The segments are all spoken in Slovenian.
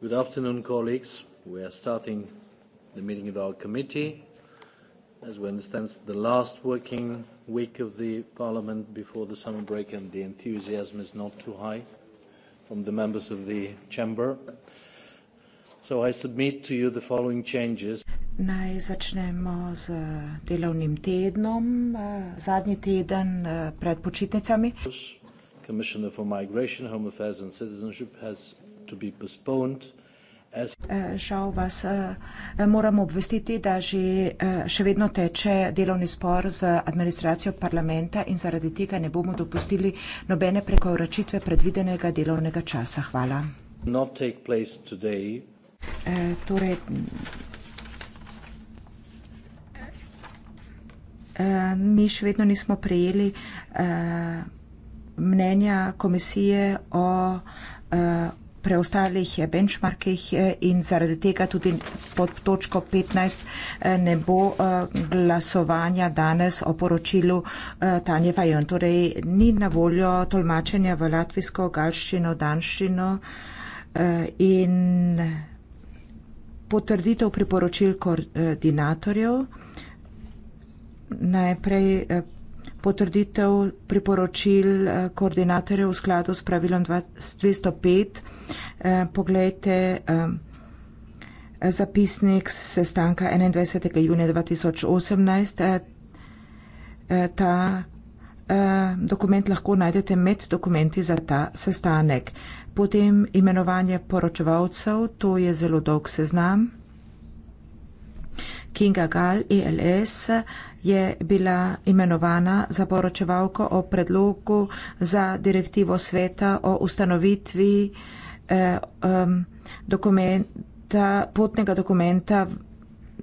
Good afternoon, colleagues. We are starting the meeting of our committee. As we understand, the last working week of the Parliament before the summer break, and the enthusiasm is not too high from the members of the chamber. So I submit to you the following changes. Naj začnemo z delovnim tednom, eh, zadnji teden eh, pred počitnicami. Commissioner for Migration, Home Affairs and Citizenship has to be postponed. Eh, žal vas eh, moram obvestiti, da že eh, še vedno teče delovni spor z administracijo parlamenta in zaradi tega ne bomo dopustili nobene prekoračitve predvidenega delovnega časa. Hvala. Torej, mi še vedno nismo prejeli mnenja komisije o preostalih eh, benchmarkih eh, in zaradi tega tudi pod točko 15 eh, ne bo glasovanja danes o poročilu Tanje Fajon. Torej ni na voljo tolmačenja v latvijsko, galščino, danščino in potrditev priporočil koordinatorjev. Najprej potrditev priporočil eh, koordinatorjev v skladu s pravilom 205. Eh, poglejte eh, zapisnik sestanka 21. junija 2018. Ta dokument lahko najdete med dokumenti za ta sestanek. Potem imenovanje poročevalcev, to je zelo dolg seznam. Kinga Gal, ELS, je bila imenovana za poročevalko o predlogu za direktivo sveta o ustanovitvi eh, dokumenta, potnega dokumenta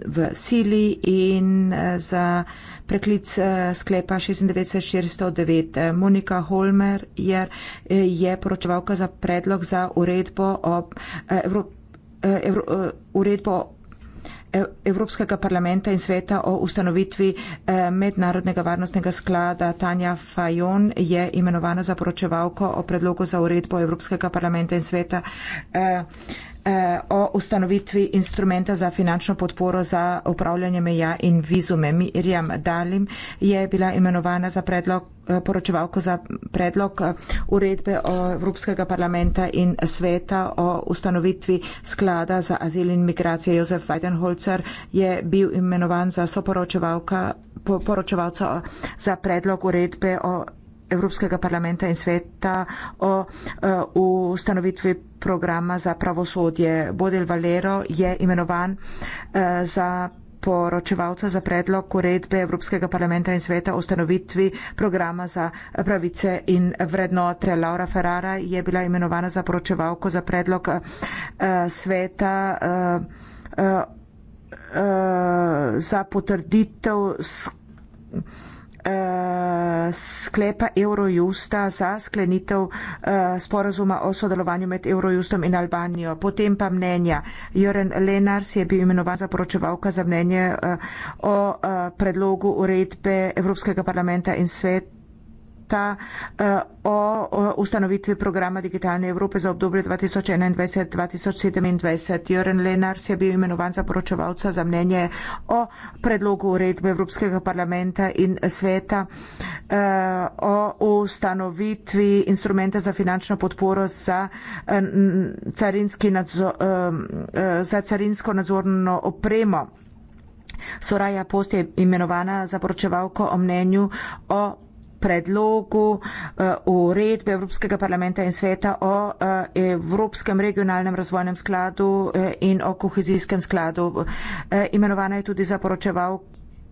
v sili in eh, za preklic eh, sklepa 96409. Monika Holmer je, je poročevalka za predlog za uredbo o, eh, evro, evro, uredbo E- Evropskega parlamenta in sveta o ustanovitvi e, mednarodnega varnostnega sklada Tanja Fajon je imenovana za poročevalko o predlogu za uredbo Evropskega parlamenta in sveta. Eh, Eh, o ustanovitvi instrumenta za finančno podporo za upravljanje meja in vizume. Mirjam Dalim je bila imenovana za predlog, eh, poročevalko za predlog eh, uredbe Evropskega parlamenta in sveta o ustanovitvi sklada za azil in migracije. Jozef Weidenholzer je bil imenovan za soporočevalka poročevalca za predlog uredbe o Evropskega parlamenta in sveta o e, ustanovitvi programa za pravosodje. Bodel Valero je imenovan e, za poročevalca za predlog uredbe Evropskega parlamenta in sveta o ustanovitvi programa za pravice in vrednote. Laura Ferrara je bila imenovana za poročevalko za predlog e, sveta za potrditev. Eh, sklepa Eurojusta za sklenitev eh, sporazuma o sodelovanju med Eurojustom in Albanijo. Potem pa mnenja. Joren Lenars je bil imenovan za poročevalka za mnenje eh, o predlogu uredbe Evropskega parlamenta in sveta debata eh, o ustanovitvi programa Digitalne Evrope za obdobje 2021-2027. Joren Lenars je bil imenovan za poročevalca za mnenje o predlogu uredbe Evropskega parlamenta in sveta eh, o ustanovitvi instrumenta za finančno podporo za, eh, carinski nadzor, za carinsko nadzorno opremo. Soraja Post je imenovana za poročevalko o mnenju o predlogu eh, uredbe Evropskega parlamenta in sveta o eh, Evropskem regionalnem razvojnem skladu eh, in o kohezijskem skladu. Imenovana je tudi zaporočeval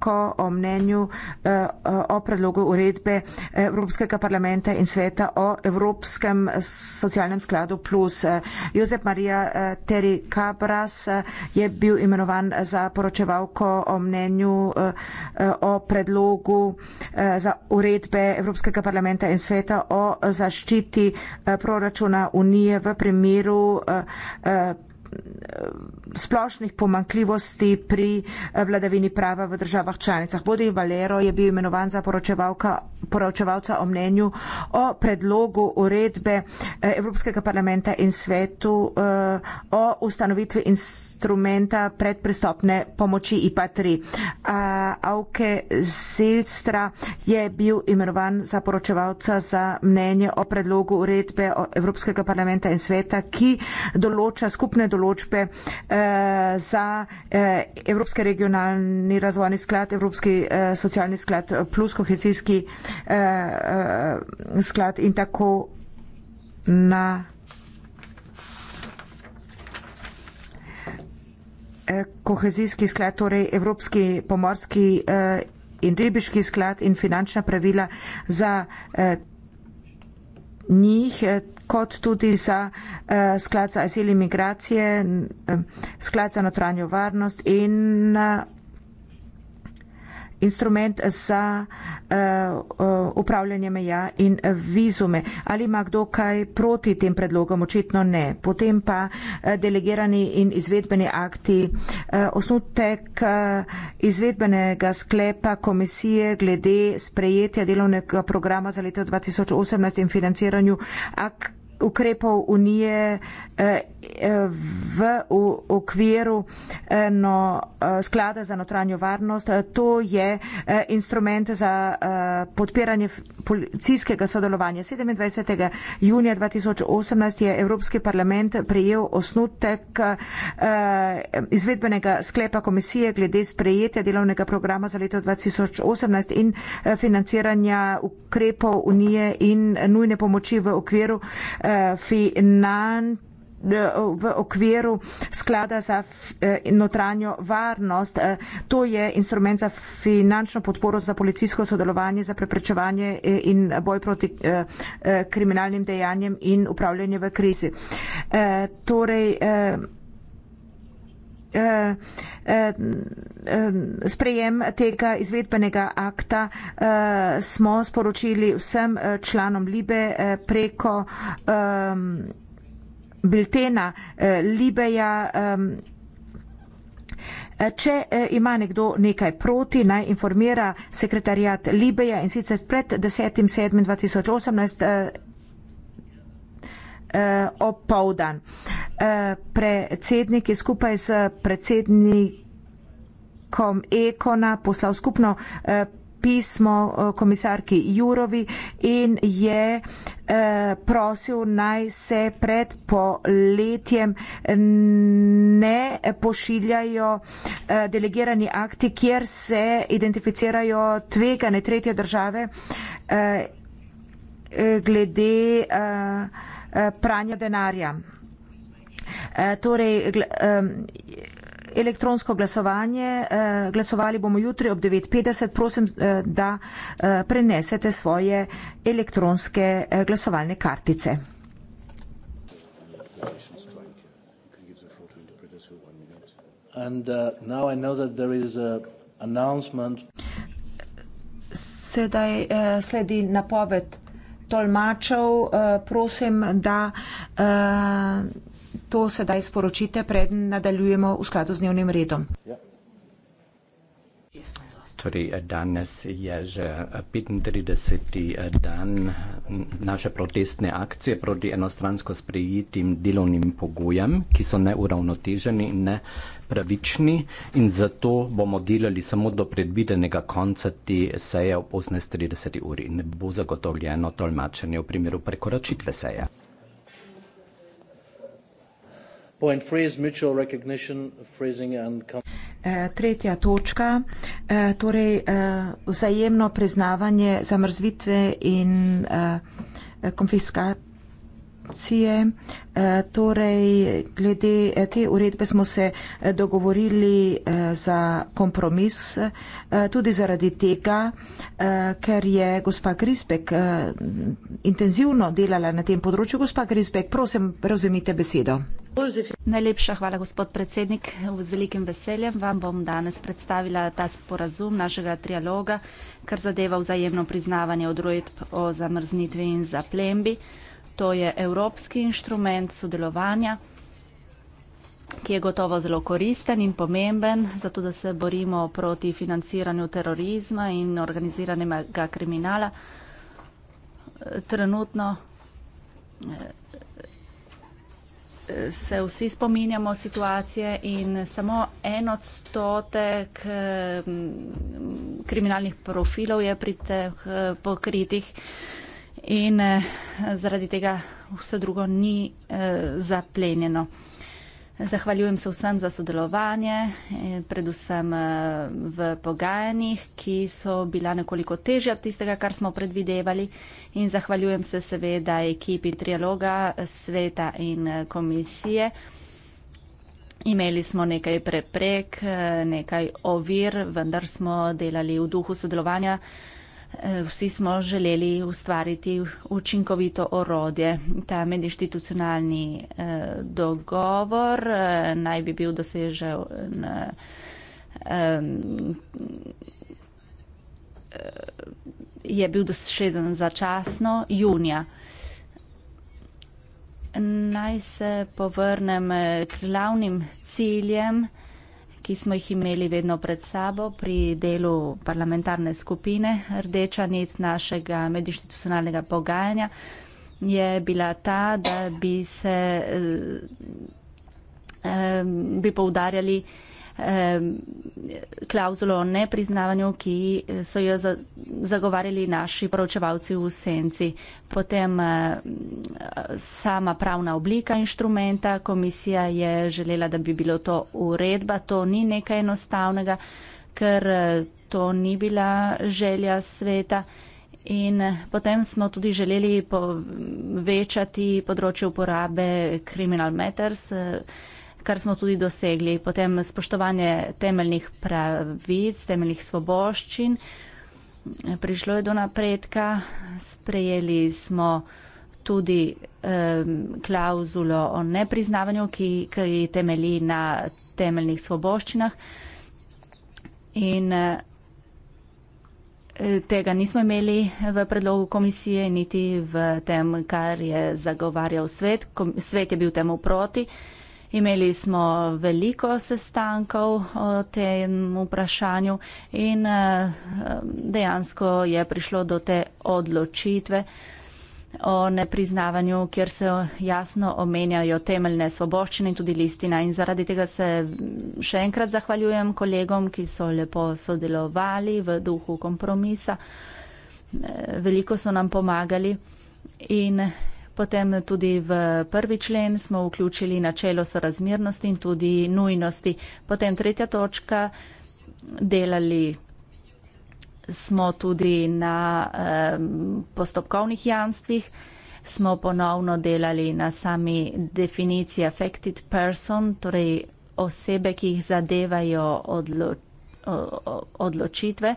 veliko o mnenju, eh, eh, o predlogu uredbe Evropskega parlamenta in sveta o Evropskem socialnem skladu plus. Jozef Marija eh, Teri Cabras je bil imenovan za poročevalko o mnenju o predlogu za uredbe Evropskega parlamenta in sveta o zaščiti proračuna Unije v primeru splošnih pomankljivosti pri eh, vladavini prava v državah članicah. Bodi Valero je bil imenovan za poročevalca o mnenju o predlogu uredbe eh, Evropskega parlamenta in svetu eh, o ustanovitvi instrumenta predpristopne pomoči IPA-3. Auke Zilstra je bil imenovan za poročevalca za mnenje o predlogu uredbe Evropskega parlamenta in sveta, ki določa skupne določitve določbe eh, za eh, Evropski regionalni razvojni sklad, Evropski eh, socialni sklad plus kohezijski sklad in tako na. kohezijski sklad, torej Evropski pomorski in ribiški sklad in finančna pravila za njih, eh, kot tudi za uh, sklad za azil in migracije, uh, sklad za notranjo varnost in uh, instrument za uh, uh, upravljanje meja in vizume. Ali ima kdo kaj proti tem predlogom? Očitno ne. Potem pa uh, delegirani in izvedbeni akti, uh, osnutek uh, izvedbenega sklepa komisije glede sprejetja delovnega programa za leto 2018 in financiranju ak ukrepov unije uh, Eh, v okviru eh, no, eh, sklada za notranjo varnost. To je instrument za podpiranje policijskega sodelovanja. 27. junija 2018 je Evropski parlament prijel osnutek izvedbenega sklepa komisije glede sprejetja delovnega programa za leto 2018 in financiranja ukrepov unije in nujne pomoči v okviru finančnih v okviru sklada za eh, notranjo varnost. Eh, to je instrument za finančno podporo za policijsko sodelovanje, za preprečevanje eh, in boj proti kriminalnim dejanjem in upravljanje v krizi. Torej, sprejem tega izvedbenega akta smo sporočili vsem članom Libe preko biltena eh, Libeja. Če eh, ima nekdo nekaj proti, naj informira sekretarijat Libeja in sicer pred 10.7.2018. Uh, opovdan. Uh, predsednik je skupaj s predsednikom Ekona poslal skupno uh, pismo eh, komisarki Jurovi in je eh, prosil naj se pred poletjem ne pošiljajo eh, delegirani akti, kjer se identificirajo tvegane tretje države glede pranja denarja. Torej, elektronsko glasovanje. Eh, glasovali bomo jutri ob 9.50. Prosim, eh, da eh, prenesete svoje elektronske glasovalne kartice. Uh, Sedaj sledi napoved tolmačev. Prosim, da to sedaj sporočite, preden nadaljujemo v skladu z dnevnim redom. Ja. Torej, danes je že 35. dan naše protestne akcije proti enostransko sprejetim delovnim pogojem, ki so neuravnoteženi in ne pravični in zato bomo delali samo do predvidenega konca te seje ob 18.30 uri. Ne bo zagotovljeno tolmačenje v primeru prekoračitve seje. Point phrase, mutual recognition, phrasing and eh, Tretja točka, eh, torej eh, vzajemno priznavanje zamrzvitve in konfiskacije. Torej, glede te uredbe smo se dogovorili za kompromis, tudi zaradi tega, ker je gospa Grisbek intenzivno delala na tem področju. Gospa Grisbek, prosim, prevzemite besedo. Najlepša hvala, gospod predsednik. Z velikim veseljem vam bom danes predstavila ta sporazum našega trialoga, kar zadeva vzajemno priznavanje odredb o zamrznitvi in zaplembi. To je evropski inštrument sodelovanja, ki je gotovo zelo koristen in pomemben, zato da se borimo proti financiranju terorizma in organiziranega kriminala. Trenutno se vsi spominjamo situacije in samo en odstotek kriminalnih profilov je pri teh eh, pokritih in eh, zaradi tega vse drugo ni eh, zaplenjeno. Zahvaljujem se vsem za sodelovanje, eh, predvsem eh, v pogajanjih, ki so bila nekoliko težja od tistega, kar smo predvidevali. In zahvaljujem se seveda ekipi trialoga, sveta in eh, komisije. Imeli smo nekaj preprek, nekaj ovir, vendar smo delali v duhu sodelovanja. Eh, vsi smo želeli ustvariti učinkovito orodje. Ta medinstitucionalni eh, dogovor eh, naj bi bil dosežel na, je bil dosežen začasno junija. Naj se povrnem k glavnim ciljem ki smo jih imeli vedno pred sabo pri delu parlamentarne skupine, rdeča nit našega medinstitucionalnega pogajanja, je bila ta, da bi se eh, eh, bi poudarjali eh, klauzulo o nepriznavanju, ki eh, so jo zagovarjali naši poročevalci v senci. Potem eh, sama pravna oblika inštrumenta, komisija je želela, da bi bilo to uredba, to ni nekaj enostavnega, ker eh, to ni bila želja sveta. In potem smo tudi želeli povečati področje uporabe Criminal Matters kar smo tudi dosegli. Potem spoštovanje temeljnih pravic, temeljnih svoboščin. Prišlo je do napredka, sprejeli smo tudi um, klauzulo o nepriznavanju, ki, ki temelji na temeljnih svoboščinah. In e, tega nismo imeli v predlogu komisije, niti v tem, kar je zagovarjal svet. Kom, svet je bil temu proti. Uh, Imeli smo veliko sestankov o tem vprašanju in eh, dejansko je prišlo do te odločitve o nepriznavanju, kjer se jasno omenjajo temeljne svoboščine in tudi listina. In zaradi tega se še enkrat zahvaljujem kolegom, ki so lepo sodelovali v duhu kompromisa. Eh, veliko so nam pomagali in Potem tudi v prvi člen smo vključili načelo sorazmernosti in tudi nujnosti. Potem tretja točka, delali smo tudi na eh, postopkovnih jamstvih, smo ponovno delali na sami definiciji affected person, torej osebe, ki jih zadevajo odlo odločitve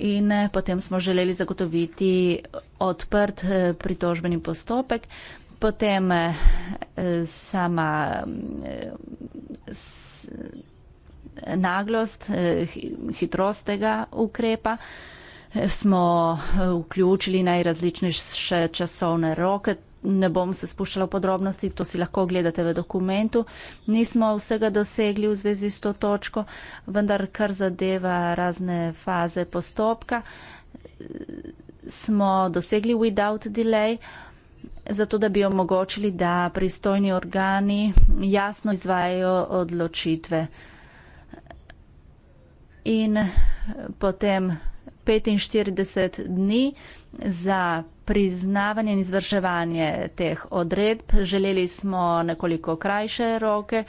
in eh, potem smo želeli zagotoviti odprt eh, pritožbeni postopek. Potem eh, sama naglost hitrostega ukrepa smo vključili najrazličnejše časovne roke, ne bom se spuščala v podrobnosti, to si lahko gledate v dokumentu. Nismo vsega dosegli v zvezi s to točko, vendar kar zadeva razne faze postopka, smo dosegli without delay, zato da bi omogočili, da pristojni organi jasno izvajajo odločitve. In potem 45 dni za priznavanje in izvrševanje teh odredb. Želeli smo nekoliko krajše roke.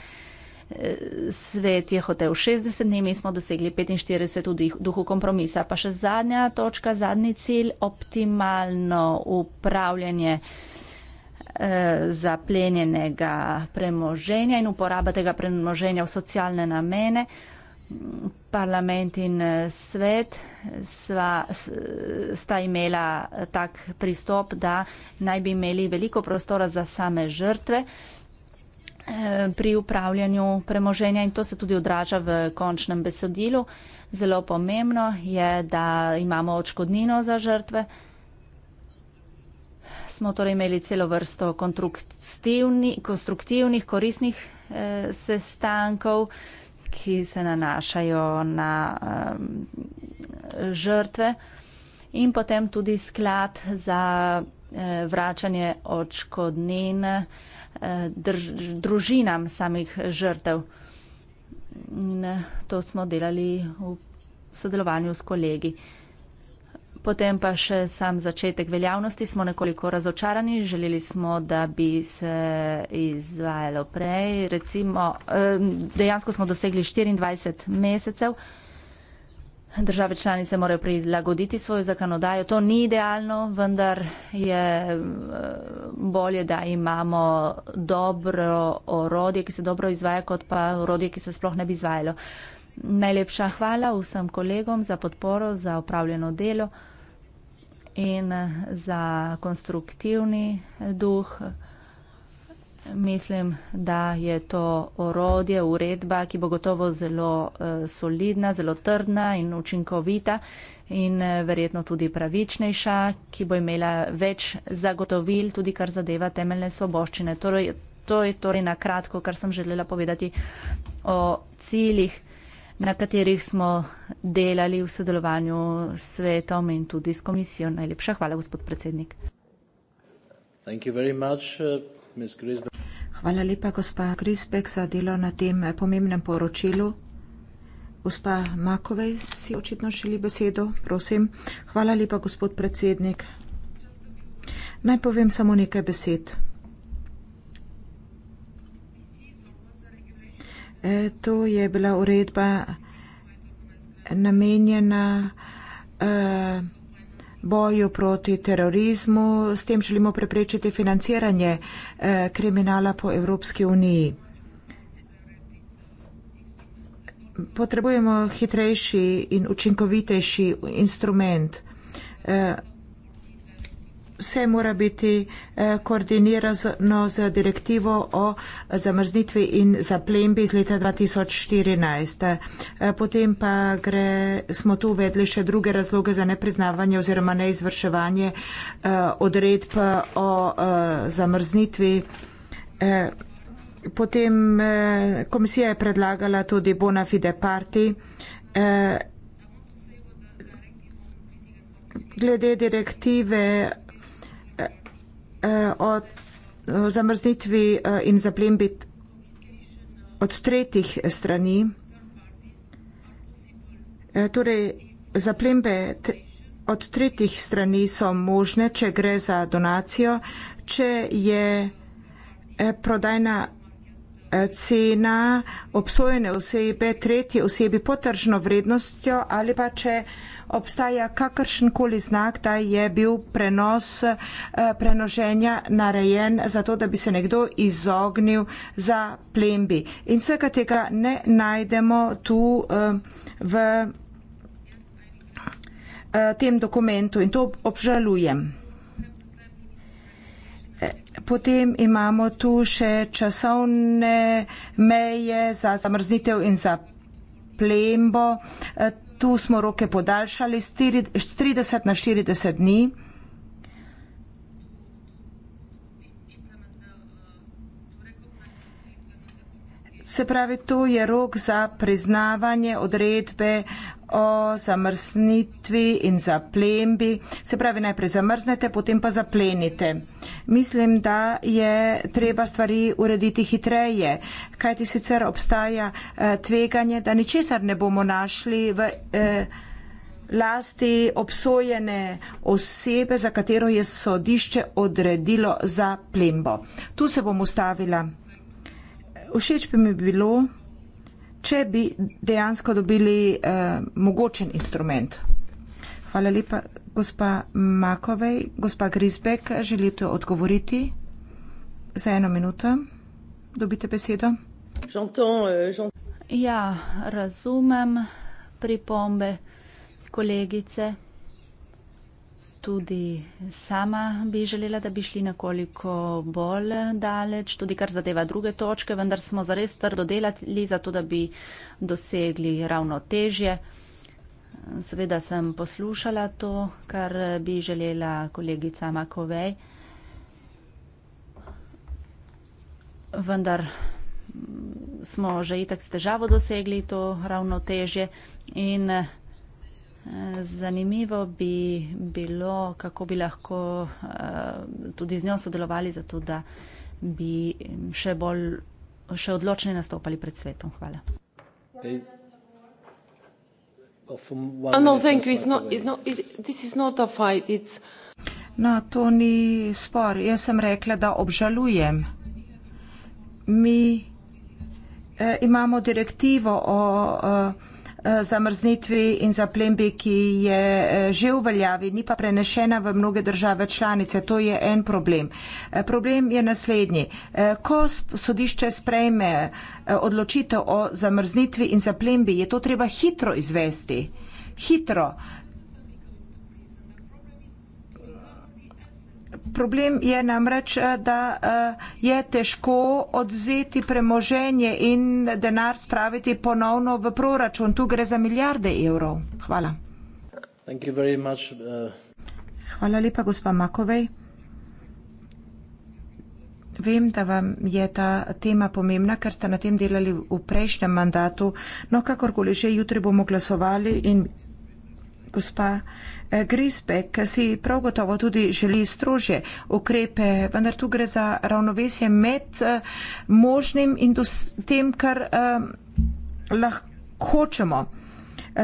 Svet je hotel 60 dni, mi smo dosegli 45 v duhu kompromisa. Pa še zadnja točka, zadnji cilj, optimalno upravljanje eh, zaplenjenega premoženja in uporaba tega premoženja v socialne namene parlament in eh, svet sva, sta imela tak pristop, da naj bi imeli veliko prostora za same žrtve eh, pri upravljanju premoženja in to se tudi odraža v končnem besedilu. Zelo pomembno je, da imamo očkodnino za žrtve. Smo torej imeli celo vrsto konstruktivni, konstruktivnih, koristnih eh, sestankov. Eh, ki se nanašajo na um, žrtve in potem tudi sklad za uh, vračanje očkodnin uh, eh, drž, družinam samih žrtev. In, uh, to smo delali v sodelovanju s kolegi. Uh, Potem pa še sam začetek veljavnosti smo nekoliko razočarani, želeli smo, da bi se izvajalo prej. Recimo, dejansko smo dosegli 24 mesecev. Države članice morajo prilagoditi svojo zakonodajo. To ni idealno, vendar je bolje, da imamo dobro orodje, ki se dobro izvaja, kot pa orodje, ki se sploh ne bi izvajalo. Najlepša hvala vsem kolegom za podporo, za upravljeno delo in eh, za konstruktivni duh. Mislim, da je to orodje, uredba, ki bo gotovo zelo eh, solidna, zelo trdna in učinkovita in eh, verjetno tudi pravičnejša, ki bo imela več zagotovil, tudi kar zadeva temeljne svoboščine. Torej, to je torej na kratko, kar sem želela povedati o ciljih na katerih smo delali v sodelovanju s svetom in tudi s komisijo. Najlepša hvala, gospod predsednik. Uh, hvala lepa, gospa Grisbek, za delo na tem eh, pomembnem poročilu. Gospa Makovej si očitno želi besedo, prosim. Hvala lepa, gospod predsednik. Naj povem samo nekaj besed. E, to je bila uredba namenjena e, boju proti terorizmu. S tem želimo preprečiti financiranje e, kriminala po Evropski uniji. Potrebujemo hitrejši in učinkovitejši instrument vse mora biti eh, koordinirano z direktivo o zamrznitvi in zaplembi iz leta 2014. Eh, potem pa gre, smo tu uvedli še druge razloge za nepriznavanje oziroma neizvrševanje eh, odredb o zamrznitvi. Potem komisija je predlagala tudi bona fide parti. Glede direktive eh, o zamrznitvi eh, in zaplembi od tretjih strani. Eh, torej, zaplembe od tretjih strani so možne, če gre za donacijo, če je eh, prodajna eh, cena obsojene osebe tretji osebi potržno vrednostjo ali pa če eh, obstaja kakršen koli znak, da je bil prenos eh, prenoženja narejen za to, da bi se nekdo izognil za plembi. In vsega tega ne najdemo tu eh, v eh, tem dokumentu in to obžalujem. Potem imamo tu še časovne meje za zamrznitev in za plembo tu smo roke podaljšali s 30 na 40 dni. Se pravi, to je rok za priznavanje odredbe o zamrznitvi in zaplembi. Se pravi, najprej zamrznete, potem pa zaplenite. Mislim, da je treba stvari urediti hitreje, kajti sicer obstaja eh, tveganje, da ničesar ne bomo našli v eh, lasti obsojene osebe, za katero je sodišče odredilo zaplembo. Tu se bom ustavila. Všeč bi mi bilo, če bi dejansko dobili eh, mogočen instrument. Hvala lepa, gospa Makovej. Gospa Grisbek, želite odgovoriti za eno minuto? Dobite besedo. Euh, ja, razumem pripombe kolegice tudi sama bi želela, da bi šli nekoliko bolj daleč, tudi kar zadeva druge točke, vendar smo zares trdo delali za to, da bi dosegli ravno težje. Seveda sem poslušala to, kar bi želela kolegica Makovej. Vendar smo že itak s težavo dosegli to ravno težje in Eh, zanimivo bi bilo, kako bi lahko eh, tudi z njo sodelovali, zato da bi mm, še bolj, še odločneje nastopali pred svetom. Hvala. No, to ni spor. Jaz sem rekla, da obžalujem. Mi eh, imamo direktivo o eh, Eh, zamrznitvi in zaplembi, ki je eh, že uveljavi, ni pa prenešena v mnoge države članice. To je en problem. Eh, problem je naslednji. Ko sodišče sprejme odločitev o zamrznitvi in zaplembi, je to treba hitro izvesti. Hitro. problem je namreč, eh, da eh, je težko odzeti premoženje in denar spraviti ponovno v proračun. Tu gre za milijarde evrov. Hvala. Much, uh... Hvala lepa, gospa Makovej. Vem, da vam je ta tema pomembna, ker ste na tem delali v prejšnjem mandatu. No, kakorkoli že, jutri bomo glasovali in gospa eh, Grisbek si prav gotovo tudi želi strožje ukrepe, vendar tu gre za ravnovesje med eh, možnim in tem, kar eh, lahko hočemo.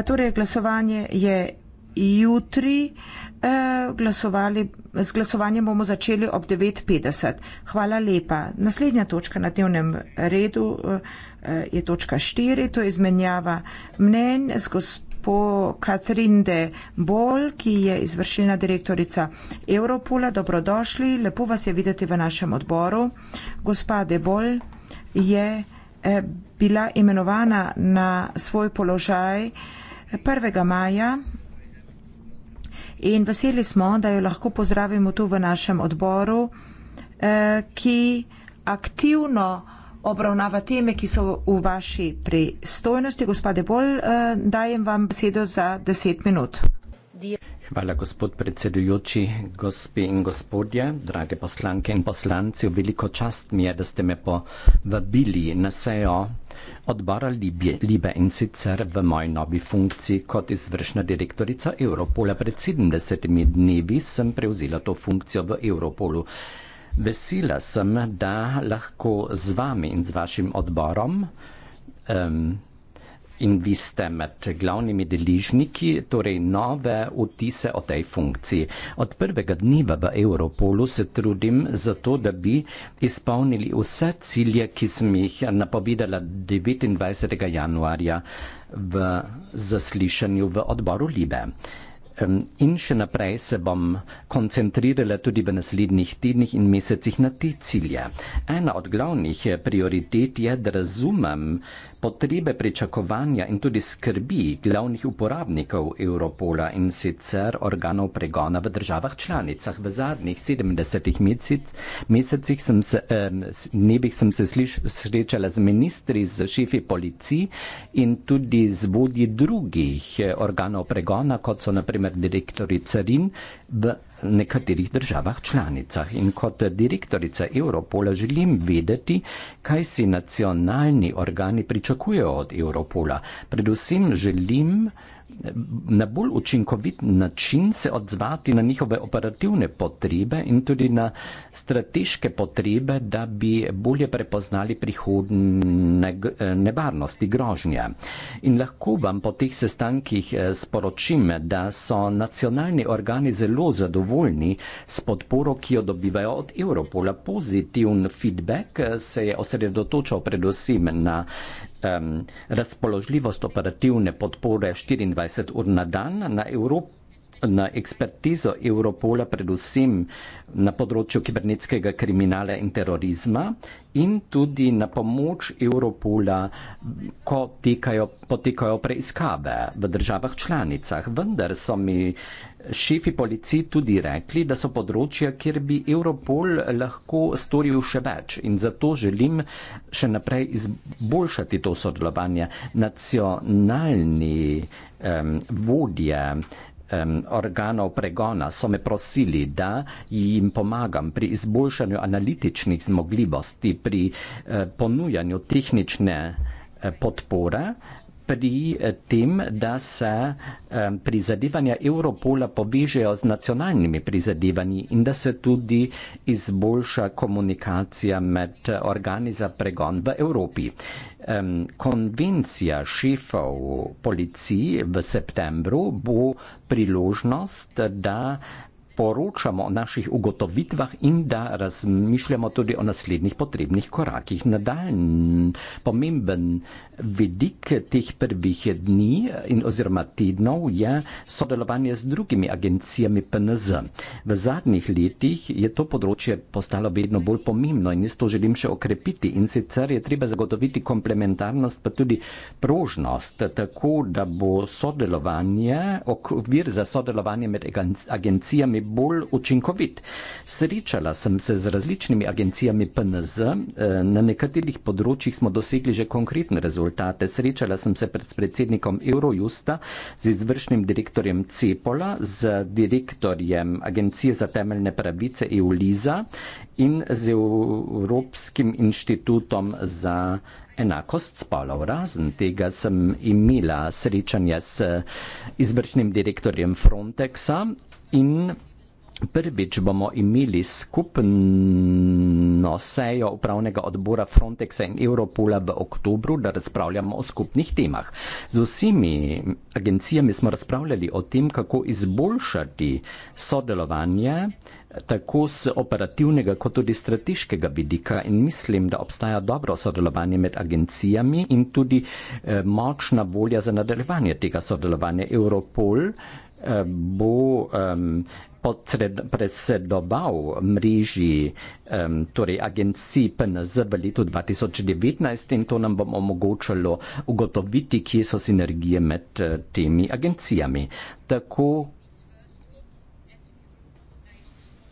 Torej, glasovanje je jutri. Glasovali, z glasovanjem bomo začeli ob 9.50. Hvala lepa. Naslednja točka na dnevnem redu je točka 4, to je izmenjava mnen z gospodinom gospo Katrin de Bol, ki je izvršilna direktorica Europola. Dobrodošli, lepo vas je videti v našem odboru. Gospa de Bol je eh, bila imenovana na svoj položaj 1. maja in veseli smo, da jo lahko pozdravimo tu v našem odboru, eh, ki aktivno obravnava teme, ki so v vaši pristojnosti. Gospode Bolj, eh, dajem vam besedo za deset minut. Hvala, gospod predsedujoči, gospi in gospodje, drage poslanke in poslanci. Veliko čast mi je, da ste me povabili na sejo odbora Libije, Libe in sicer v moji novi funkciji kot izvršna direktorica Europola. Pred 70 dnevi sem prevzela to funkcijo v Europolu. Vesela sem, da lahko z vami in z vašim odborom um, in vi ste med glavnimi deližniki, torej nove vtise o tej funkciji. Od prvega dneva v Europolu se trudim za to, da bi izpolnili vse cilje, ki sem jih napovedala 29. januarja v zaslišanju v odboru Libe. Uh, In še naprej se bom koncentrirala tudi v naslednjih tednih in mesecih na te cilje. Ena od glavnih prioritet je, da razumem, potrebe pričakovanja in tudi skrbi glavnih uporabnikov Europola in sicer organov pregona v državah članicah. V zadnjih 70 mesec, mesecih sem se, eh, nebih sem se sliš, srečala z ministri, z šefi policij in tudi z vodji drugih eh, organov pregona, kot so naprimer direktori carin, v nekaterih državah članicah. In kot direktorica Europola želim vedeti, kaj si nacionalni organi pričakujejo od Europola. Predvsem želim eh, na bolj učinkovit način se odzvati na njihove operativne potrebe in tudi na strateške potrebe, da bi bolje prepoznali prihodne eh, nevarnosti, grožnje. In lahko vam po teh sestankih eh, sporočim, da so nacionalni organi zelo zadovoljni s podporo, ki jo dobivajo od Evropola. Pozitivn feedback eh, se je osredotočal predvsem na um, razpoložljivost operativne podpore 24 ur na dan na Evropi na ekspertizo Europola, predvsem na področju kibernetskega kriminala in terorizma, in tudi na pomoč Europola, ko tekajo, potekajo preiskave v državah članicah. Vendar so mi šefi policij tudi rekli, da so področja, kjer bi Europol lahko storil še več in zato želim še naprej izboljšati to sodelovanje. Nacionalni um, vodje um, organov pregona so me prosili, da jim pomagam pri izboljšanju analitičnih zmogljivosti, pri uh, ponujanju tehnične uh, podpore pri eh, tem, da se um, prizadevanja Europola povežejo z nacionalnimi prizadevanji in da se tudi izboljša komunikacija med eh, organi za pregon v Evropi. Um, konvencija šefov policiji v septembru bo priložnost, da poročamo o naših ugotovitvah in da razmišljamo tudi o naslednjih potrebnih korakih. Nadaljn pomemben uh, vidik tih prvih dni in oziroma tednov je sodelovanje z drugimi agencijami PNZ. V zadnjih letih je to področje postalo vedno bolj pomembno in jaz to želim še okrepiti in sicer je treba zagotoviti komplementarnost pa tudi prožnost, tako da bo sodelovanje, okvir za sodelovanje med agencijami bolj učinkovit. Srečala sem se z različnimi agencijami PNZ, eh, na nekaterih področjih smo dosegli že konkretne rezultate rezultate. Srečala sem se pred predsednikom Eurojusta, z izvršnim direktorjem Cepola, z direktorjem Agencije za temeljne pravice EULIZA in z Evropskim inštitutom za enakost spolov. Razen tega sem imela srečanje s izvršnim direktorjem Frontexa in Prvič bomo imeli skupno sejo upravnega odbora Frontexa in Europola v oktobru, da razpravljamo o skupnih temah. Z vsemi agencijami smo razpravljali o tem, kako izboljšati sodelovanje tako z operativnega kot tudi strateškega vidika in mislim, da obstaja dobro sodelovanje med agencijami in tudi eh, močna volja za nadaljevanje tega sodelovanja. Europol eh, bo. Eh, posred, predsedoval mreži um, torej agencij PNZ v letu 2019 in to nam bo omogočalo ugotoviti, kje so sinergije med uh, temi agencijami. Tako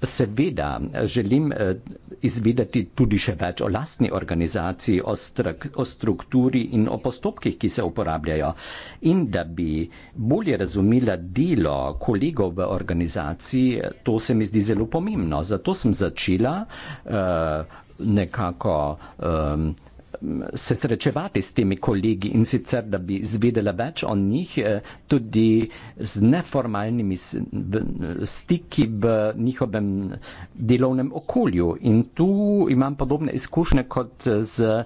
Seveda želim eh, izvedeti tudi še več o lastni organizaciji, o, strk, o strukturi in o postopkih, ki se uporabljajo. In da bi bolje razumela delo kolegov v organizaciji, to se mi zdi zelo pomembno. Zato sem začela uh, nekako. Um, se srečevati s temi kolegi in sicer, da bi izvedela več o njih, eh, tudi z neformalnimi stiki v njihovem delovnem okolju. In tu imam podobne izkušnje kot z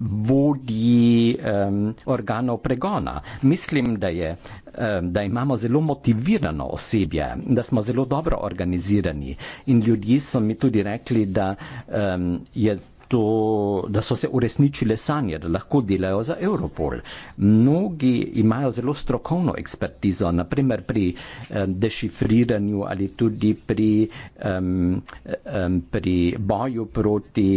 vodji um, organov pregona. Mislim, da, je, um, da imamo zelo motivirano osebje, da smo zelo dobro organizirani. In ljudje so mi tudi rekli, da um, je to, da so se uresničile sanje, da lahko delajo za Europol. Mnogi imajo zelo strokovno ekspertizo, naprimer pri eh, dešifriranju ali tudi pri, eh, eh, pri boju proti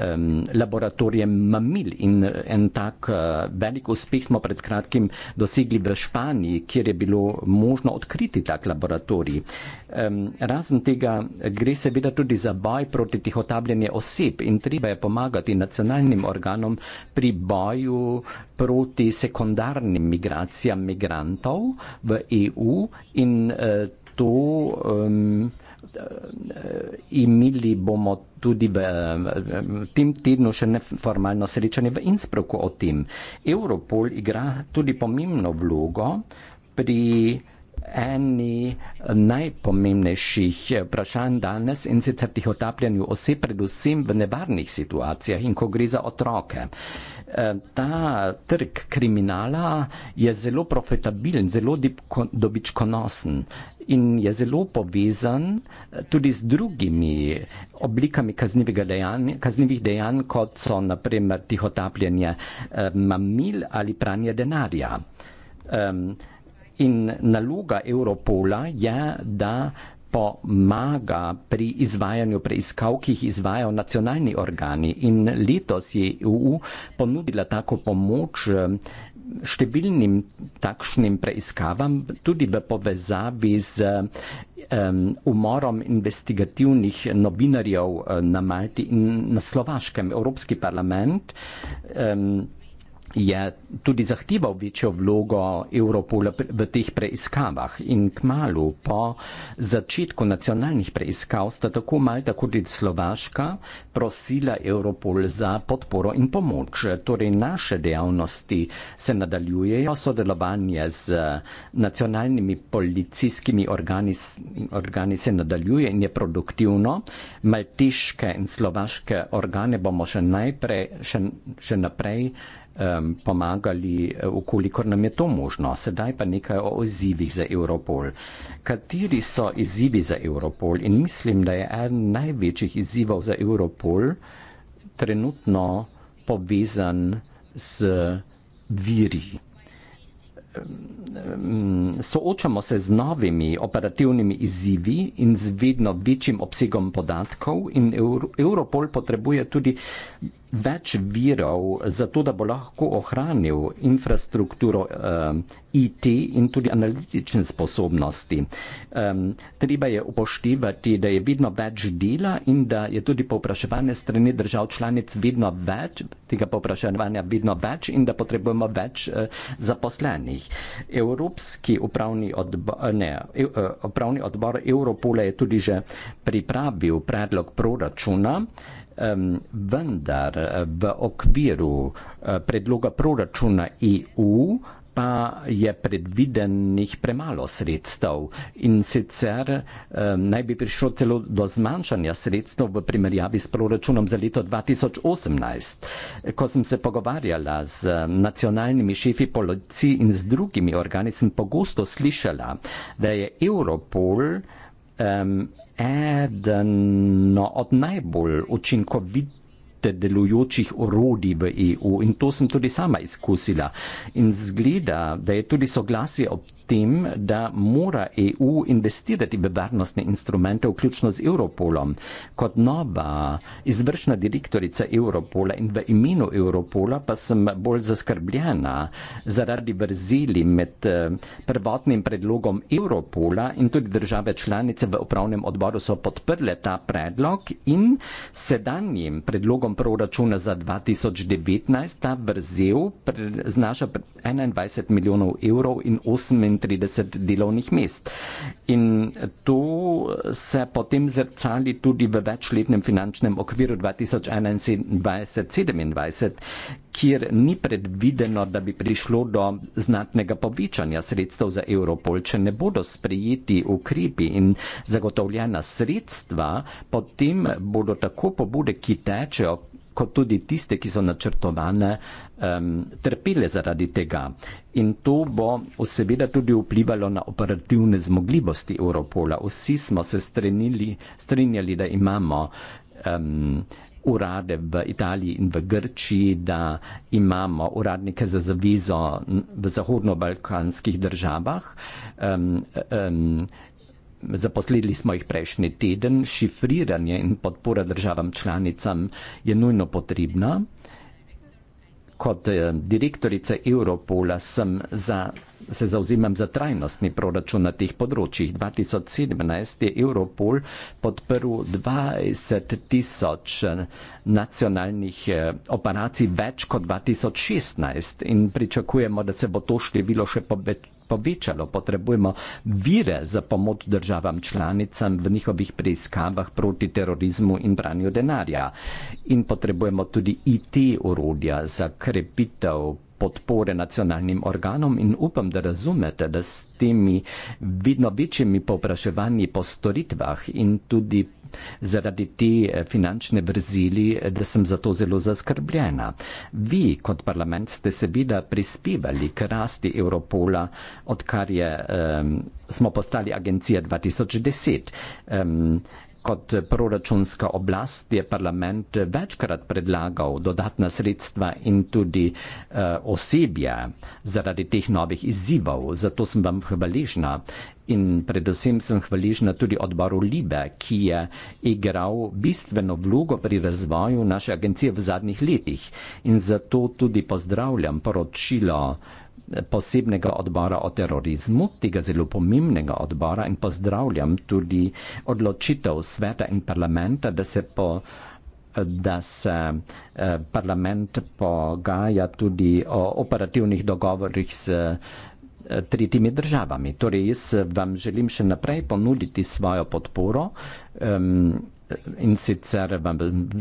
um, laboratorijem mamil in eh, en tak uh, velik uspeh smo pred kratkim dosegli v Španiji, kjer je bilo možno odkriti tak laboratorij. Um, razen tega gre seveda tudi za boj proti tihotabljenje oseb in treba je pomagati nacionalnim organom pri boju proti sekundarnim migracijam migrantov v EU in uh, to. Um, imeli bomo tudi v tem tednu še neformalno srečanje v Innsbrucku o tem. Europol igra tudi pomembno vlogo pri eni najpomembnejših vprašanj danes in sicer tih otapljanju oseb, predvsem v nevarnih situacijah in ko gre za otroke. E, ta trg kriminala je zelo profitabilen, zelo dobičkonosen in je zelo povezan eh, tudi z drugimi oblikami kaznivega dejanja, kaznivih dejanj, kot so naprimer tihotapljanje eh, mamil ali pranje denarja. Um, in naloga Europola je, da pomaga pri izvajanju preiskav, ki jih izvajajo nacionalni organi. In letos je EU ponudila tako pomoč. Eh, številnim takšnim preiskavam, tudi v povezavi z umorom investigativnih novinarjev eh, na Malti in na Slovaškem. Evropski parlament um, je tudi zahteval večjo vlogo Europola v teh preiskavah in kmalo po začetku nacionalnih preiskav sta tako Malta kot tudi Slovaška prosila Europol za podporo in pomoč. Torej naše dejavnosti se nadaljujejo, sodelovanje z nacionalnimi policijskimi organi, organi se nadaljuje in je produktivno. Maltiške in slovaške organe bomo še, najprej, še, še naprej um, pomagali, okolikor eh, nam je to možno. Sedaj pa nekaj o izzivih za Europol. Kateri so izzivi za Europol? In mislim, da je eden največjih izzivov za Europol trenutno povezan z viri. Um, soočamo se z novimi operativnimi izzivi in z vedno večjim obsegom podatkov in Europol potrebuje tudi več virov za to, da bo lahko ohranil infrastrukturo uh, IT in tudi analitične sposobnosti. Um, treba je upoštevati, da je vedno več dela in da je tudi povpraševanje strani držav članic vedno več, tega povpraševanja vedno več in da potrebujemo več uh, zaposlenih. Evropski upravni odbor, ne, e, e, upravni odbor Europola je tudi že pripravil predlog proračuna, vendar v okviru e, predloga proračuna EU pa je predvidenih premalo sredstev in sicer um, naj bi prišlo celo do zmanjšanja sredstev v primerjavi s proračunom za leto 2018. Ko sem se pogovarjala z eh, nacionalnimi šefi policij in z drugimi organi, sem pogosto slišala, da je Europol um, eden no od najbolj učinkovitih ter delujočih orodij v EU. In to sem tudi sama izkusila. In zgleda, da je tudi soglasje ob tem, da mora EU investirati v varnostne instrumente, vključno z Europolom. Kot nova izvršna direktorica Europola in v imenu Europola pa sem bolj zaskrbljena zaradi vrzeli med eh, prvotnim predlogom Europola in tudi države članice v upravnem odboru so podprle ta predlog in sedanjim predlogom proračuna za 2019 ta vrzel znaša 21 milijonov evrov in 28 35 delovnih mest. In to se potem zrcali tudi v večletnem finančnem okviru 2021-2027, kjer ni predvideno, da bi prišlo do znatnega povečanja sredstev za Evropol, če ne bodo sprejeti ukrepi in zagotovljena sredstva, potem bodo tako pobude, ki tečejo, kot tudi tiste, ki so načrtovane, uh, um, trpele zaradi tega. In to bo seveda tudi vplivalo na operativne zmogljivosti Europola. Vsi smo se strenili, strinjali, da imamo um, urade v Italiji in v Grčiji, da imamo uradnike za zavizo v zahodno-balkanskih državah. Um, um, Zaposlili smo jih prejšnji teden, šifriranje in podpora državam članicam je nujno potrebna kot eh, direktorica Europola sem za se zauzimam za trajnostni proračun na teh področjih. 2017 je Europol podprl 20 tisoč eh, nacionalnih eh, operacij več kot 2016 in pričakujemo, da se bo to število še poveč povečalo. Potrebujemo vire za pomoč državam članicam v njihovih preiskavah proti terorizmu in branju denarja. In potrebujemo tudi IT urodja za krepitev podpore nacionalnim organom in upam, da razumete, da s temi vidno večjimi povpraševanji po storitvah in tudi zaradi te eh, finančne vrzili, eh, da sem zato zelo zaskrbljena. Vi kot parlament ste seveda prispevali k rasti Europola, odkar je, um, smo postali agencija 2010. Um, Kot proračunska oblast je parlament večkrat predlagal dodatna sredstva in tudi uh, eh, osebje zaradi teh novih izzivov. Zato sem vam hvaležna in predvsem sem hvaležna tudi odboru Libe, ki je igral bistveno vlogo pri razvoju naše agencije v zadnjih letih. In zato tudi pozdravljam poročilo posebnega odbora o terorizmu, tega zelo pomembnega odbora in pozdravljam tudi odločitev sveta in parlamenta, da se po da se eh, parlament pogaja tudi o operativnih dogovorih s eh, tretjimi državami. Torej, jaz vam želim še naprej ponuditi svojo podporo um, in sicer vam,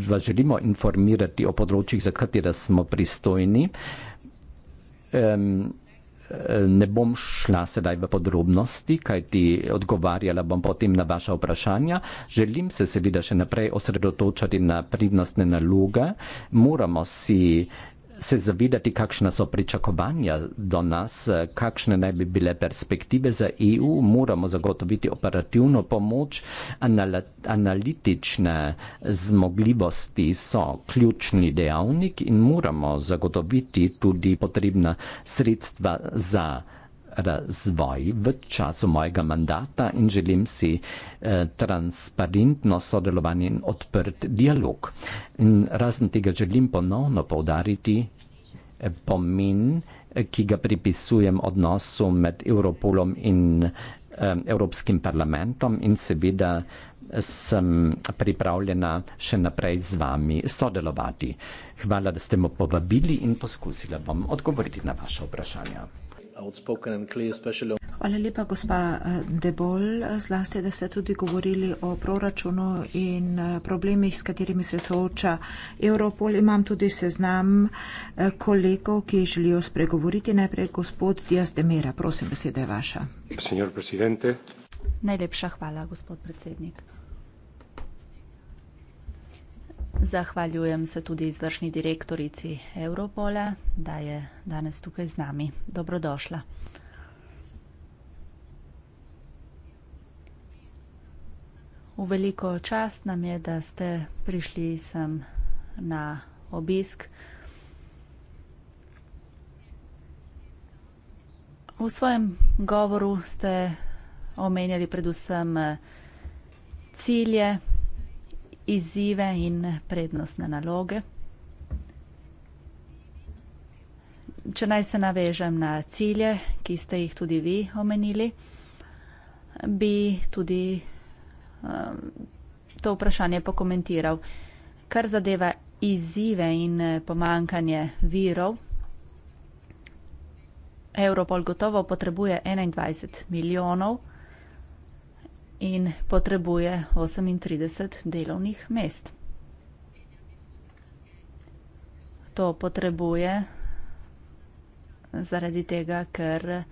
vas želimo informirati o področjih, za katere smo pristojni. Uh, Um, Ne bom šla sedaj v podrobnosti, kaj ti odgovarjala bom potem na vaša vprašanja. Želim se seveda še naprej osredotočati na pridnostne naloge. Moramo si se zavedati, kakšna so pričakovanja do nas, kakšne naj bi bile perspektive za EU, moramo zagotoviti operativno pomoč, anal analitične zmogljivosti so ključni dejavnik in moramo zagotoviti tudi potrebna sredstva za razvoj v času mojega mandata in želim si eh, transparentno sodelovanje in odprt dialog. In razen tega želim ponovno povdariti eh, pomen, eh, ki ga pripisujem odnosu med Europolom in Evropskim parlamentom in seveda sem pripravljena še naprej z vami sodelovati. Hvala, da ste me povabili in poskusila bom odgovoriti na vaše vprašanje outspoken and clear, especially Hvala lepa, gospa eh, Debol, zlasti, da ste tudi govorili o proračunu in eh, problemih, s katerimi se sooča Europol. Imam tudi seznam eh, kolegov, ki želijo spregovoriti. Najprej gospod Dias de Mera, prosim, beseda je vaša. Najlepša hvala, gospod predsednik. Zahvaljujem se tudi izvršni direktorici Europola, da je danes tukaj z nami. Dobrodošla. V veliko čast nam je, da ste prišli sem na obisk. V svojem govoru ste omenjali predvsem eh, cilje, izzive in prednostne naloge. Če naj se navežem na cilje, ki ste jih tudi vi omenili, bi tudi um, to vprašanje pokomentiral. Kar zadeva izzive in eh, pomankanje virov, Evropol gotovo potrebuje 21 milijonov evrov in potrebuje 38 delovnih mest. To potrebuje zaradi tega, ker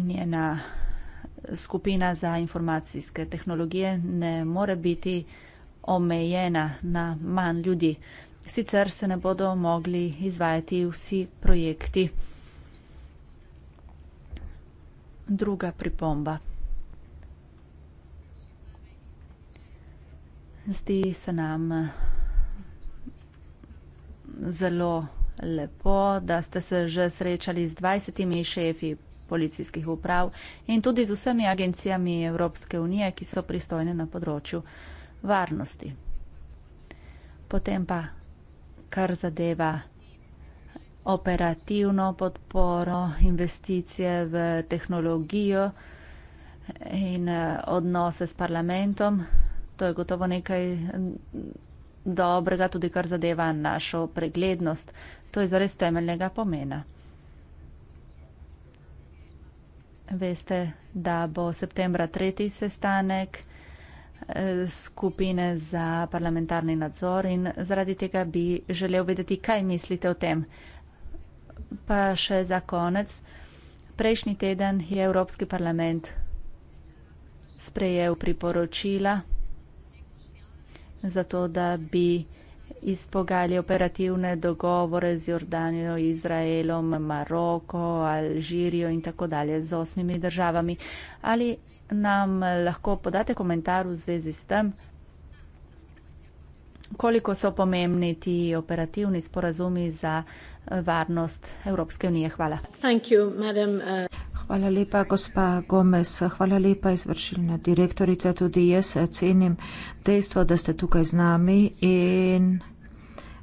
njena skupina za informacijske tehnologije ne more biti omejena na manj ljudi. Sicer se ne bodo mogli izvajati vsi projekti druga pripomba. Zdi se nam zelo lepo, da ste se že srečali z 20 šefi policijskih uprav in tudi z vsemi agencijami Evropske unije, ki so pristojne na področju varnosti. Potem pa, kar zadeva operativno podporo, investicije v tehnologijo in eh, odnose s parlamentom. To je gotovo nekaj dobrega, tudi kar zadeva našo preglednost. To je zares temeljnega pomena. Veste, da bo septembra tretji sestanek eh, skupine za parlamentarni nadzor in zaradi tega bi želel vedeti, kaj mislite o tem. Pa še za konec. Prejšnji teden je Evropski parlament sprejel priporočila za to, da bi izpogali operativne dogovore z Jordanijo, Izraelom, Maroko, Alžirijo in tako dalje z osmimi državami. Ali nam lahko podate komentar v zvezi s tem, koliko so pomembni ti operativni sporazumi za eh, varnost Evropske unije. Hvala. You, madam, uh... Hvala lepa, gospa Gomez. Hvala lepa, izvršilna direktorica. Tudi jaz eh, cenim dejstvo, da ste tukaj z nami in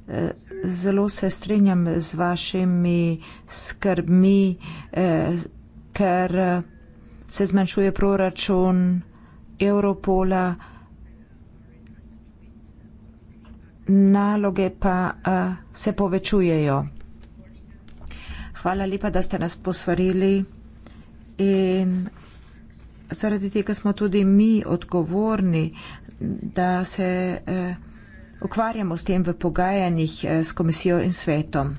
eh, zelo se strinjam z vašimi skrbmi, eh, ker se zmanjšuje proračun Evropola. naloge pa uh, se povečujejo. Hvala lepa, da ste nas posvarili in zaradi tega smo tudi mi odgovorni, da se uh, ukvarjamo s tem v pogajanjih uh, s komisijo in svetom.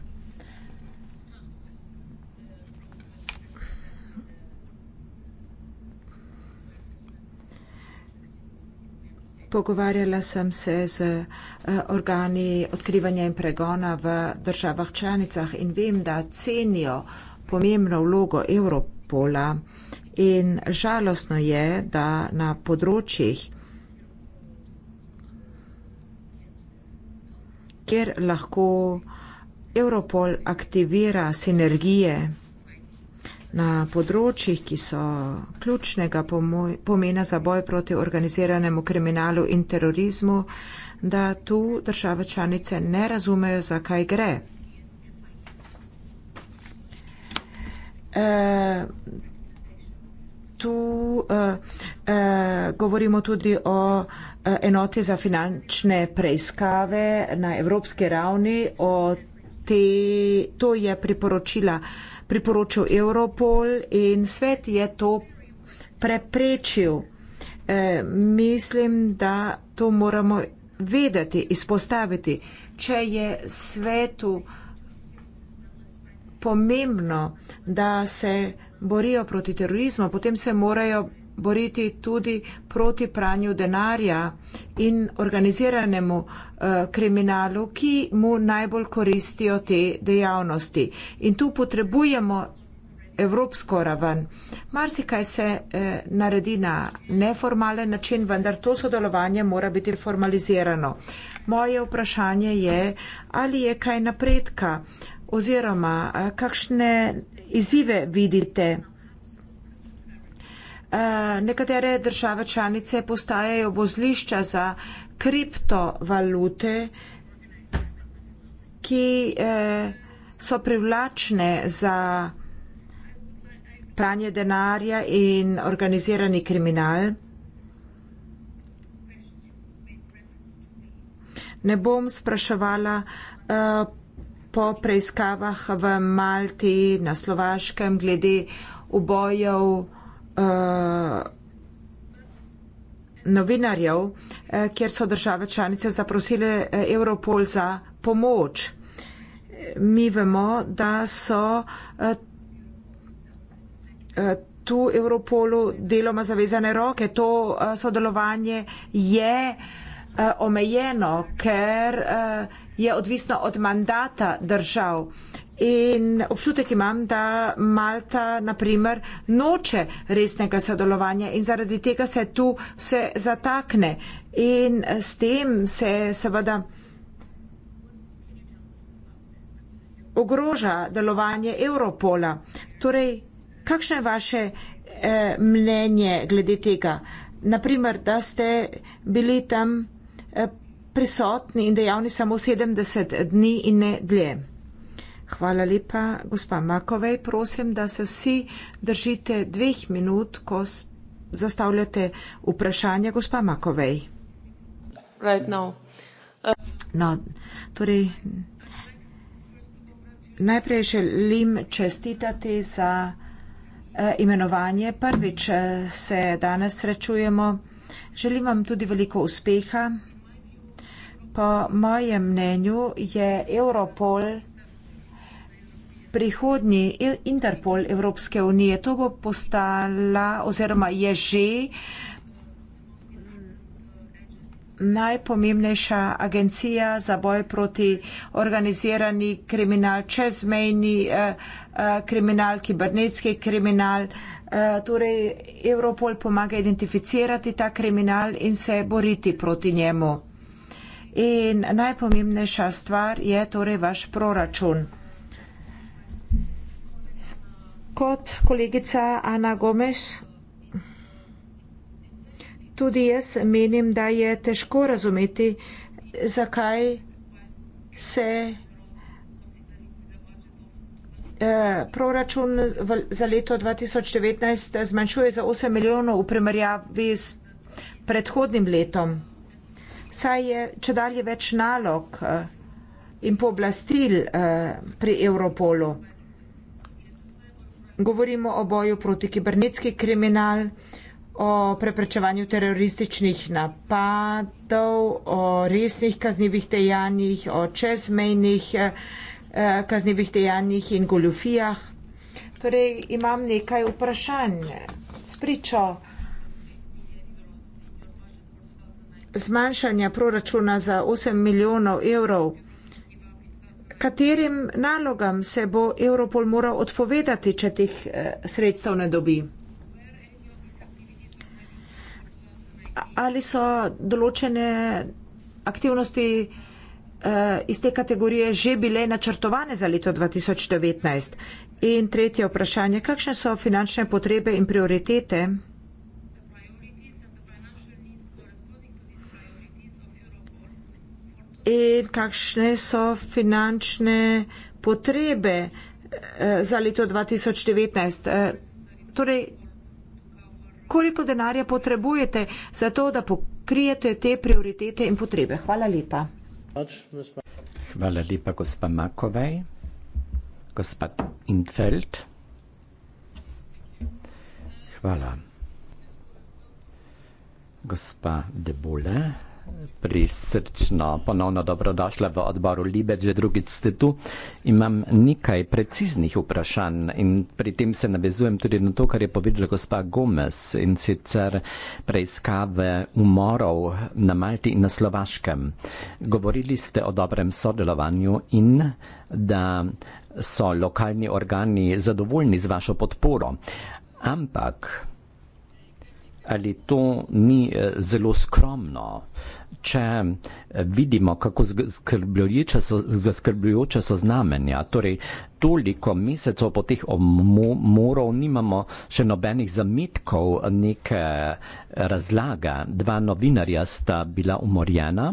pogovarjala sem se z eh, organi odkrivanja in pregona v državah članicah in vem, da cenijo pomembno vlogo Evropola in žalostno je, da na področjih, kjer lahko Evropol aktivira sinergije, na področjih, ki so ključnega pomena za boj proti organiziranemu kriminalu in terorizmu, da tu države članice ne razumejo, zakaj gre. E, tu e, e, govorimo tudi o enoti za finančne preiskave na evropski ravni. Te, to je priporočila priporočil Europol in svet je to preprečil. E, mislim, da to moramo vedeti, izpostaviti. Če je svetu pomembno, da se borijo proti terorizmu, potem se morajo boriti tudi proti pranju denarja in organiziranemu eh, kriminalu, ki mu najbolj koristijo te dejavnosti. In tu potrebujemo evropsko raven. Marsikaj se eh, naredi na neformalen način, vendar to sodelovanje mora biti formalizirano. Moje vprašanje je, ali je kaj napredka oziroma eh, kakšne izzive vidite. Eh, nekatere države članice postajajo vozlišča za kriptovalute, ki eh, so privlačne za pranje denarja in organizirani kriminal. Ne bom spraševala eh, po preiskavah v Malti, na Slovaškem, glede ubojev. Eh, novinarjev, eh, kjer so države članice zaprosile eh, Europol za pomoč. Mi vemo, da so tu Europolu deloma zavezane roke. To sodelovanje je omejeno, ker je odvisno od mandata držav. In občutek imam, da Malta, naprimer, noče resnega sodelovanja in zaradi tega se tu vse zatakne. In s tem se seveda ogroža delovanje Europola. Torej, kakšno je vaše eh, mnenje glede tega? Naprimer, da ste bili tam eh, prisotni in dejavni samo 70 dni in ne dlje. Hvala lepa, gospa Makovej. Prosim, da se vsi držite dveh minut, ko zastavljate vprašanje, gospa Makovej. Right now. Uh, no, torej, najprej želim čestitati za eh, imenovanje. Prvič eh, se danes srečujemo. Želim vam tudi veliko uspeha. Po mojem mnenju je Europol nekaj, prihodnji Interpol Evropske unije. To bo postala oziroma je že najpomembnejša agencija za boj proti organizirani kriminal, čezmejni eh, eh, kriminal, kibernetski kriminal. Eh, torej, Evropol pomaga identificirati ta kriminal in se boriti proti njemu. In najpomembnejša stvar je torej vaš proračun kot kolegica Ana Gomes. Tudi jaz menim, da je težko razumeti, zakaj se eh, proračun za leto 2019 zmanjšuje za 8 milijonov v primerjavi s predhodnim letom. Saj je če dalje več nalog eh, in pooblastil eh, pri Europolu. Govorimo o boju proti kibernetski kriminal, o preprečevanju terorističnih napadov, o resnih kaznjivih dejanjih, o čezmejnih eh, eh kaznjivih dejanjih in goljufijah. Torej, imam nekaj vprašanj. Spričo zmanjšanja proračuna za 8 milijonov evrov katerim nalogam se bo Europol moral odpovedati, če teh eh, sredstev ne dobi? Ali so določene aktivnosti eh, iz te kategorije že bile načrtovane za leto 2019? In tretje vprašanje, kakšne so finančne potrebe in prioritete? in kakšne so finančne potrebe eh, za leto 2019. Eh, torej, koliko denarja potrebujete za to, da pokrijete te prioritete in potrebe? Hvala lepa. Hvala lepa, gospa Makovej. Gospa Infeld. Hvala. Gospa Debole. Hvala prisrčno ponovno dobrodošla v odboru Libet, že drugi citu. Imam nekaj preciznih vprašanj in pri tem se navezujem tudi na to, kar je povedala gospa Gomez in sicer preiskave umorov na Malti in na Slovaškem. Govorili ste o dobrem sodelovanju in da so lokalni organi zadovoljni z vašo podporo, ampak ali to ni eh, zelo skromno. Če eh, vidimo, kako zaskrbljujoče so, zaskrbljujoče so znamenja, torej toliko mesecev po teh omorov nimamo še nobenih zametkov neke eh, razlage. Dva novinarja sta bila umorjena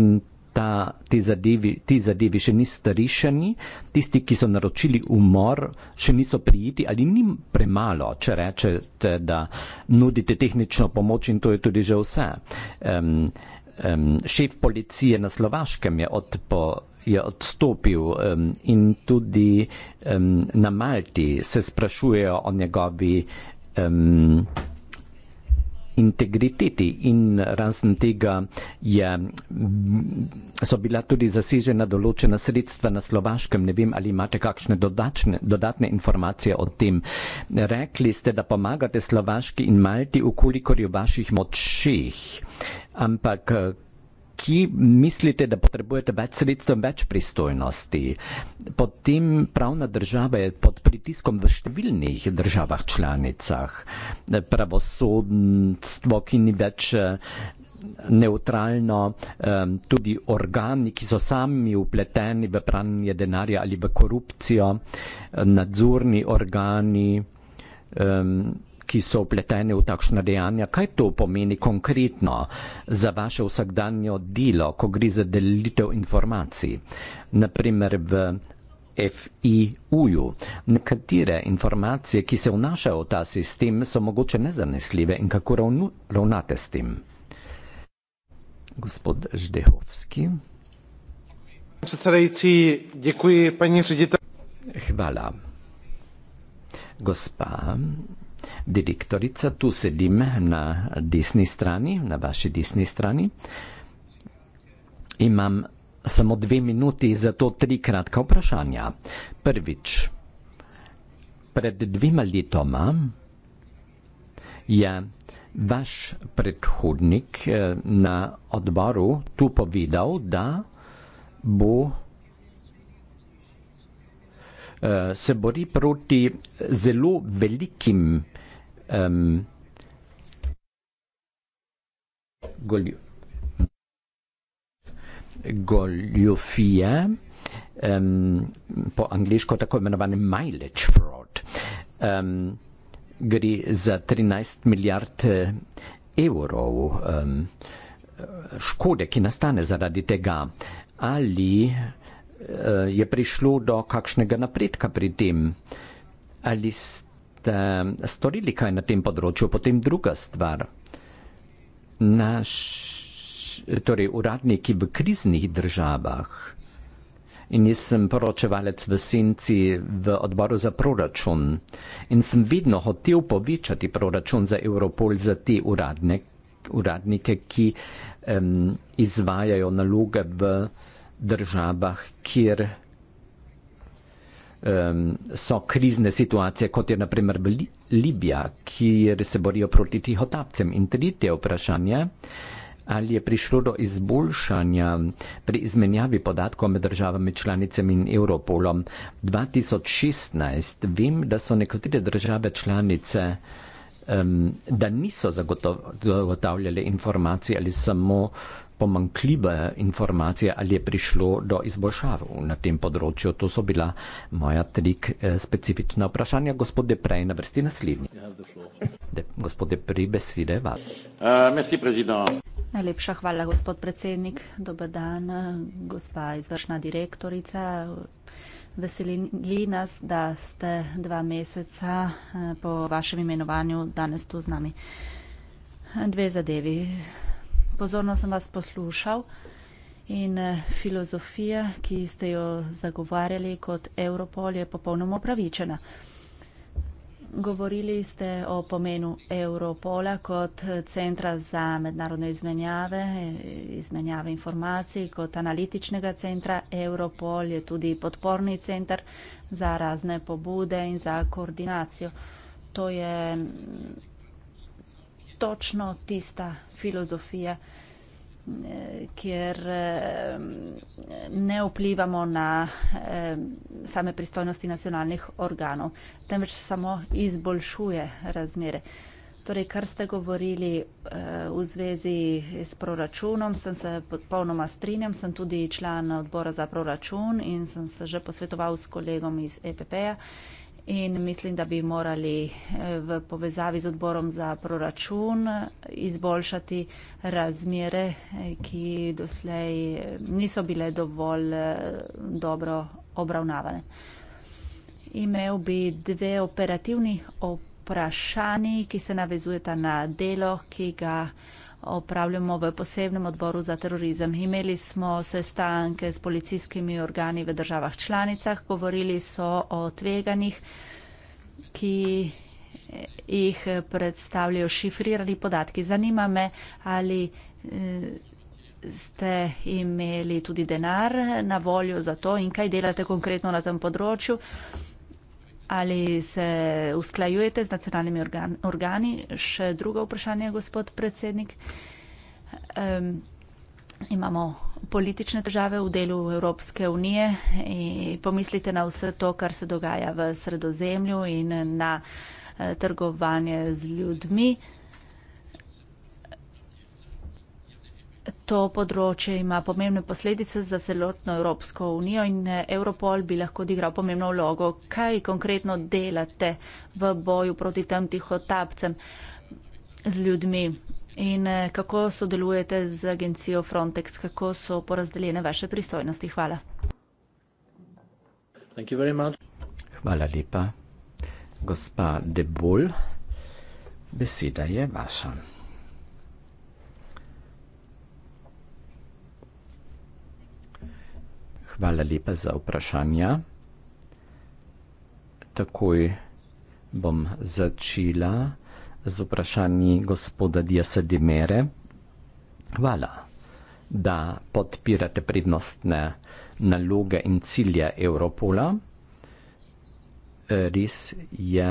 in ta, ti, zadevi, ti zadevi še niso rešeni, tisti, ki so naročili umor, še niso prijeti ali ni premalo, če rečete, da nudite tehnično pomoč in to je tudi že vse. Um, um, šef policije na Slovaškem je, odpo, je odstopil um, in tudi um, na Malti se sprašujejo o njegovi. Um, integriteti in razen tega je, so bila tudi zasižena določena sredstva na Slovaškem. Ne vem, ali imate kakšne dodačne, dodatne informacije o tem. Rekli ste, da pomagate Slovaški in Malti, ukolikor je v vaših močeh. Ampak ki mislite, da potrebujete več sredstev in več pristojnosti. Potem pravna država je pod pritiskom v številnih državah članicah. Pravosodstvo, ki ni več eh, neutralno, eh, tudi organi, ki so sami upleteni v pranje denarja ali v korupcijo, nadzorni organi. Eh, ki so upleteni v takšna dejanja. Kaj to pomeni konkretno za vaše vsakdanje delo, ko gre za delitev informacij? Naprimer v FIU-ju. Nekatere informacije, ki se vnašajo v ta sistem, so mogoče nezanesljive in kako ravnate s tem? Gospod Ždehovski. Predsedajci, děkuji, paní ředitel. Hvala. Gospa direktorica, tu sedim na desni strani, na vaši desni strani. Imam samo dve minuti, zato tri kratka vprašanja. Prvič, pred dvima letoma je vaš predhodnik eh, na odboru tu povedal, da bo uh, se bori proti zelo velikim um, golju, goljofijam, um, po angliško tako imenovanem mileage fraud. Um, gre za 13 milijard eh, evrov um, škode, ki nastane zaradi tega ali Eh, je prišlo do kakšnega napredka pri tem? Ali ste storili kaj na tem področju? Potem druga stvar. Naš, torej, uradniki v kriznih državah. In jaz sem poročevalec v Senci v odboru za proračun in sem vedno hotel povečati proračun za Europol za te uradne, uradnike, ki um, izvajajo naloge v uh, državah, kjer um, so krizne situacije, kot je naprimer Libija, kjer se borijo proti tihotapcem. In tretje vprašanje, ali je prišlo do izboljšanja pri izmenjavi podatkov med državami članicami in Europolom. 2016 vem, da so nekatere države članice da niso zagotavljali informacije ali samo uh, pomankljive informacije, ali je prišlo do izboljšav na tem področju. To so bila moja tri eh, specifična vprašanja. Gospod Deprej, na vrsti naslednji. De, gospod Deprej, besede vas. Uh, Najlepša hvala, gospod predsednik. Dobar dan, eh, gospa izvršna direktorica. Veseli nas, da ste dva meseca eh, po vašem imenovanju danes tu z nami. Dve zadevi pozorno sem vas poslušal in eh, filozofija, ki ste jo zagovarjali kot Europol, je popolnoma upravičena. Govorili ste o pomenu Europola kot eh, centra za mednarodne izmenjave, izmenjave informacij, kot analitičnega centra. Europol je tudi podporni center za razne pobude in za koordinacijo. To je točno tista filozofija, eh, kjer eh, ne vplivamo na eh, same pristojnosti nacionalnih organov, temveč samo izboljšuje razmere. Torej, kar ste govorili v zvezi s proračunom, sem se popolnoma strinjam, sem tudi član odbora za proračun in sem se že posvetoval s kolegom iz EPP-ja. -ja in mislim, da bi morali eh, v povezavi z odborom za proračun izboljšati razmere, eh, ki doslej eh, niso bile dovolj dobro obravnavane. Imel bi dve operativni vprašanji, ki se navezujeta na delo, ki ga opravljamo v posebnem odboru za terorizem. Imeli smo sestanke s policijskimi organi v državah članicah, govorili so o tveganjih, ki jih predstavljajo šifrirani podatki. Zanima me, ali eh, ste imeli tudi denar na voljo za to in kaj delate konkretno na tem področju. Ali se usklajujete z nacionalnimi organ organi? Še drugo vprašanje, gospod predsednik. Um, imamo politične države v delu Evropske unije in e, pomislite na vse to, kar se dogaja v sredozemlju in na uh, trgovanje z ljudmi. to področje ima pomembne posledice za celotno Evropsko unijo in eh, Europol bi lahko odigral pomembno vlogo. Kaj konkretno delate v boju proti temtih otapcem z ljudmi in eh, kako sodelujete z agencijo Frontex, kako so porazdeljene vaše pristojnosti? Hvala. Hvala lepa. Gospa Debol, beseda je vaša. Hvala lepa za vprašanja. Takoj bom začela z vprašanji gospoda Diasa Dimere. Hvala, da podpirate prednostne naloge in cilje Evropola. Res je,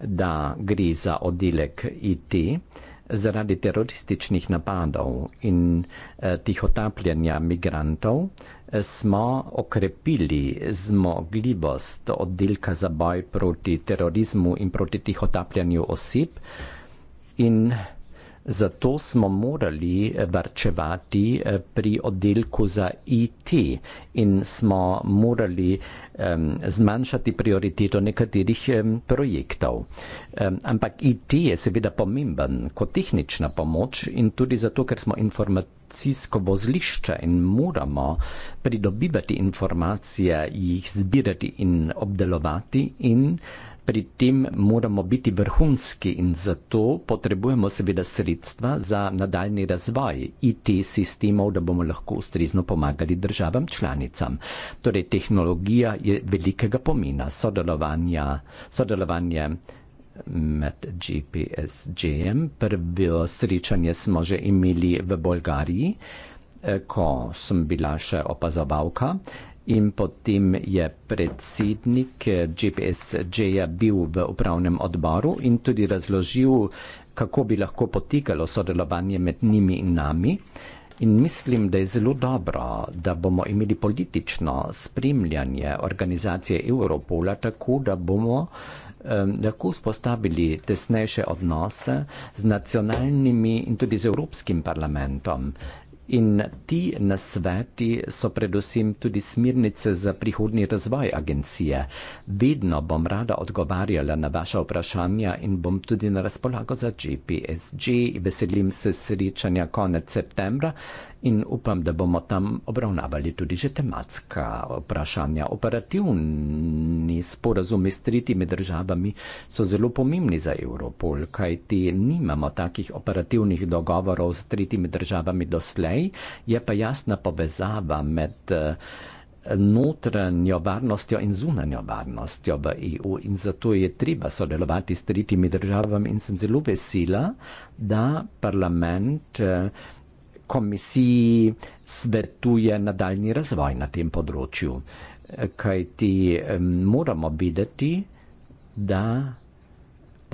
da gre za oddelek IT zaradi terorističnih napadov in eh, tihotapljanja migrantov smo okrepili zmogljivost oddelka za boj proti terorizmu in proti tihotapljanju oseb in zato smo morali varčevati eh, pri oddelku za IT in smo morali um, zmanjšati prioriteto nekaterih um, projektov. Um, ampak IT je seveda pomemben kot tehnična pomoč in tudi zato, ker smo informativni policijsko vozlišče in moramo pridobivati informacije, jih zbirati in obdelovati in pri tem moramo biti vrhunski in zato potrebujemo seveda sredstva za nadaljni razvoj IT sistemov, da bomo lahko ustrezno pomagali državam članicam. Torej, tehnologija je velikega pomena sodelovanja, sodelovanje med GPSG-jem. Prvo srečanje smo že imeli v Bolgariji, eh, ko sem bila še opazovalka. In potem je predsednik eh, GPSG-ja bil v upravnem odboru in tudi razložil, kako bi lahko potekalo sodelovanje med njimi in nami. In mislim, da je zelo dobro, da bomo imeli politično spremljanje organizacije Europola, tako da bomo uh, lahko spostavili tesnejše odnose z nacionalnimi in tudi z Evropskim parlamentom. In ti nasveti so predvsem tudi smirnice za prihodni razvoj agencije. Vedno bom rada odgovarjala na vaše vprašanja in bom tudi na razpolago za GPSG. Veselim se srečanja konec septembra in upam, da bomo tam obravnavali tudi že tematska vprašanja. Operativni sporazumi s tretjimi državami so zelo pomembni za Europol, kajti nimamo takih operativnih dogovorov s tretjimi državami doslej, je pa jasna povezava med eh, notranjo varnostjo in zunanjo varnostjo v EU in zato je treba sodelovati s tretjimi državami in sem zelo vesela, da parlament eh, komisiji svetuje nadaljni razvoj na tem področju. Kaj ti moramo videti, da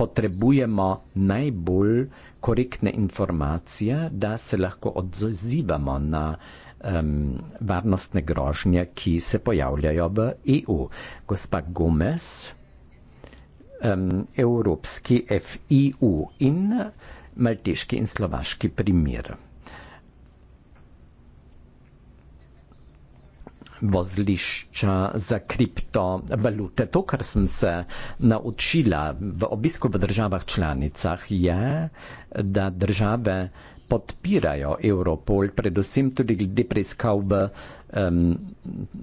potrebujemo najbolj korektne informacije, da se lahko odzivamo na um, varnostne grožnje, ki se pojavljajo v EU. Gospa Gomez, um, Evropski FIU in Maltežki in Slovaški primer. vozlišča za kriptovalute. To, kar sem se naučila v obisku v državah članicah, je, da države podpirajo Europol, predvsem tudi glede preiskav v, um,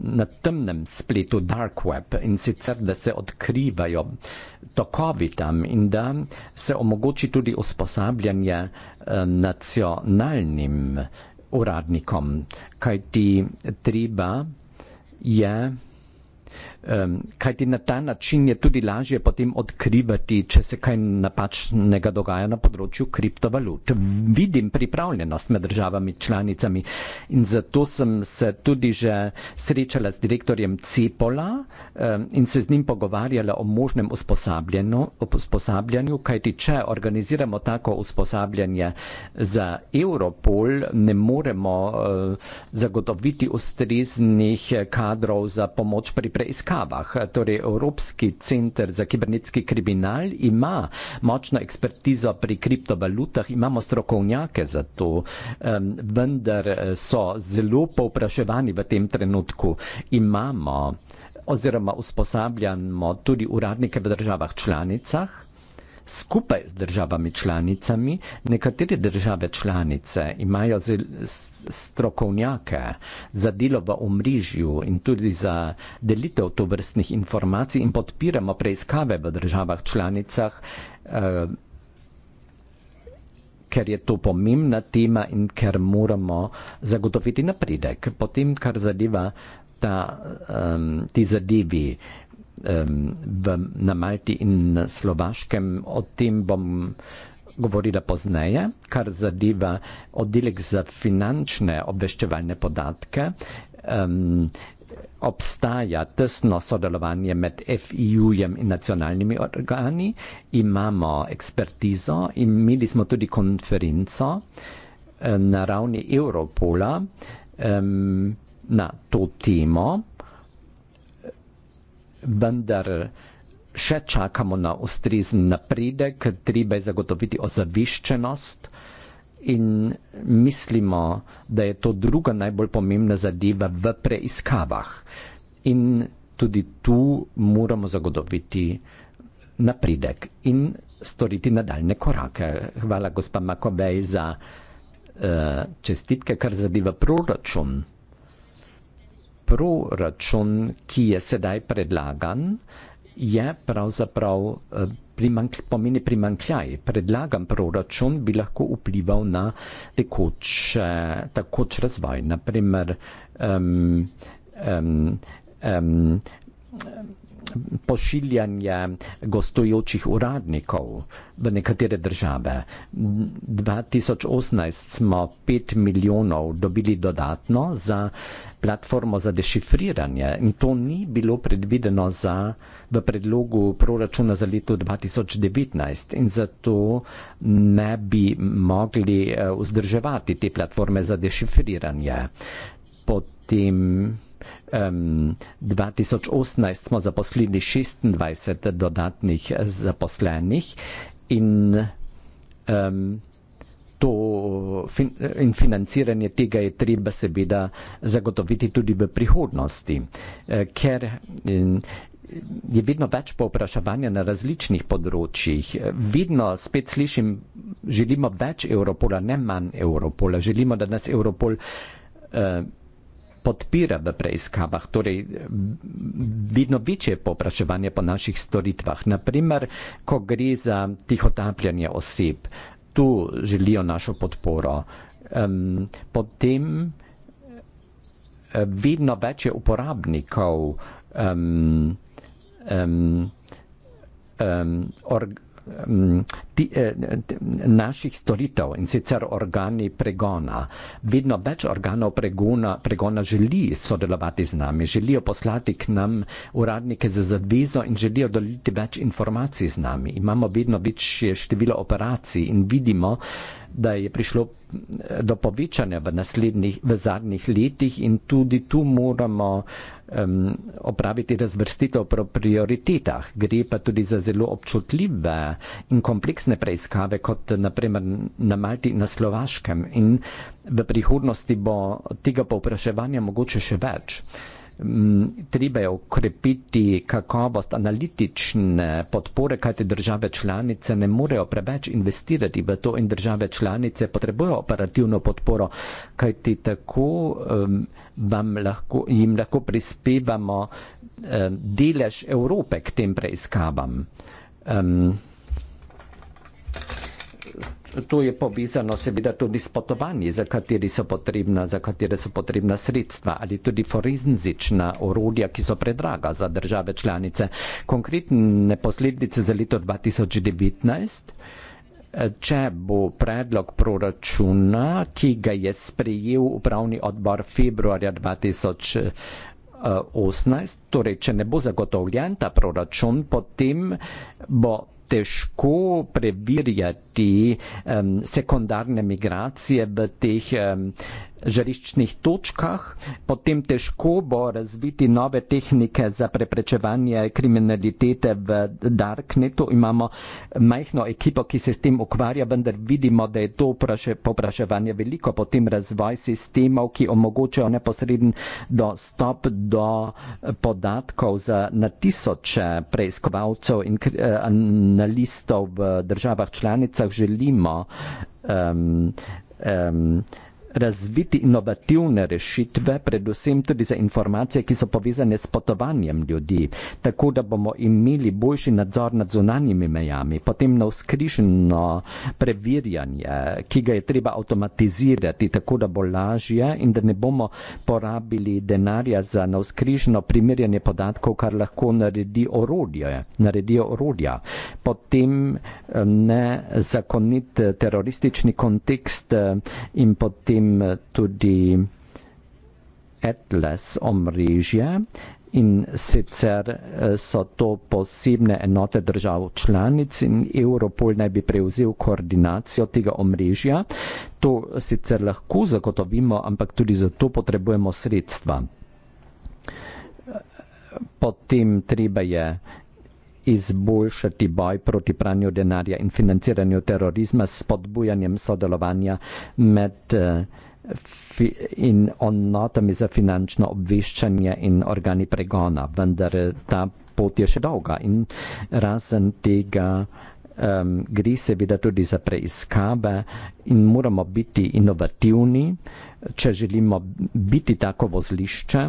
na temnem spletu Dark Web in sicer, da se odkrivajo tokovi tam in da se omogoči tudi usposabljanje um, nacionalnim uradnikom, kaj ti treba je, Um, ehm, kaj ti na ta način je tudi lažje potem odkrivati, če se kaj napačnega dogaja na področju kriptovalut. Vidim pripravljenost med državami članicami in zato sem se tudi že srečala s direktorjem Cepola um, in se z njim pogovarjala o možnem usposabljanju, kaj ti če organiziramo tako usposabljanje za Europol, ne moremo uh, zagotoviti ustreznih eh, kadrov za pomoč pri preiskavi državah. Torej, Evropski center za kibernetski kriminal ima močno ekspertizo pri kriptovalutah, imamo strokovnjake za to, vendar eh, so zelo povpraševani v tem trenutku. Imamo oziroma usposabljamo tudi uradnike v državah članicah skupaj z državami članicami. Nekatere države članice imajo strokovnjake za delo v omrežju in tudi za delitev to vrstnih informacij in podpiramo preiskave v državah članicah, eh, ker je to pomembna tema in ker moramo zagotoviti napredek. Potem, kar zadeva ta, um, ti zadevi, v, na Malti in na Slovaškem. O tem bom govorila pozneje, kar zadeva oddelek za finančne obveščevalne podatke. Um, obstaja tesno sodelovanje med FIU-jem in nacionalnimi organi, imamo ekspertizo in imeli smo tudi konferenco eh, na ravni Europola um, na to temo vendar še čakamo na ustrezen napredek, treba je zagotoviti ozaviščenost in mislimo, da je to druga najbolj pomembna zadeva v preiskavah. In tudi tu moramo zagotoviti napredek in storiti nadaljne korake. Hvala gospa Makovej za uh, čestitke, kar zadeva proračun proračun, ki je sedaj predlagan, je pravzaprav eh, pomeni primankljaj. Predlagan proračun bi lahko vplival na tekoče, takoč razvoj. Naprimer, um, um, um, pošiljanje gostujočih uradnikov v nekatere države. 2018 smo 5 milijonov dobili dodatno za platformo za dešifriranje in to ni bilo predvideno za, v predlogu proračuna za leto 2019 in zato ne bi mogli eh, vzdrževati te platforme za dešifriranje. Potem um, 2018 smo zaposlili 26 dodatnih zaposlenih in um, To in financiranje tega je treba seveda zagotoviti tudi v prihodnosti, eh, ker je vedno več povpraševanja na različnih področjih. Vedno spet slišim, želimo več Europola, ne manj Europola, želimo, da nas Europol eh, podpira v preiskavah, torej vidno večje popraševanje po naših storitvah. Naprimer, ko gre za tihotapljanje oseb, tu želijo našo podporo. Um, potem eh, vidno več je uporabnikov um, um, um, organizacij, Eh, naših storitev in sicer organi pregona. Vedno več organov pregona, pregona želi sodelovati z nami, želijo poslati k nam uradnike za zadvezo in želijo deliti več informacij z nami. Imamo vedno večje število operacij in vidimo, da je prišlo eh, do povečanja v, v zadnjih letih in tudi tu moramo uh, um, opraviti razvrstitev po prioritetah. Gre pa tudi za zelo občutljive in kompleksne preiskave, kot naprimer na Malti in na Slovaškem. In v prihodnosti bo tega povpraševanja mogoče še več. Treba je ukrepiti kakovost analitične podpore, kajti države članice ne morejo preveč investirati v to in države članice potrebujejo operativno podporo, kajti tako. Um, lahko, jim lahko prispevamo um, delež Evrope k tem preiskavam. Um, to je povezano seveda tudi s potovanji, za kateri so potrebna, za katere so potrebna sredstva ali tudi forenzična orodja, ki so predraga za države članice. Konkretne posledice za leto 2019 če bo predlog proračuna, ki ga je sprejel upravni odbor februarja 2018, torej če ne bo zagotovljen ta proračun, potem bo težko preverjati um, sekundarne migracije v teh um, žariščnih točkah, potem težko bo razviti nove tehnike za preprečevanje kriminalitete v Darknetu. Imamo majhno ekipo, ki se s tem ukvarja, vendar vidimo, da je to popraševanje veliko, potem razvoj sistemov, ki omogočajo neposreden dostop do podatkov za na tisoče preiskovalcev in eh, analistov v državah članicah želimo um, um, razviti inovativne rešitve, predvsem tudi za informacije, ki so povezane s potovanjem ljudi, tako da bomo imeli boljši nadzor nad zunanjimi mejami, potem na vzkrišeno preverjanje, ki ga je treba avtomatizirati, tako da bo lažje in da ne bomo porabili denarja za na vzkrišeno primerjanje podatkov, kar lahko naredi orodje, naredijo orodja. Potem eh, nezakonit teroristični kontekst eh, in potem potem eh, tudi atlas omrežje in sicer eh, so to posebne enote držav članic in Europol naj bi prevzel koordinacijo tega omrežja. To sicer lahko zagotovimo, ampak tudi za to potrebujemo sredstva. Potem treba je izboljšati boj proti pranju denarja in financiranju terorizma s podbujanjem sodelovanja med eh, in onotami za finančno obveščanje in organi pregona. Vendar eh, ta pot je še dolga in razen tega um, gre seveda tudi za preiskave in moramo biti inovativni, če želimo biti tako vozlišče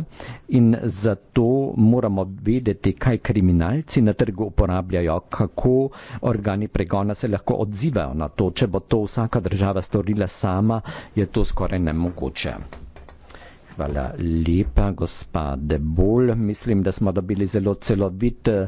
in zato moramo vedeti, kaj kriminalci na trgu uporabljajo, kako organi pregona se lahko odzivajo na to. Če bo to vsaka država storila sama, je to skoraj nemogoče. Hvala lepa, gospa Debol. Mislim, da smo dobili zelo celovit uh,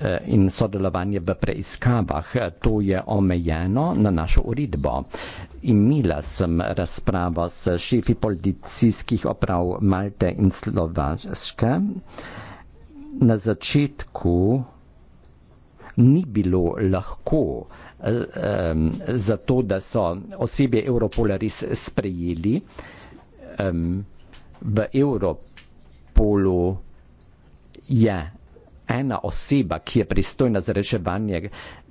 Eh, in sodelovanje v preiskavah, eh, to je omejeno na našo uredbo. Imela sem razpravo s šefi policijskih oprav Malte in Slovaške. Na začetku ni bilo lahko um, zato, da so osebje Europola res sprejeli. Um, v Europolu je ena oseba, ki je pristojna za reševanje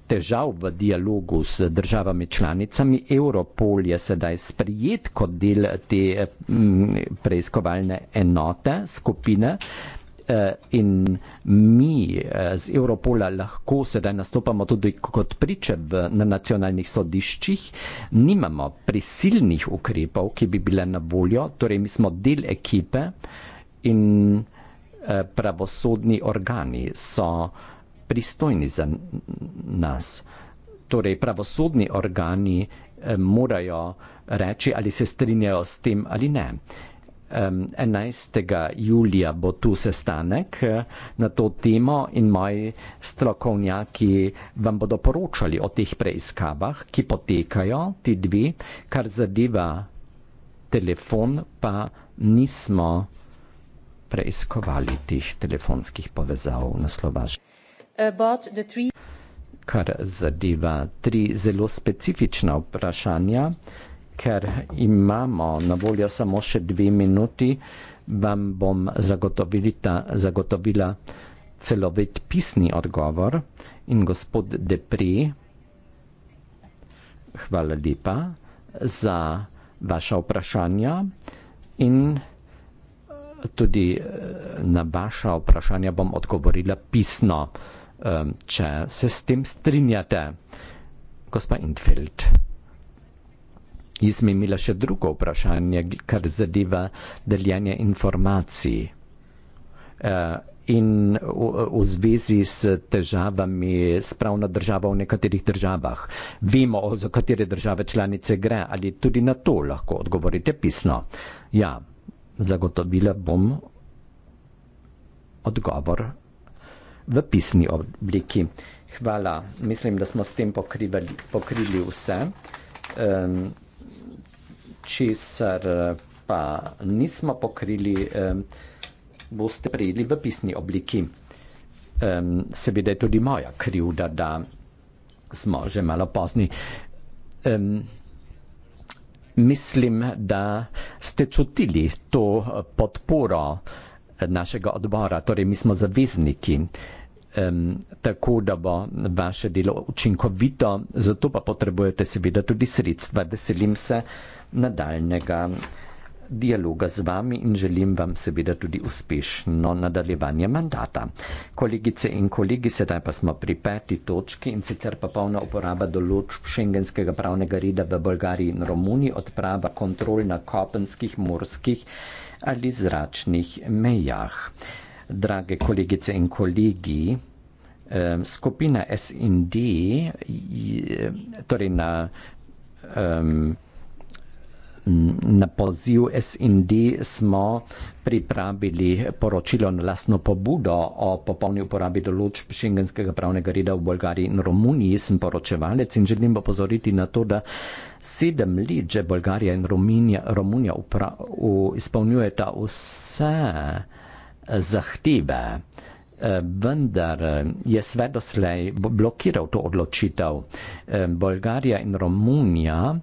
težav v dialogu s državami članicami. Europol je sedaj sprijet kot del te mm, preiskovalne enote, skupine. Eh, in mi eh, z Europola lahko sedaj nastopamo tudi kot priče v, na nacionalnih sodiščih. Nimamo prisilnih ukrepov, ki bi bile na voljo, torej mi smo del ekipe in pravosodni organi so pristojni za nas. Torej, pravosodni organi eh, morajo reči, ali se strinjajo s tem ali ne. 11. julija bo tu sestanek eh, na to temo in moji strokovnjaki vam bodo poročali o teh preiskavah, ki potekajo, ti dve, kar zadeva telefon, pa nismo preiskovali teh telefonskih povezav na Slovaški. Kar zadeva tri zelo specifična vprašanja, ker imamo na voljo samo še dve minuti, vam bom ta, zagotovila celovit pisni odgovor in gospod Depri, hvala lepa za vaša vprašanja in tudi eh, na vaša vprašanja bom odgovorila pisno, ehm, če se s tem strinjate. Gospa Intfeld, izmi imela še drugo vprašanje, kar zadeva deljenje informacij. Ehm, in v zvezi s težavami s pravno državo v nekaterih državah. Vemo, za katere države članice gre, ali tudi na to lahko odgovorite pisno. Ja, zagotovila bom odgovor v pisni obliki. Hvala. Mislim, da smo s tem pokrivali, pokrili vse. Um, česar pa nismo pokrili, um, boste prijeli v pisni obliki. Um, seveda je tudi moja krivda, da smo že malo pozni. Um, mislim, da ste čutili to eh, podporo eh, našega odbora, torej mi smo zavezniki, um, tako da bo vaše delo učinkovito, zato pa potrebujete seveda tudi sredstva. Veselim se nadaljnega dialoga z vami in želim vam seveda tudi uspešno nadaljevanje mandata. Kolegice in kolegi, sedaj pa smo pri peti točki in sicer pa polna uporaba določb šengenskega pravnega reda v Bolgariji in Romuniji, odprava kontrol na kopenskih, morskih ali zračnih mejah. Drage kolegice in kolegi, skupina SND, torej na. Um, na poziv SND smo pripravili poročilo na lasno pobudo o popolni uporabi določb šengenskega pravnega reda v Bolgariji in Romuniji. Sem poročevalec in želim opozoriti na to, da sedem let že Bolgarija in Romunija, Romunija izpolnjujeta vse eh, zahteve. Eh, vendar eh, je svet doslej blokiral to odločitev. Bolgarija in Romunija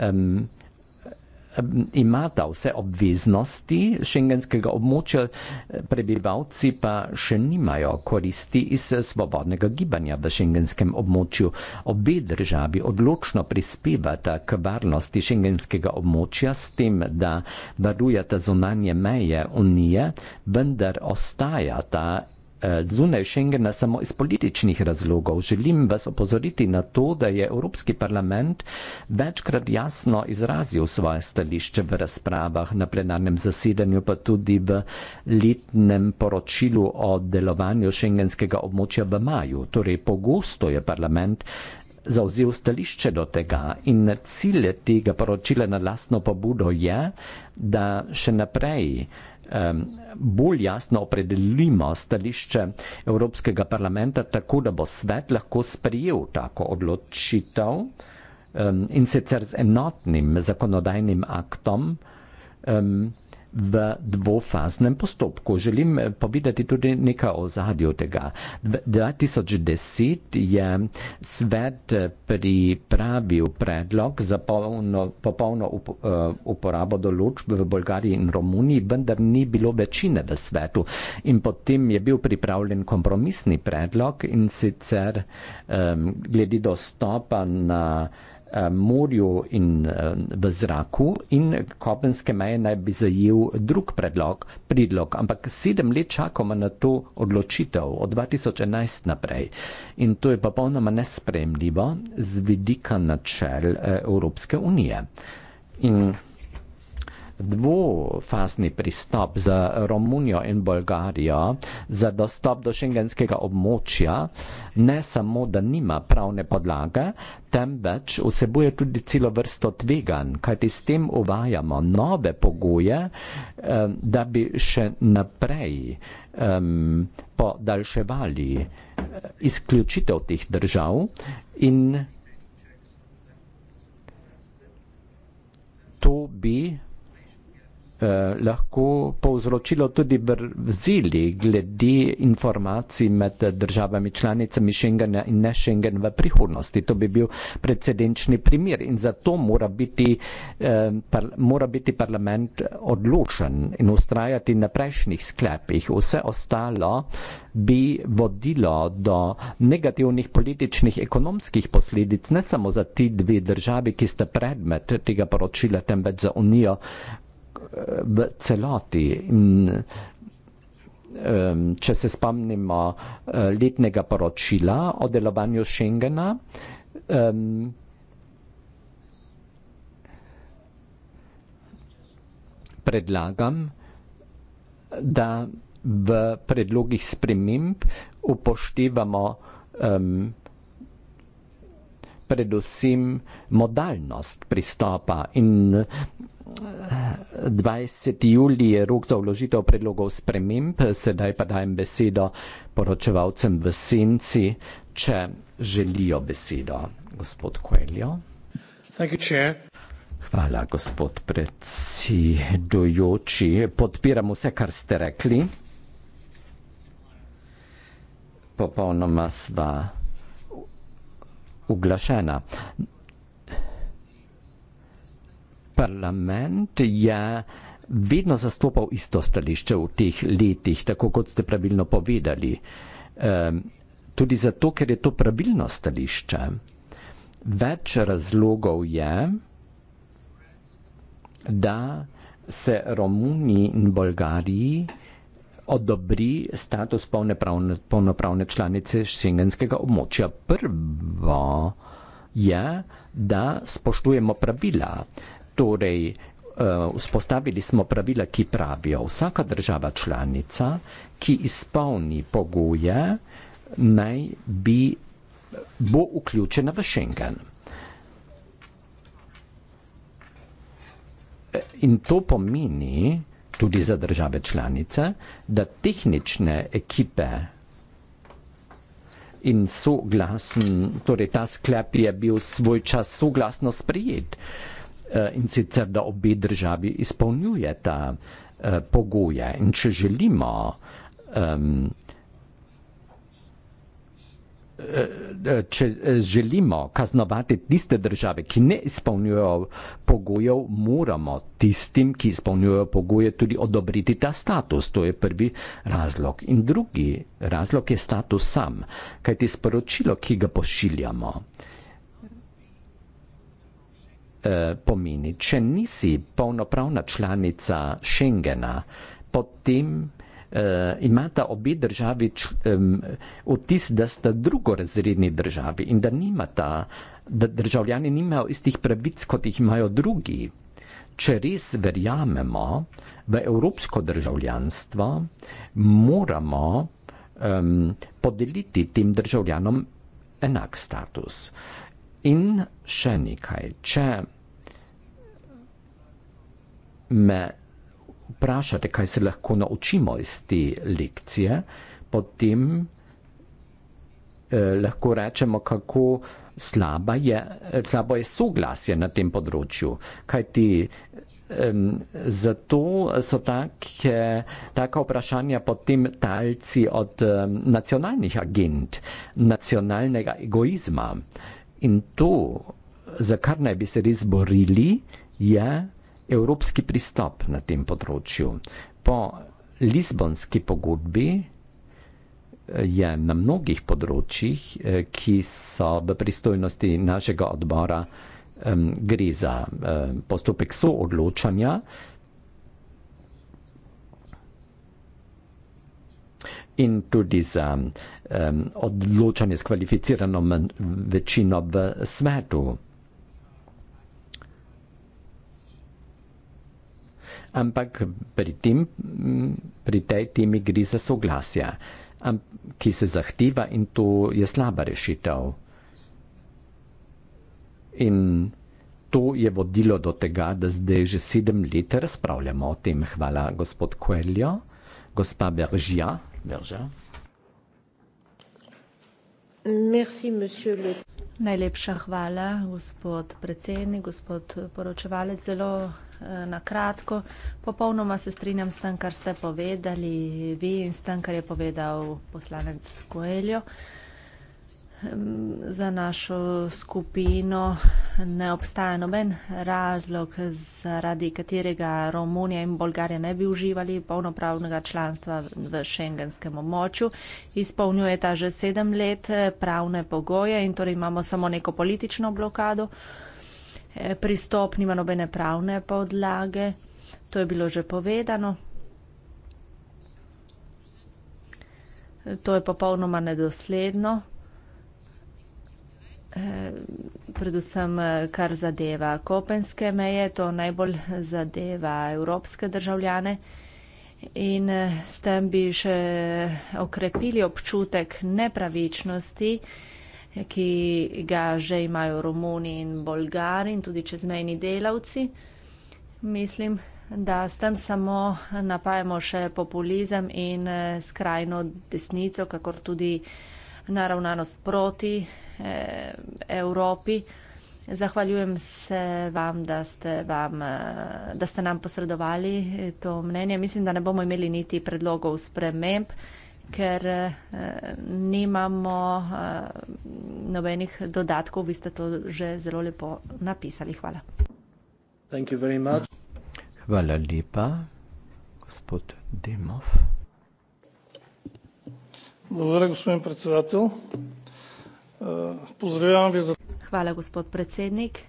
um, ima ta vse obveznosti šengenskega območja, prebivalci pa še nimajo koristi iz svobodnega gibanja v šengenskem območju. Obe državi odločno prispevata k varnosti šengenskega območja s tem, da varujata zunanje meje Unije, vendar ostaja ta Eh, zunaj Schengena samo iz političnih razlogov. Želim vas opozoriti na to, da je Evropski parlament večkrat jasno izrazil svoje stališče v razpravah na plenarnem zasedanju, pa tudi v letnem poročilu o delovanju šengenskega območja v maju. Torej, pogosto je parlament zauzel stališče do tega in cilje tega poročila na lastno pobudo je, da še naprej bolj jasno opredelimo stališče Evropskega parlamenta, tako da bo svet lahko sprejel tako odločitev in sicer z enotnim zakonodajnim aktom v dvofaznem postopku. Želim eh, povedati tudi nekaj o zadju tega. V 2010 je svet eh, pripravil predlog za polno, popolno up, eh, uporabo določb v Bolgariji in Romuniji, vendar ni bilo večine v svetu. In potem je bil pripravljen kompromisni predlog in sicer um, glede dostopa na Eh, morju in eh, v zraku in kopenske meje naj bi zajel drug predlog, predlog, ampak sedem let čakamo na to odločitev od 2011 naprej in to je popolnoma nespremljivo z vidika načel eh, Evropske unije. In dvofasni pristop z Romunijo in Bolgarijo za dostop do šengenskega območja ne samo, da nima pravne podlage, temveč vsebuje tudi celo vrsto tveganj, kajti s tem uvajamo nove pogoje, eh, da bi še naprej podaljševali eh, izključitev teh držav in to bi Eh, lahko povzročilo tudi brzili glede informacij med državami članicami Schengena in ne Schengen v prihodnosti. To bi bil precedenčni primer in zato mora biti, eh, par, mora biti parlament odločen in ustrajati na prejšnjih sklepih. Vse ostalo bi vodilo do negativnih političnih ekonomskih posledic, ne samo za ti dve državi, ki sta predmet tega poročila, temveč za Unijo v celoti. In, um, če se spomnimo uh, letnega poročila o delovanju Schengena, um, predlagam, da v predlogih sprememb upoštevamo um, predvsem modalnost pristopa in 20. julij je rok za vložitev predlogov sprememb, sedaj pa dajem besedo poročevalcem v senci, če želijo besedo. Gospod Koeljo. Hvala, gospod predsedujoči. Podpiram vse, kar ste rekli. Popolnoma sva uglašena parlament je vedno zastopal isto stališče v teh letih, tako kot ste pravilno povedali. Ehm, tudi zato, ker je to pravilno stališče. Več razlogov je, da se Romuniji in Bolgariji odobri status polnopravne, polnopravne članice šengenskega območja. Prvo je, da spoštujemo pravila. Torej, eh, vzpostavili smo pravila, ki pravijo, vsaka država članica, ki izpolni pogoje, naj bi bo vključena v Schengen. Eh, in to pomeni tudi za države članice, da tehnične ekipe in soglasen, torej ta sklep je bil svoj čas soglasno sprijet. Uh, Eh, in sicer da obe državi izpolnjujeta eh, pogoje. In če želimo um, Če želimo kaznovati tiste države, ki ne izpolnjujejo pogojev, moramo tistim, ki izpolnjujejo pogoje, tudi odobriti ta status. To je prvi razlog. In drugi razlog je status sam, kajti sporočilo, ki ga pošiljamo, uh, Eh, pomeni. Če nisi polnopravna članica Schengena, potem uh, imata obi državi č, um, vtis, da sta drugorazredni državi in da, nimata, da državljani nimajo istih pravic, kot jih imajo drugi. Če res verjamemo v evropsko državljanstvo, moramo um, podeliti tem državljanom enak status. In še nekaj, če me vprašate, kaj se lahko naučimo iz te lekcije, potem eh, lahko rečemo, kako slaba je, slabo je soglasje na tem področju. Kajti eh, zato so take, taka vprašanja potem talci od eh, nacionalnih agent, nacionalnega egoizma. In to, za kar naj bi se res borili, je. Yeah evropski pristop na tem področju. Po Lizbonski pogodbi eh, je na mnogih področjih, eh, ki so v pristojnosti našega odbora, gre za eh, postopek soodločanja. In tudi za um, odločanje s kvalificirano večino v svetu. ampak pri, tem, pri tej temi gre za soglasja, ki se zahteva in to je slaba rešitev. In to je vodilo do tega, da zdaj že sedem let razpravljamo o tem. Hvala, gospod Koeljo, gospa Beržija. Berža. Merci, le... Najlepša hvala, gospod predsednik, gospod poročevalec. Zelo Eh, na kratko. Popolnoma se strinjam s tem, kar ste povedali vi in s tem, kar je povedal poslanec Koeljo. Za našo skupino ne obstaja noben razlog, zaradi katerega Romunija in Bolgarija ne bi uživali polnopravnega članstva v šengenskem območju. Izpolnjuje ta že sedem let eh, pravne pogoje in torej imamo samo neko politično blokado. Uh, Eh, pristop nima nobene pravne podlage, to je bilo že povedano. To je popolnoma nedosledno, eh, predvsem eh, kar zadeva kopenske meje, to najbolj zadeva evropske državljane in s tem bi še okrepili občutek nepravičnosti ki ga že imajo Romuni in Bolgari in tudi čezmejni delavci. Mislim, da s tem samo napajamo še populizem in eh, skrajno desnico, kakor tudi naravnanost proti eh, Evropi. Zahvaljujem se vam da, vam, eh, da ste nam posredovali to mnenje. Mislim, da ne bomo imeli niti predlogov sprememb ker uh, nimamo uh, nobenih dodatkov, vi ste to že zelo lepo napisali. Hvala. Hvala lepa, gospod Demov. Dobro, gospod predsedatelj. Uh, pozdravljam vi za. Hvala, gospod predsednik.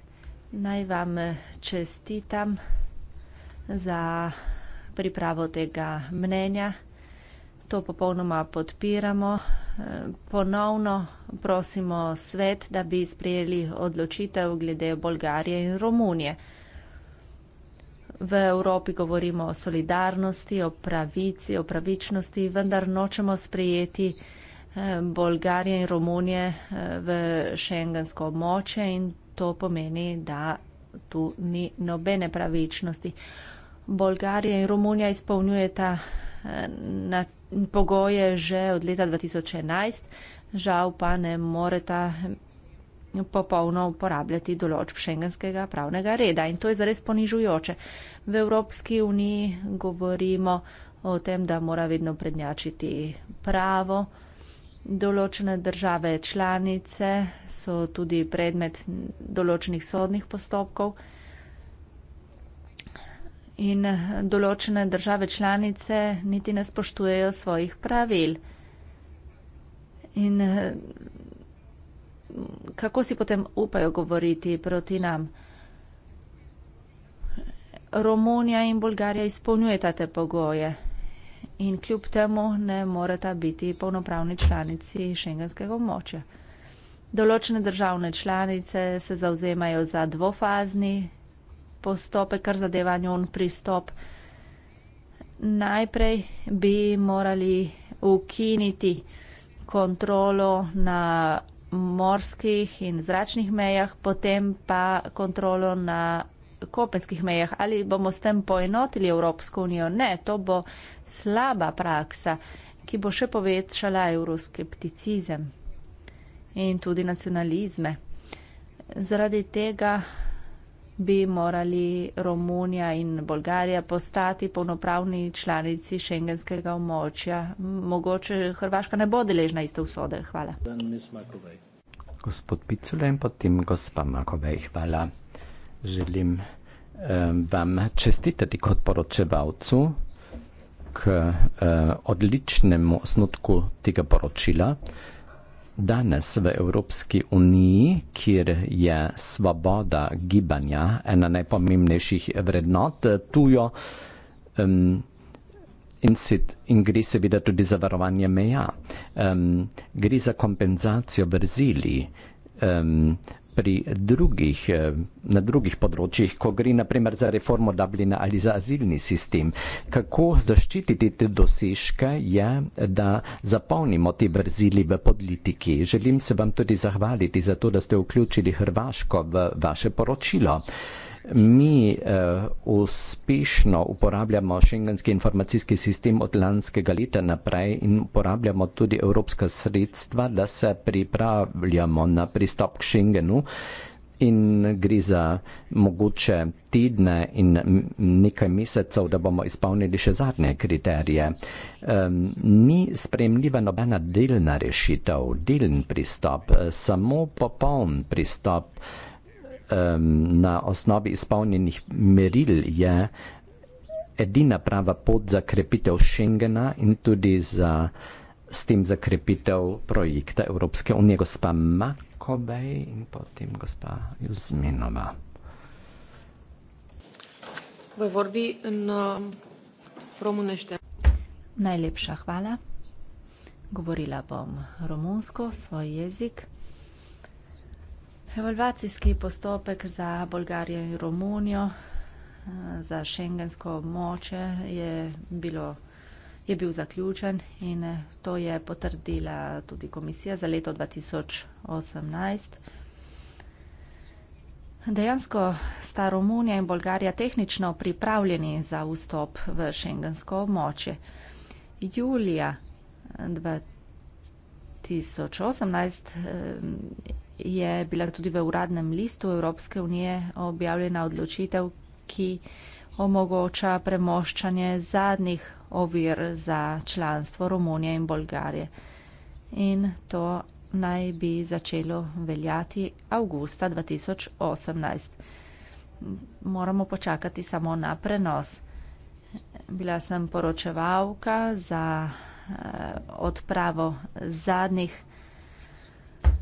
Naj vam čestitam za pripravo tega mnenja to popolnoma podpiramo. Eh, ponovno prosimo svet, da bi sprejeli odločitev glede Bolgarije in Romunije. V Evropi govorimo o solidarnosti, o pravici, o pravičnosti, vendar nočemo sprejeti eh, Bolgarije in Romunije eh, v šengensko moče in to pomeni, da tu ni nobene pravičnosti. Bolgarija in Romunija izpolnjujeta na pogoje že od leta 2011, žal pa ne moreta popolno uporabljati določb šengenskega pravnega reda. In to je zares ponižujoče. V Evropski uniji govorimo o tem, da mora vedno prednjačiti pravo. Določene države članice so tudi predmet določenih sodnih postopkov in določene države članice niti ne spoštujejo svojih pravil. In kako si potem upajo govoriti proti nam? Romunija in Bolgarija izpolnjujeta te pogoje in kljub temu ne moreta biti polnopravni članici šengenskega območja. Določene državne članice se zavzemajo za dvofazni postopek, kar zadeva njon pristop. Najprej bi morali ukiniti kontrolo na morskih in zračnih mejah, potem pa kontrolo na kopenskih mejah. Ali bomo s tem poenotili Evropsko unijo? Ne, to bo slaba praksa, ki bo še povečala euroskepticizem in tudi nacionalizme. Zaradi tega bi morali Romunija in Bolgarija postati polnopravni članici šengenskega območja. Mogoče Hrvaška ne bo deležna iste usode. Hvala. Gospod Picule in potem gospa Makovej, hvala. Želim eh, vam čestitati kot poročevalcu k eh, odličnemu osnutku tega poročila. Danes v Evropski uniji, kjer je svoboda gibanja ena najpomembnejših vrednot, tujo um, in, sit, in gre seveda tudi za varovanje meja, um, gre za kompenzacijo vrzeli. Um, pri drugih, eh, na drugih področjih, ko gre naprimer za reformo Dublina ali za azilni sistem. Kako zaščititi te dosežke je, da zapolnimo te vrzili v politiki. Želim se vam tudi zahvaliti za to, da ste vključili Hrvaško v vaše poročilo. Mi uh, uspešno uporabljamo šengenski informacijski sistem od lanskega leta naprej in uporabljamo tudi evropska sredstva, da se pripravljamo na pristop k šengenu in gre za mogoče tedne in nekaj mesecev, da bomo izpolnili še zadnje kriterije. Um, ni spremljiva nobena delna rešitev, delen pristop, eh, samo popoln pristop. Uh, um, na osnovi izpolnjenih meril je edina prava pot za krepitev Schengena in tudi za, s tem za krepitev projekta Evropske unije, gospa Makobej in potem gospa Juzminova. Uh, Najlepša hvala. Govorila bom romunsko, svoj jezik. Evalvacijski postopek za Bolgarijo in Romunijo, eh, za šengensko območje je bilo je bil zaključen in eh, to je potrdila tudi komisija za leto 2018. Dejansko sta Romunija in Bolgarija tehnično pripravljeni za vstop v šengensko območje. Julija 2018 je bila tudi v uradnem listu Evropske unije objavljena odločitev, ki omogoča premoščanje zadnjih ovir za članstvo Romunije in Bolgarije. In to naj bi začelo veljati avgusta 2018. Moramo počakati samo na prenos. Bila sem poročevalka za eh, odpravo zadnjih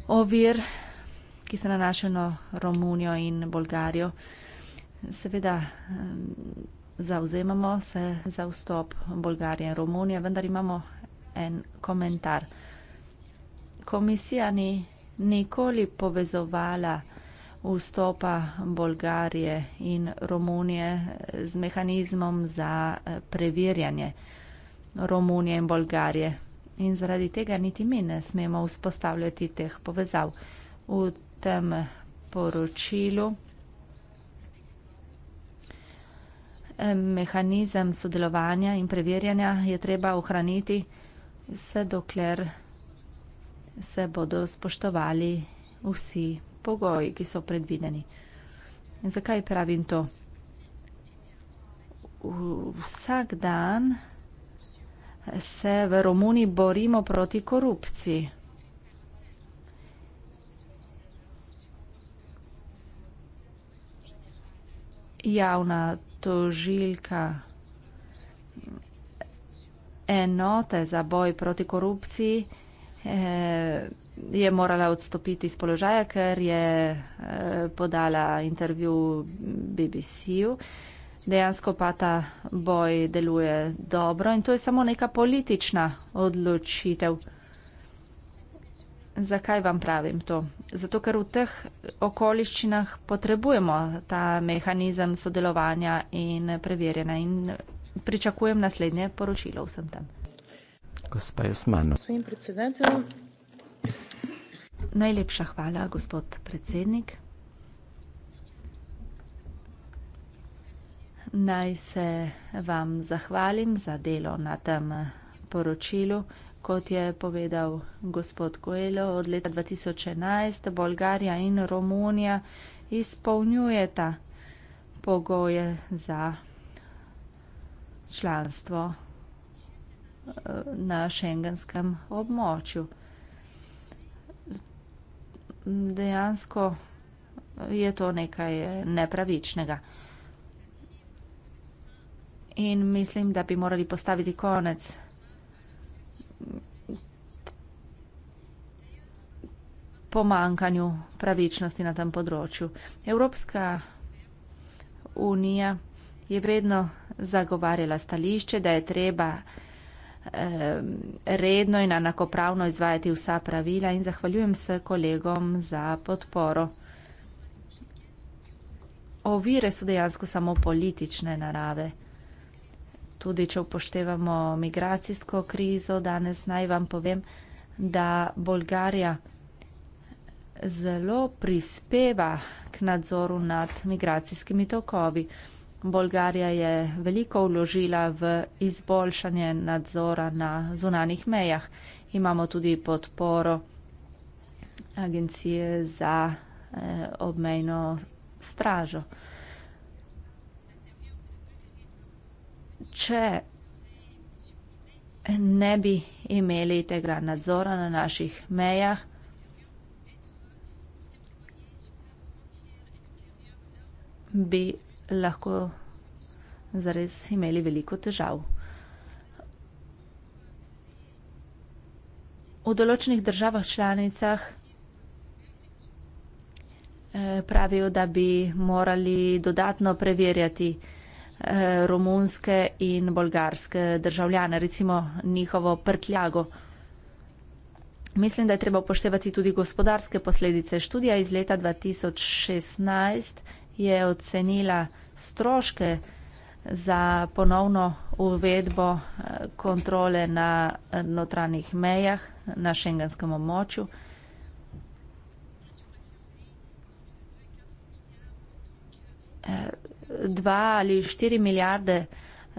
ovir, ki se nanašajo na Romunijo in Bolgarijo. Seveda zauzemamo se za vstop Bolgarije in Romunije, vendar imamo en komentar. Komisija ni nikoli povezovala vstopa Bolgarije in Romunije eh, z mehanizmom za eh, preverjanje Romunije in Bolgarije in zaradi tega niti mi ne smemo vzpostavljati teh povezav. V tem poročilu mehanizem sodelovanja in preverjanja je treba ohraniti vse dokler se bodo spoštovali vsi pogoji, ki so predvideni. In zakaj pravim to? Vsak dan se v Romuniji borimo proti korupciji. Javna tožilka enote za boj proti korupciji eh, je morala odstopiti z položaja, ker je eh, podala intervju BBC-ju dejansko pa ta boj deluje dobro in to je samo neka politična odločitev. Zakaj vam pravim to? Zato, ker v teh okoliščinah potrebujemo ta mehanizem sodelovanja in preverjena in pričakujem naslednje poročilo vsem tam. Gospa Jasmano. Najlepša hvala, gospod predsednik. naj se vam zahvalim za delo na tem poročilu. Kot je povedal gospod Koelo, od leta 2011 Bolgarija in Romunija izpolnjujeta pogoje za članstvo eh, na šengenskem območju. Dejansko je to nekaj nepravičnega in mislim, da bi morali postaviti konec pomankanju pravičnosti na tem področju. Evropska unija je vedno zagovarjala stališče, da je treba redno in enakopravno izvajati vsa pravila in zahvaljujem se kolegom za podporo. Ovire so dejansko samo politične narave tudi če upoštevamo migracijsko krizo, danes naj vam povem, da Bolgarija zelo prispeva k nadzoru nad migracijskimi tokovi. Bolgarija je veliko vložila v izboljšanje nadzora na zunanih mejah. Imamo tudi podporo agencije za eh, obmejno stražo. če ne bi imeli tega nadzora na naših mejah, bi lahko zares imeli veliko težav. V določenih državah članicah, eh, pravijo, da bi morali dodatno preverjati, Eh, romunske in bolgarske državljane, recimo njihovo prtljago. Mislim, da je treba upoštevati tudi gospodarske posledice. Študija iz leta 2016 je ocenila stroške za ponovno uvedbo eh, kontrole na notranjih mejah na šengenskem območju. E, dva ali štiri milijarde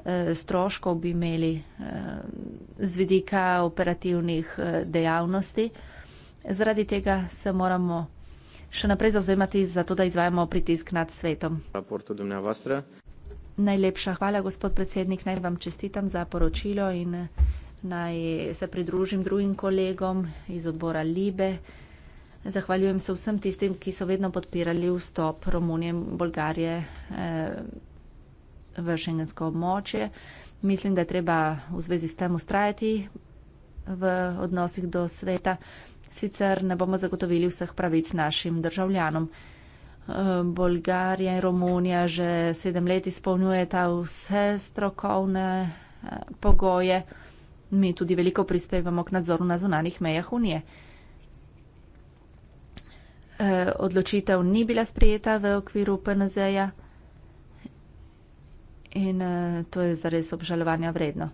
eh, stroškov bi imeli eh, z vidika operativnih eh, dejavnosti. Zaradi tega se moramo še naprej zauzemati za to, da izvajamo pritisk nad svetom. Najlepša hvala, gospod predsednik. Naj vam čestitam za poročilo in naj se pridružim drugim kolegom iz odbora Libe. Zahvaljujem se vsem tistim, ki so vedno podpirali vstop Romunije in Bolgarije eh, v šengensko območje. Mislim, da je treba v zvezi s tem ustrajati v odnosih do sveta, sicer ne bomo zagotovili vseh pravic našim državljanom. Eh, Bolgarija in Romunija že sedem let izpolnjujeta vse strokovne eh, pogoje. Mi tudi veliko prispevamo k nadzoru na zunanih mejah Unije. Eh, odločitev ni bila sprejeta v okviru PNZ-ja in eh, to je zares obžalovanja vredno.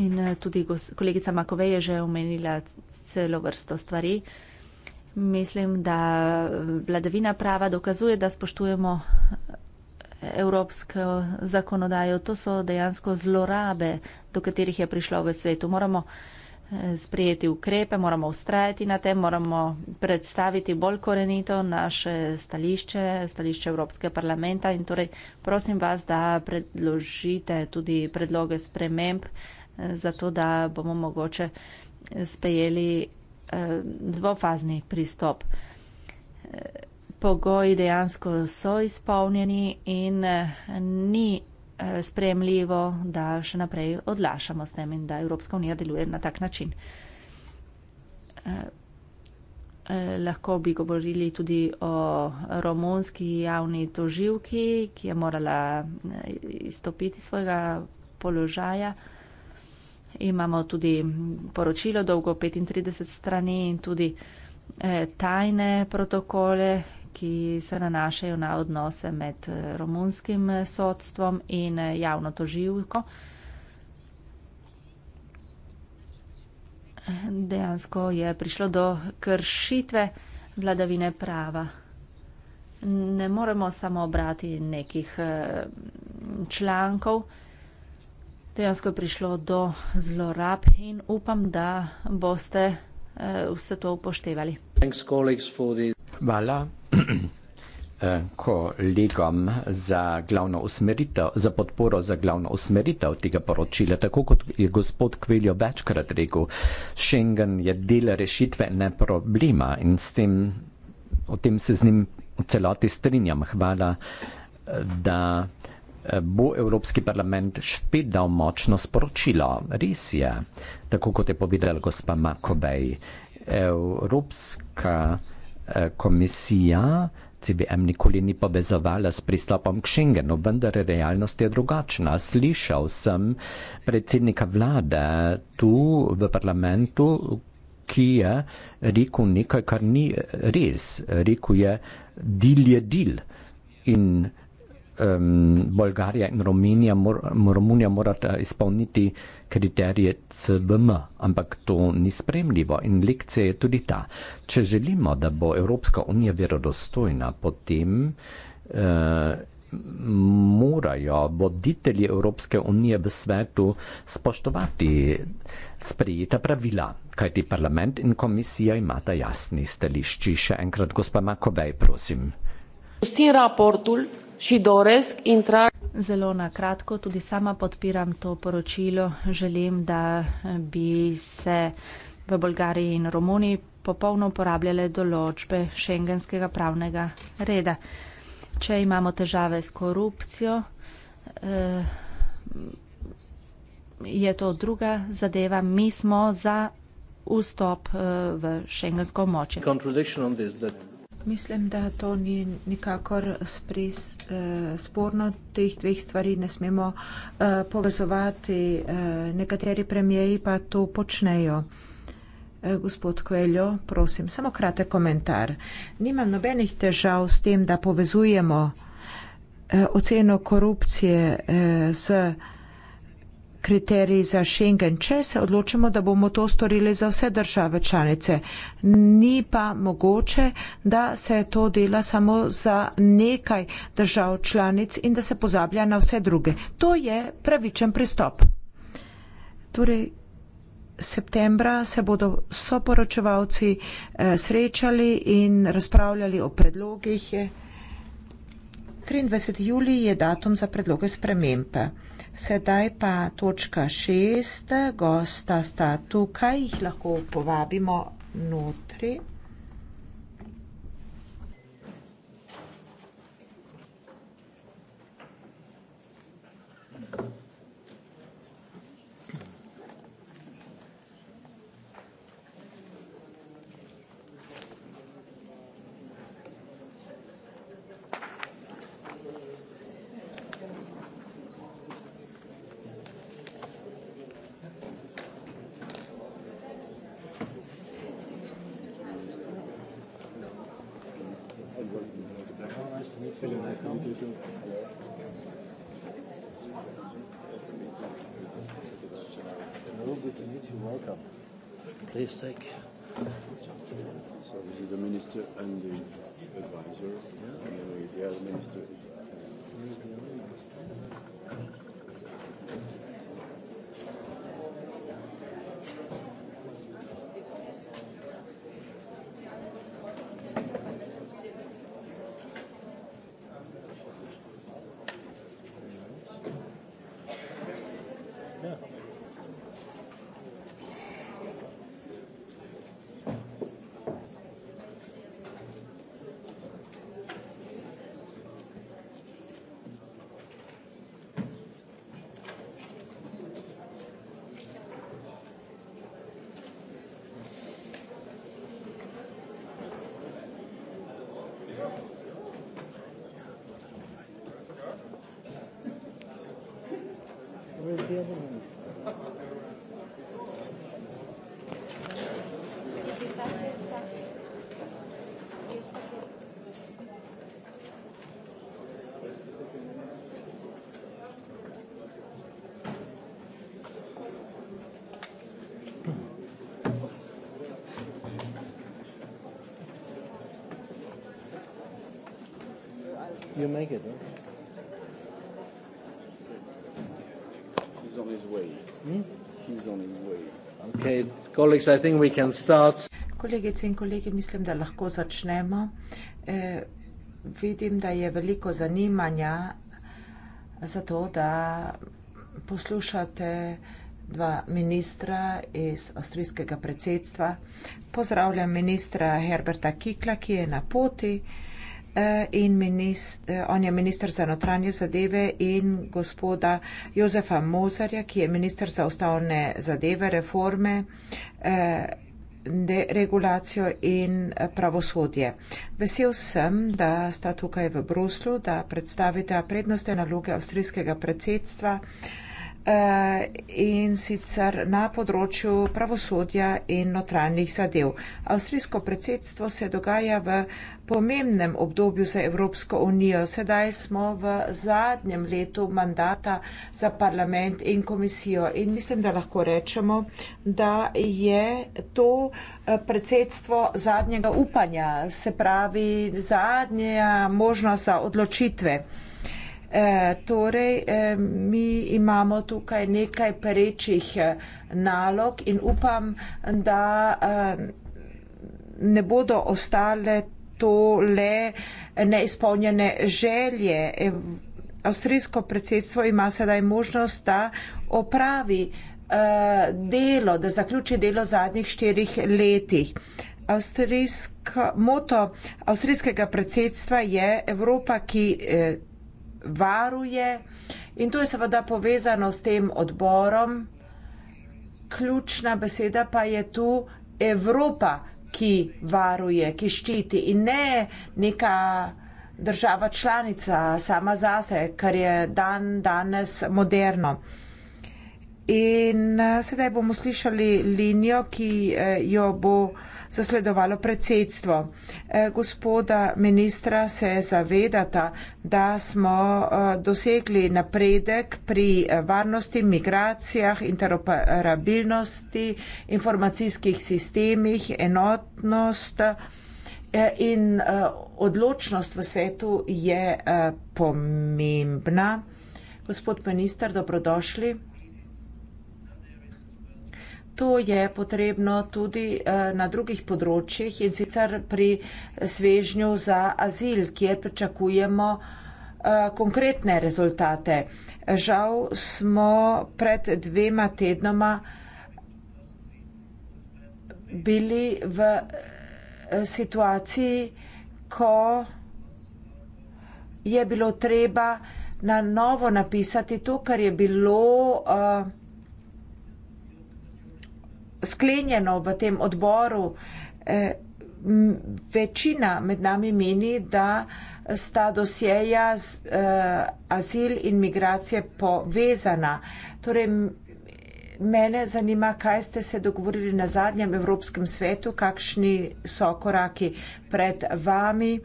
In eh, tudi kolegica Makovej je že omenila celo vrsto stvari. Mislim, da vladavina prava dokazuje, da spoštujemo evropsko zakonodajo. To so dejansko zlorabe, do katerih je prišlo v svetu. Moramo uh, sprijeti ukrepe, moramo ustrajati na tem, moramo predstaviti bolj korenito naše stališče, stališče Evropske parlamenta in torej prosim vas, da predložite tudi predloge sprememb, eh, zato da bomo mogoče sprejeli eh, dvofazni pristop. Eh, pogoji dejansko so izpolnjeni in ni Eh, sprejemljivo, da še naprej odlašamo s tem in da Evropska unija deluje na tak način. Eh, eh, lahko bi govorili tudi o romunski javni toživki, ki je morala izstopiti svojega položaja. Imamo tudi poročilo, dolgo 35 strani in tudi tajne protokole, ki se nanašajo na odnose med eh, romunskim eh, sodstvom in eh, javno toživko. Dejansko je prišlo do kršitve vladavine prava. Ne moremo samo obrati nekih člankov. Dejansko je prišlo do zlorab in upam, da boste vse to upoštevali. Hvala Eh, kolegom za, glavno za podporo za glavno usmeritev tega poročila. Tako kot je gospod Kveljo večkrat rekel, Schengen je del rešitve, ne problema in s tem, o tem se z njim v celoti strinjam. Hvala, eh, da eh, bo Evropski parlament špet dal močno sporočilo. Res je, tako kot je povedala gospa Makobej, Evropska parlament Eh, komisija CBM nikoli ni povezovala s pristopom k Schengenu, vendar realnost je drugačna. Slišal sem predsednika vlade tu v parlamentu, ki je rekel nekaj, kar ni res. Rekl je, dil je dil. In um, Bolgarija in Romunija mor, morata izpolniti kriterije CVM, ampak to ni spremljivo in lekcija je tudi ta. Če želimo, da bo Evropska unija verodostojna, potem uh, morajo voditelji Evropske unije v svetu spoštovati sprejeta pravila, kajti parlament in komisija imata jasni stališči. Še enkrat, gospa Makovej, prosim. Vsi raportul Zelo na kratko, tudi sama podpiram to poročilo. Želim, da eh, bi se v Bolgariji in Romuniji popolno uporabljale določbe šengenskega pravnega reda. Če imamo težave s korupcijo, eh, je to druga zadeva. Mi smo za vstop eh, v šengensko moče. Mislim, da to ni nikakor spres, eh, sporno. Teh dveh stvari ne smemo eh, povezovati. Eh, nekateri premijeji pa to počnejo. Eh, gospod Kveljo, prosim, samo kratek komentar. Nimam nobenih težav s tem, da povezujemo eh, oceno korupcije eh, s kriteriji za Schengen, če se odločimo, da bomo to storili za vse države članice. Ni pa mogoče, da se to dela samo za nekaj držav članic in da se pozablja na vse druge. To je pravičen pristop. Torej, septembra se bodo soporočevalci eh, srečali in razpravljali o predlogih. 23. julij je datum za predloge spremembe. Sedaj pa točka šest, gosta sta tukaj, jih lahko povabimo notri. Ministrik. So this is the minister and the advisor, yeah. and the other minister make it. Huh? No? He's on his way. Hmm? He's on his way. Okay, colleagues, I think we can start. Kolegice in kolegi, mislim, da lahko začnemo. Eh, vidim, da je veliko zanimanja za to, da poslušate dva ministra iz avstrijskega predsedstva. Pozdravljam ministra Herberta Kikla, ki je na poti. Eh, Eh, in minist, eh, on je minister za notranje zadeve in gospoda Jozefa Mozarja, ki je minister za ustavne zadeve, reforme, eh, deregulacijo in pravosodje. Vesel sem, da sta tukaj v Bruslu, da predstavite prednostne naloge avstrijskega predsedstva. Eh, in sicer na področju pravosodja in notranjih zadev. Avstrijsko predsedstvo se dogaja v pomembnem obdobju za Evropsko unijo. Sedaj smo v zadnjem letu mandata za parlament in komisijo in mislim, da lahko rečemo, da je to eh, predsedstvo zadnjega upanja, se pravi zadnja možnost za odločitve. Eh, torej, eh, mi imamo tukaj nekaj perečih eh, nalog in upam, da ne bodo ostale to le neizpolnjene želje. Avstrijsko predsedstvo ima sedaj možnost, da opravi delo, da zaključi delo zadnjih štirih letih. Avstrijsko, moto avstrijskega predsedstva je Evropa, ki eh, varuje. In to je seveda povezano s tem odborom. Ključna beseda pa je tu Evropa, ki varuje, ki ščiti in ne neka država članica sama zase, kar je dan danes moderno. In eh, sedaj bomo slišali linijo, ki eh, jo bo uh, zasledovalo predsedstvo. Eh, gospoda ministra se zavedata, da smo eh, dosegli napredek pri eh, varnosti, migracijah, interoperabilnosti, informacijskih sistemih, enotnost in odločnost v svetu je pomembna. Gospod minister, dobrodošli. To je potrebno tudi eh, na drugih področjih in sicer pri svežnju za azil, kjer pričakujemo eh, konkretne rezultate. Žal smo pred dvema tednoma bili v eh, situaciji, ko je bilo treba na novo napisati to, kar je bilo uh, sklenjeno v tem odboru, eh, večina med nami meni, da sta dosjeja eh, azil in migracije povezana. Torej, mene zanima, kaj ste se dogovorili na zadnjem Evropskem svetu, kakšni so koraki pred vami,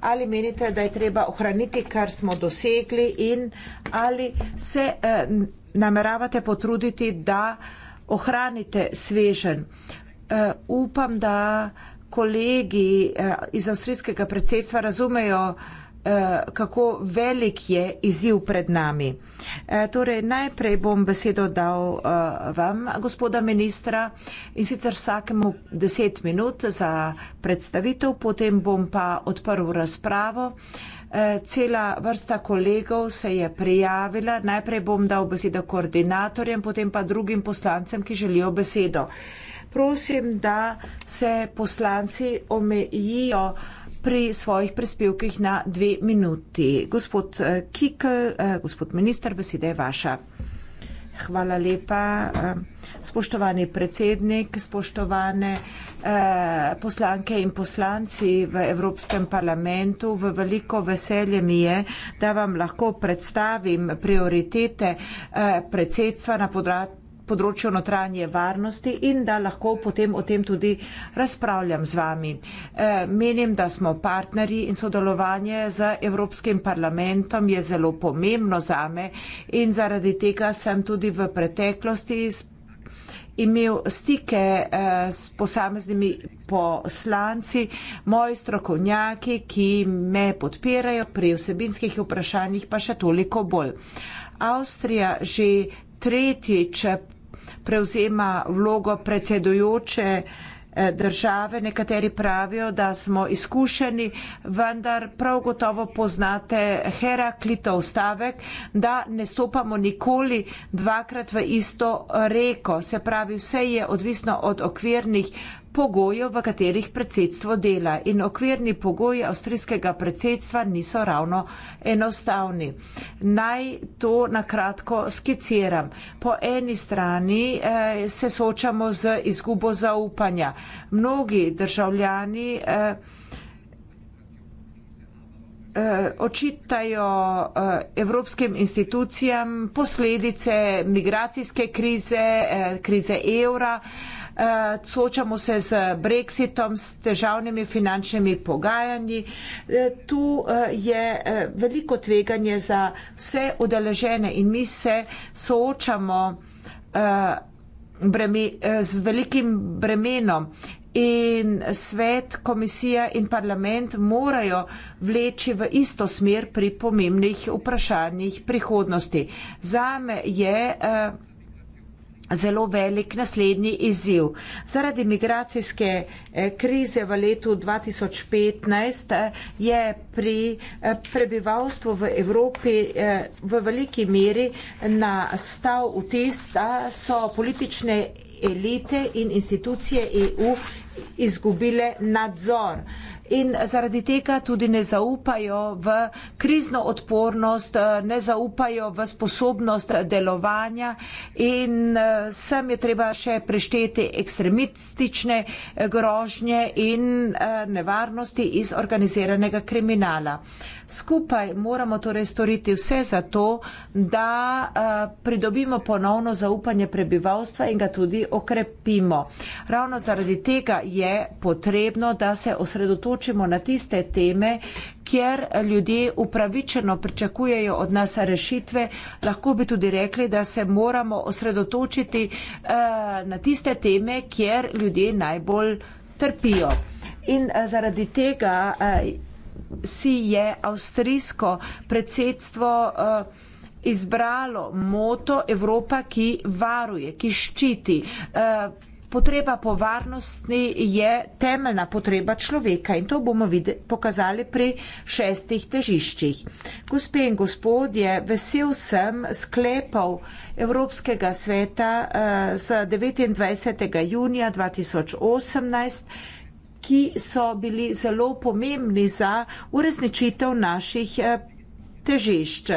ali menite, da je treba ohraniti, kar smo dosegli in ali se eh, nameravate potruditi, da eh, ohranite svežen. Uh, upam, da kolegi uh, iz avstrijskega predsedstva razumejo, uh, kako velik je izziv pred nami. Uh, torej, najprej bom besedo dal uh, vam, gospoda ministra, in sicer vsakemu deset minut za predstavitev, potem bom pa odprl razpravo. Uh, Eh, cela vrsta kolegov se je prijavila. Najprej bom dal besedo koordinatorjem, potem pa drugim poslancem, ki želijo besedo. Prosim, da se poslanci omejijo pri svojih prispevkih na dve minuti. Gospod eh, Kikl, eh, gospod minister, beseda je vaša. Hvala lepa, spoštovani predsednik, spoštovane eh, poslanke in poslanci v Evropskem parlamentu. V veliko veselje mi je, da vam lahko predstavim prioritete eh, predsedstva na področju področju notranje varnosti in da lahko potem o tem tudi razpravljam z vami. E, menim, da smo partnerji in sodelovanje z Evropskim parlamentom je zelo pomembno zame in zaradi tega sem tudi v preteklosti imel stike eh, s posameznimi poslanci, moji strokovnjaki, ki me podpirajo pri vsebinskih vprašanjih, pa še toliko bolj. Avstrija že tretji, če prevzema vlogo predsedujoče eh, države. Nekateri pravijo, da smo izkušeni, vendar prav gotovo poznate Heraklitov stavek, da ne stopamo nikoli dvakrat v isto reko. Se pravi, vse je odvisno od okvirnih pogojev, v katerih predsedstvo dela in okvirni pogoji avstrijskega predsedstva niso ravno enostavni. Naj to nakratko skiciram. Po eni strani eh, se soočamo z izgubo zaupanja. Mnogi državljani eh, eh očitajo eh, evropskim institucijam posledice migracijske krize, eh, krize evra, Eh, soočamo se z brexitom, s težavnimi finančnimi pogajanji. Eh, tu eh, je veliko tveganje za vse udeležene in mi se soočamo z velikim bremenom. In svet, komisija in parlament morajo vleči v isto smer pri pomembnih vprašanjih prihodnosti. Zame je. Uh zelo velik naslednji izziv. Zaradi migracijske eh, krize v letu 2015 eh, je pri eh, prebivalstvu v Evropi v veliki meri nastal vtis, da so politične elite in institucije EU izgubile nadzor in zaradi tega tudi ne zaupajo v krizno odpornost, ne zaupajo v sposobnost delovanja in sem je treba še prešteti ekstremistične grožnje in nevarnosti iz organiziranega kriminala. Skupaj moramo torej storiti vse za to, da pridobimo ponovno zaupanje prebivalstva in ga tudi okrepimo. Ravno zaradi tega je potrebno, da se osredotočimo osredotočimo na tiste teme, kjer ljudje upravičeno pričakujejo od nas rešitve. Lahko bi tudi rekli, da se moramo osredotočiti eh, na tiste teme, kjer ljudje najbolj trpijo. In eh, zaradi tega eh, si je avstrijsko predsedstvo izbralo moto Evropa, ki varuje, ki ščiti potreba po varnosti je temeljna potreba človeka in to bomo vide, pokazali pri šestih težiščih. Gospe in gospodje, vesel sem sklepov Evropskega sveta eh, z 29. junija 2018, ki so bili zelo pomembni za uresničitev naših eh, težišč.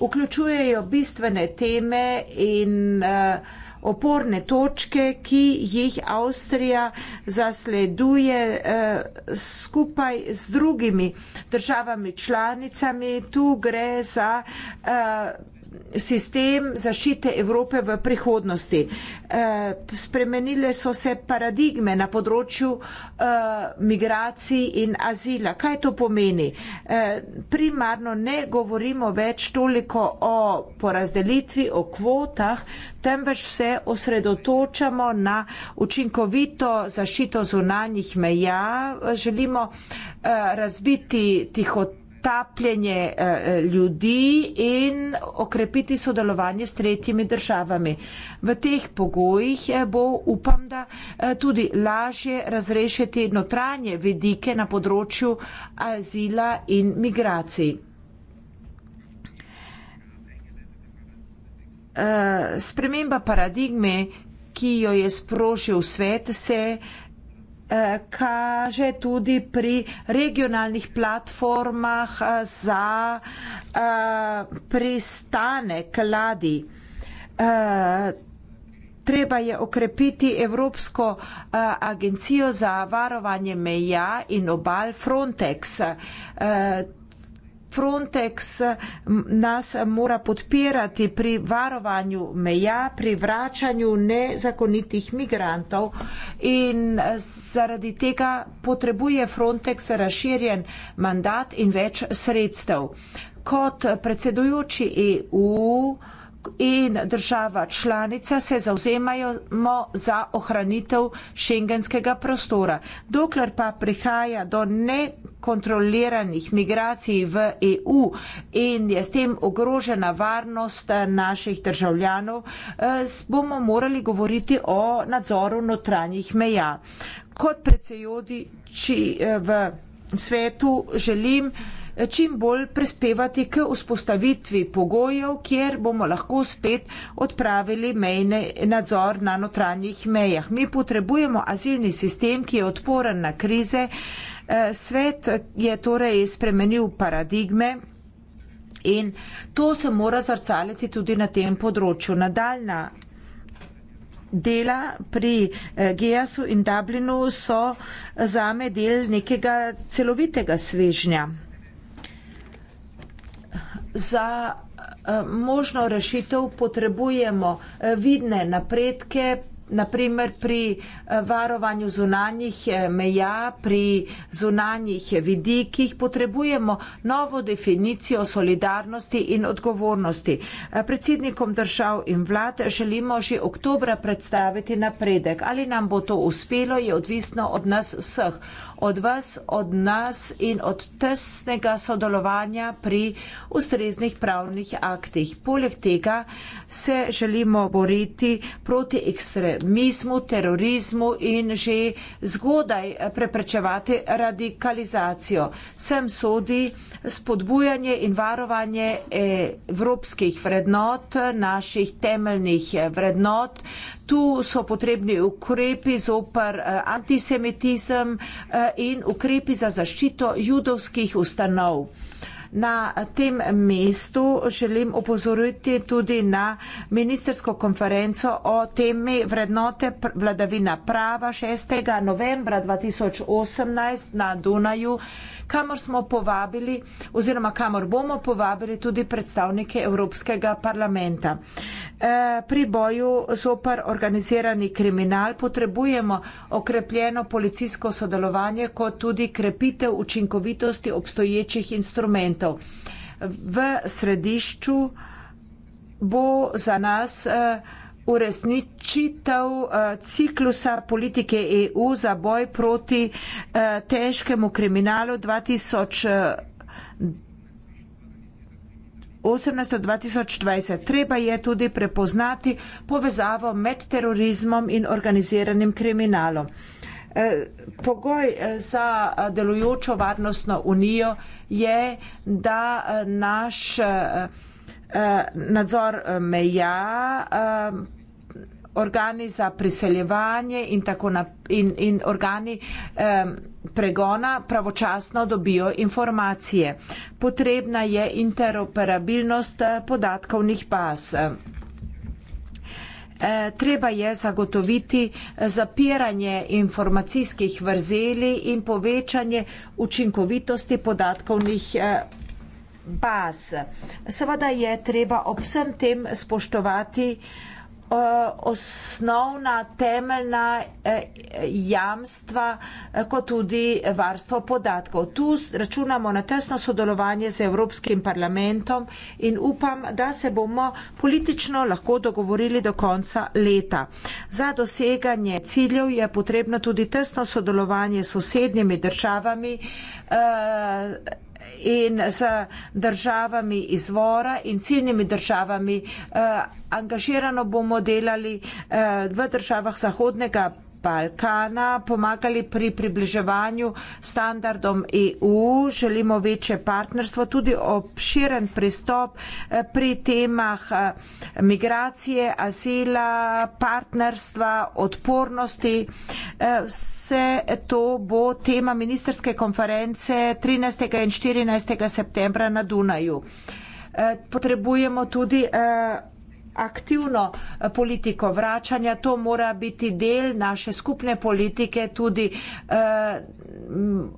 Vključujejo bistvene teme in eh, oporne točke, ki jih Avstrija zasleduje eh, skupaj z drugimi državami članicami. Tu gre za eh, sistem zaščite Evrope v prihodnosti. Eh, spremenile so se paradigme na področju eh, migracij in azila. Kaj to pomeni? Eh, primarno ne govorimo več toliko o porazdelitvi, o kvotah, temveč se osredotočamo na učinkovito zaščito zunanjih meja. Želimo razbiti tihotek tapljenje eh, ljudi in okrepiti sodelovanje s tretjimi državami. V teh pogojih eh, bo, upam, da eh, tudi lažje razrešiti notranje vidike na področju azila in migracij. Sprememba paradigme, ki jo je sprožil svet, se je Eh, kaže tudi pri regionalnih platformah eh, za eh, pristanek ladi. Treba je okrepiti Evropsko agencijo za varovanje meja in obal Frontex. Frontex nas mora podpirati pri varovanju meja, pri vračanju nezakonitih migrantov in zaradi tega potrebuje Frontex razširjen mandat in več sredstev. Kot predsedujoči EU, in država članica se zauzemajo za ohranitev šengenskega prostora. Dokler pa prihaja do nekontroliranih migracij v EU in je s tem ogrožena varnost naših državljanov, eh, bomo morali govoriti o nadzoru notranjih meja. Kot predsejodi, če eh, v svetu želim, čim bolj prispevati k vzpostavitvi pogojev, kjer bomo lahko spet odpravili mejne nadzor na notranjih mejah. Mi potrebujemo azilni sistem, ki je odporen na krize. Eh, svet je torej spremenil paradigme. In to se mora zrcaliti tudi na tem področju. Nadaljna dela pri eh, Geasu in Dublinu so eh, zame del nekega celovitega svežnja za eh, možno rešitev potrebujemo eh, vidne napredke, naprimer pri eh, varovanju zunanjih meja, pri zunanjih vidikih potrebujemo novo definicijo solidarnosti in odgovornosti. Predsednikom držav in vlad želimo že oktobra predstaviti napredek. Ali nam bo to uspelo, je odvisno od nas vseh od vas, od nas in od tesnega sodelovanja pri ustreznih pravnih aktih. Poleg tega se želimo boriti proti ekstremizmu, terorizmu in že zgodaj preprečevati radikalizacijo. Sem sodi spodbujanje in varovanje evropskih vrednot, naših temeljnih vrednot. Tu so potrebni ukrepi zopr eh, antisemitizem eh, in ukrepi za zaščito judovskih ustanov. Na tem mestu želim opozoriti tudi na ministersko konferenco o temi vrednote vladavina prava 6. novembra 2018 na Dunaju, kamor smo povabili oziroma kamor bomo povabili tudi predstavnike Evropskega parlamenta. E, pri boju zopr organizirani kriminal potrebujemo okrepljeno policijsko sodelovanje kot tudi krepitev učinkovitosti obstoječih instrumentov rešitev. V središču bo za nas eh, uresničitev eh, ciklusa politike EU za boj proti eh, težkemu kriminalu 2018-2020. Treba je tudi prepoznati povezavo med terorizmom in organiziranim kriminalom. Eh, pogoj eh, za eh, delujočo varnostno unijo je, da naš nadzor meja, organi za priseljevanje in, in, in organi pregona pravočasno dobijo informacije. Potrebna je interoperabilnost podatkovnih baz. Eh, treba je zagotoviti eh, zapiranje informacijskih vrzeli in povečanje učinkovitosti podatkovnih eh, baz. Seveda je treba ob vsem tem spoštovati Eh, osnovna, temeljna eh, jamstva, eh, kot tudi varstvo podatkov. Tu računamo na tesno sodelovanje z Evropskim parlamentom in upam, da se bomo politično lahko dogovorili do konca leta. Za doseganje ciljev je potrebno tudi tesno sodelovanje s sosednjimi državami. Eh, in z državami izvora in ciljnimi državami. Eh, angažirano bomo delali eh, v državah Zahodnega Balkana, pomagali pri približevanju standardom EU, želimo večje partnerstvo, tudi obširen pristop eh, pri temah eh, migracije, azila, partnerstva, odpornosti. Eh, vse to bo tema ministerske konference 13. in 14. septembra na Dunaju. Potrebujemo tudi aktivno eh, politiko vračanja. To mora biti del naše skupne politike tudi. Uh,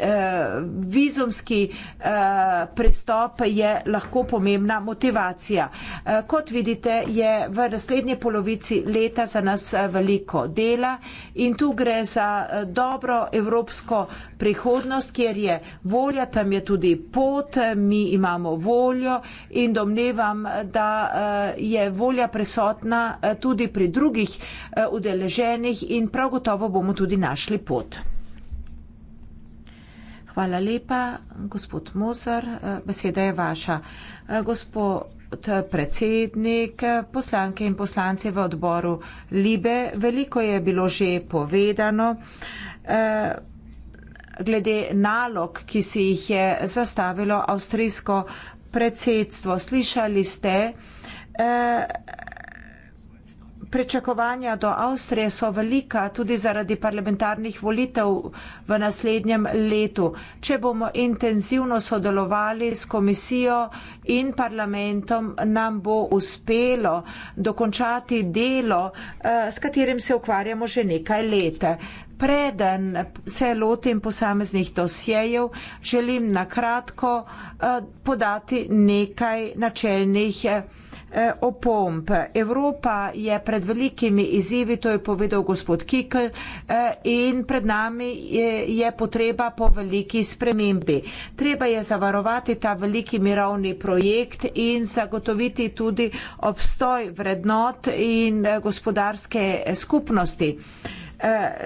eh, vizumski eh, prestop je lahko pomembna motivacija. Eh, kot vidite, je v naslednji polovici leta za nas eh, veliko dela in tu gre za eh, dobro evropsko prihodnost, kjer je volja, tam je tudi pot, eh, mi imamo voljo in domnevam, da eh, je volja prisotna eh, tudi pri drugih eh, udeleženih in prav gotovo bomo tudi našli pot. Hvala lepa, gospod Mozar. Beseda je vaša. Gospod predsednik, poslanke in poslanci v odboru Libe, veliko je bilo že povedano eh, glede nalog, ki si jih je zastavilo avstrijsko predsedstvo. Slišali ste eh, pričakovanja do Avstrije so velika tudi zaradi parlamentarnih volitev v naslednjem letu. Če bomo intenzivno sodelovali s komisijo in parlamentom, nam bo uspelo dokončati delo, eh, s katerim se ukvarjamo že nekaj let. Preden se lotim posameznih dosjejev, želim na kratko eh, podati nekaj načelnih eh, Eh, opomb. Evropa je pred velikimi izzivi, to je povedal gospod Kikl, eh, in pred nami je potreba po veliki spremembi. Treba je zavarovati ta veliki mirovni projekt in zagotoviti tudi obstoj vrednot in eh, gospodarske skupnosti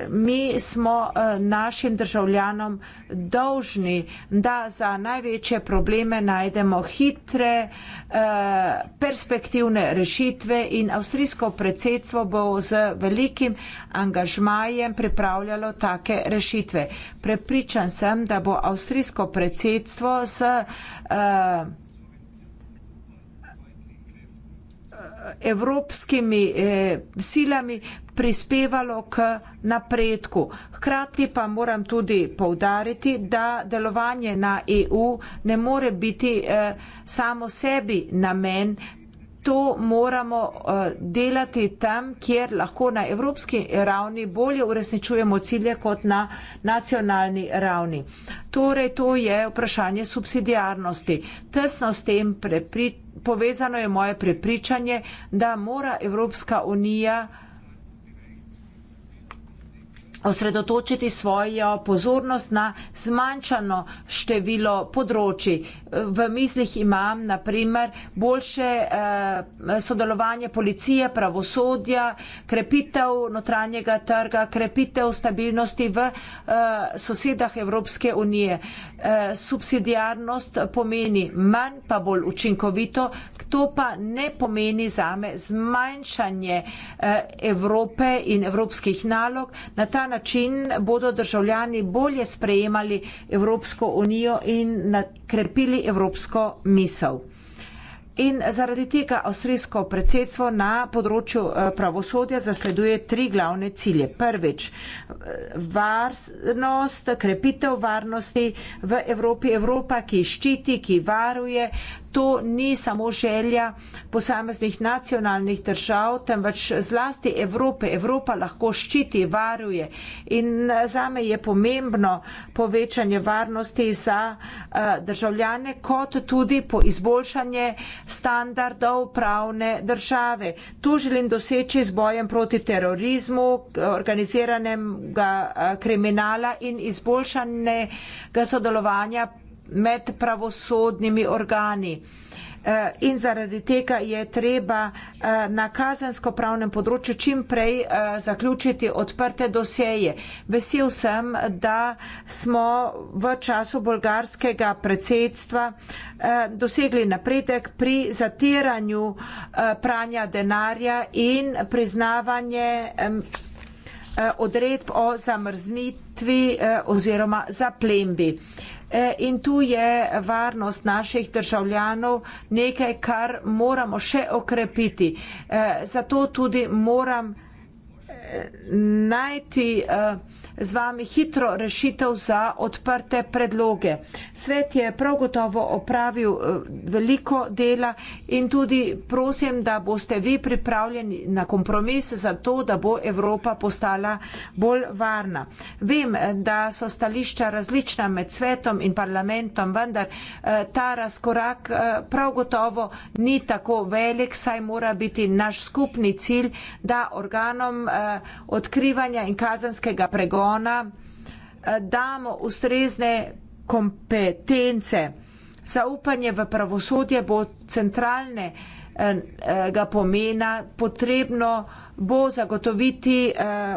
mi smo eh, našim državljanom dolžni, da za največje probleme najdemo hitre, eh, perspektivne rešitve in avstrijsko predsedstvo bo z velikim angažmajem pripravljalo take rešitve. Prepričan sem, da bo avstrijsko predsedstvo z eh, evropskimi eh, silami prispevalo k napredku. Hkrati pa moram tudi povdariti, da delovanje na EU ne more biti eh, samo sebi namen. To moramo eh, delati tam, kjer lahko na evropski ravni bolje uresničujemo cilje kot na nacionalni ravni. Torej, to je vprašanje subsidijarnosti. Tesno s tem prepri, povezano je moje prepričanje, da mora Evropska unija osredotočiti svojo pozornost na zmanjšano število področji. V mislih imam naprimer boljše eh, sodelovanje policije, pravosodja, krepitev notranjega trga, krepitev stabilnosti v eh, sosedah Evropske unije. Eh, Subsidijarnost pomeni manj pa bolj učinkovito, to pa ne pomeni zame zmanjšanje Evrope in evropskih nalog. Na način bodo državljani bolje sprejemali Evropsko unijo in krepili evropsko misel. In zaradi tega avstrijsko predsedstvo na področju eh, pravosodja zasleduje tri glavne cilje. Prvič, eh, varnost, krepitev varnosti v Evropi. Evropa, ki ščiti, ki varuje, to ni samo želja posameznih nacionalnih držav, temveč zlasti Evrope. Evropa lahko ščiti, varuje in eh, zame je pomembno povečanje varnosti za eh, državljane, kot tudi po izboljšanje standardov pravne države. To želim doseči z bojem proti terorizmu, organiziranem eh, kriminala in izboljšanje sodelovanja med pravosodnimi organi. Eh, in zaradi tega je treba eh, na kazensko pravnem področju čim prej eh, zaključiti odprte doseje. Vesel sem, da smo v času bolgarskega predsedstva dosegli napredek pri zatiranju pranja denarja in priznavanje odredb o zamrznitvi oziroma zaplembi. E, in tu je varnost naših državljanov nekaj, kar moramo še okrepiti. E, zato tudi moram e, najti z vami hitro rešitev za odprte predloge. Svet je prav gotovo opravil eh, veliko dela in tudi prosim, da boste vi pripravljeni na kompromis za to, da bo Evropa postala bolj varna. Vem, eh, da so stališča različna med svetom in parlamentom, vendar eh, ta razkorak prav gotovo ni tako velik, saj mora biti naš skupni cilj, da organom odkrivanja in kazanskega pregona pregona, eh, damo ustrezne kompetence. Zaupanje v pravosodje bo centralnega eh, pomena, potrebno bo zagotoviti eh,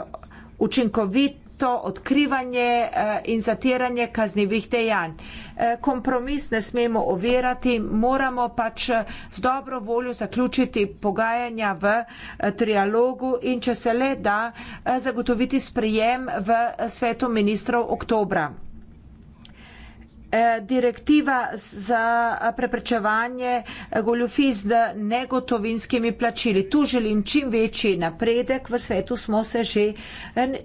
učinkovit to odkrivanje eh, in zatiranje kaznivih dejanj. Eh, kompromis ne smemo ovirati, moramo pač eh, z dobro voljo zaključiti pogajanja v trialogu in če se le da zagotoviti sprejem v svetu ministrov oktobra. Eh, direktiva za eh, preprečevanje eh, goljufij z negotovinskimi plačili. Tu želim čim večji napredek, v svetu smo se že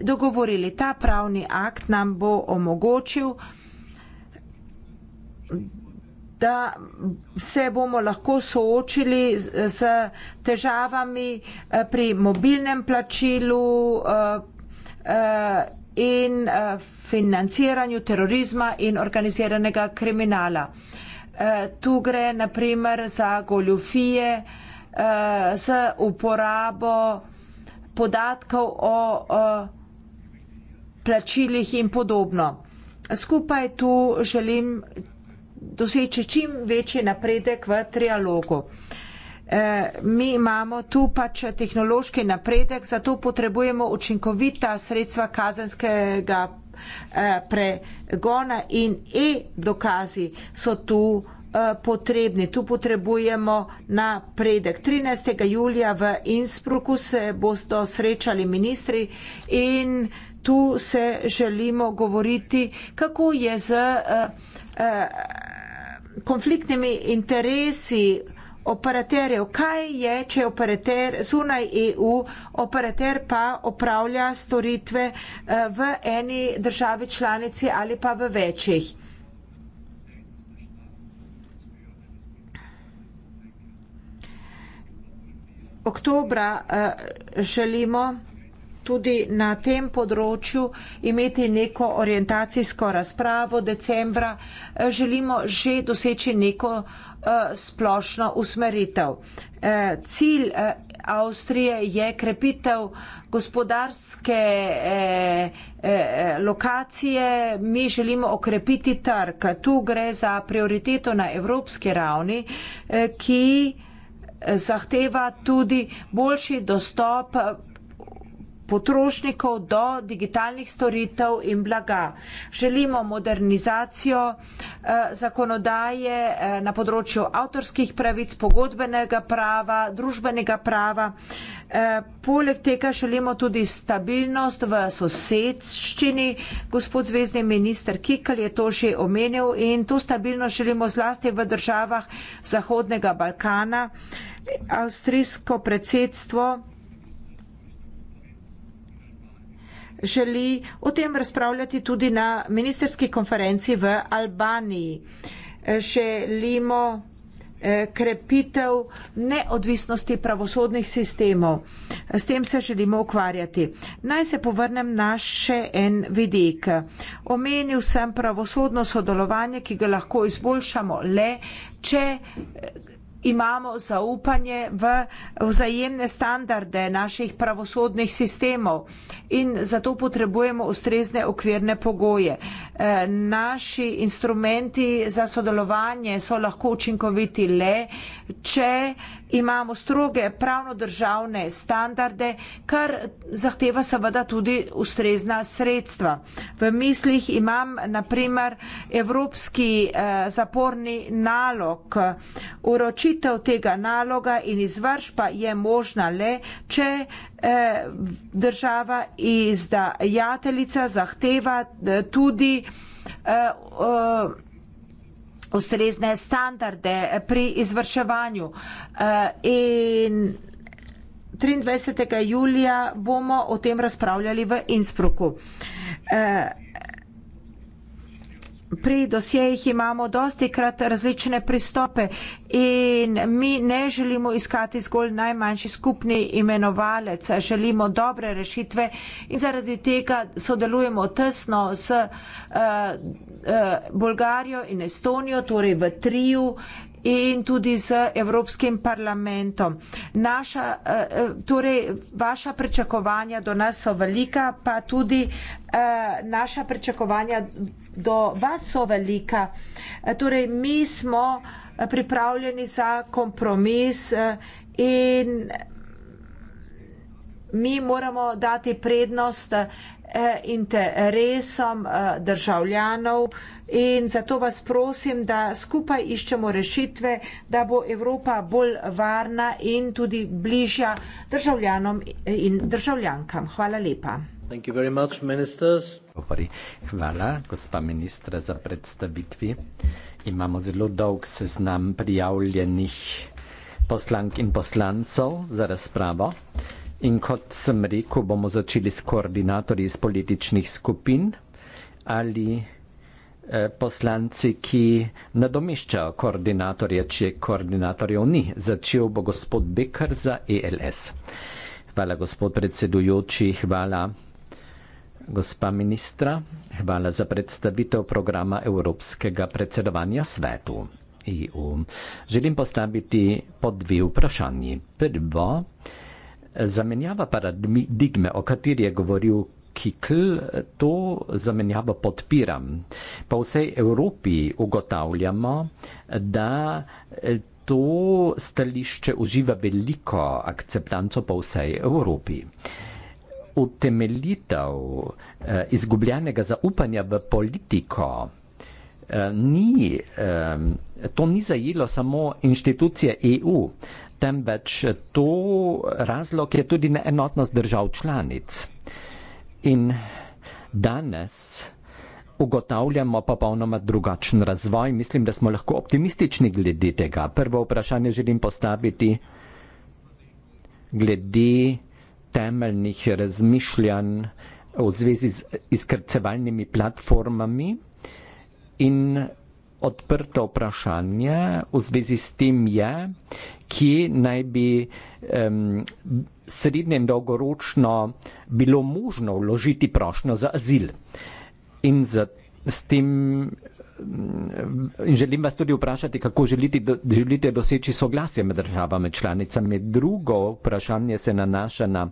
dogovorili. Ta pravni akt nam bo omogočil, da se bomo lahko soočili z težavami pri mobilnem plačilu, in eh, financiranju terorizma in organiziranega kriminala. Eh, tu gre naprimer za goljofije eh, z uporabo podatkov o plačilih in podobno. Skupaj tu želim doseči čim večji napredek v trialogu mi imamo tu pač tehnološki napredek, zato potrebujemo učinkovita sredstva kazenskega eh, pregona in e-dokazi so tu eh, potrebni. Tu potrebujemo napredek. 13. julija v Innsbrucku se bodo srečali ministri in tu se želimo govoriti, kako je z eh, konfliktnimi interesi, operaterjev. Kaj je, če je operater zunaj EU, operater pa opravlja storitve eh, v eni državi članici ali pa v večjih? Oktobra eh, želimo tudi na tem področju imeti neko orientacijsko razpravo. Decembra eh, želimo že doseči neko Eh, splošno usmeritev. Eh, cilj eh, Avstrije je krepitev gospodarske lokacije, mi želimo okrepiti trg. Tu gre za prioriteto na evropski ravni, ki zahteva tudi boljši dostop potrošnikov do digitalnih storitev in blaga. Želimo modernizacijo eh, zakonodaje eh, na področju avtorskih pravic, pogodbenega prava, družbenega prava. Eh, poleg tega želimo tudi stabilnost v sosedščini. Gospod zvezdni minister Kikl je to že omenil in to stabilnost želimo zlasti v državah Zahodnega Balkana. Avstrijsko predsedstvo želi o tem razpravljati tudi na ministerski konferenci v Albaniji. Želimo eh, krepitev neodvisnosti pravosodnih sistemov. S tem se želimo ukvarjati. Naj se povrnem na še en vidik. Omenil sem pravosodno sodelovanje, ki ga lahko izboljšamo le, če imamo zaupanje v vzajemne standarde naših pravosodnih sistemov in zato potrebujemo ustrezne okvirne pogoje. Eh, naši instrumenti za sodelovanje so lahko učinkoviti le, če imamo stroge pravno državne standarde, kar zahteva seveda tudi ustrezna sredstva. V mislih imam naprimer evropski eh, zaporni nalog. Uročitev tega naloga in izvršba je možna le, če eh, država izdajateljica zahteva eh, tudi eh, eh, ustrezne standarde pri izvrševanju. Eh, in 23. julija bomo o tem razpravljali v Innsbrucku. Eh, pri dosjejih imamo dosti krat različne pristope in mi ne želimo iskati zgolj najmanjši skupni imenovalec, želimo dobre rešitve in zaradi tega sodelujemo tesno s uh, Eh, Bolgarijo in Estonijo, torej v triju in tudi z Evropskim parlamentom. Naša, eh, eh, torej, vaša pričakovanja do nas so velika, pa tudi naša pričakovanja do vas so velika. Torej, mi smo pripravljeni za kompromis in mi moramo dati prednost interesom eh, državljanov in zato vas prosim, da skupaj iščemo rešitve, da bo Evropa bolj varna in tudi bližja državljanom in državljankam. Hvala lepa. Much, Hvala, gospa ministra, za predstavitvi. Imamo zelo dolg seznam prijavljenih poslank in poslancov za razpravo. In kot sem rekel, bomo začeli s koordinatorji iz političnih skupin ali eh, poslanci, ki nadomeščajo koordinatorje, če koordinatorjev ni. Začel bo gospod Bekr za ELS. Hvala, gospod predsedujoči, hvala, gospa ministra, hvala za predstavitev programa Evropskega predsedovanja svetu EU. Želim postaviti po dve vprašanji. Prvo, zamenjava paradigme, o kateri je govoril Kikl, to zamenjavo podpiram. Pa v vsej Evropi ugotavljamo, da eh, to stališče uživa veliko akceptanco po vsej Evropi. Utemeljitev eh, izgubljenega zaupanja v politiko eh, ni, eh, to ni zajelo samo inštitucije EU, temveč to razlog je tudi neenotnost držav članic. In danes ugotavljamo popolnoma drugačen razvoj, mislim, da smo lahko optimistični glede tega. Prvo vprašanje želim postaviti glede temeljnih razmišljanj v zvezi z izkrcevalnimi platformami in odprto vprašanje v zvezi s tem je, ki naj bi um, srednje in dolgoročno bilo možno vložiti prošnjo za azil. In za, s tem in želim vas tudi vprašati, kako želite, do, želite doseči soglasje med državami članicami. Drugo vprašanje se nanaša na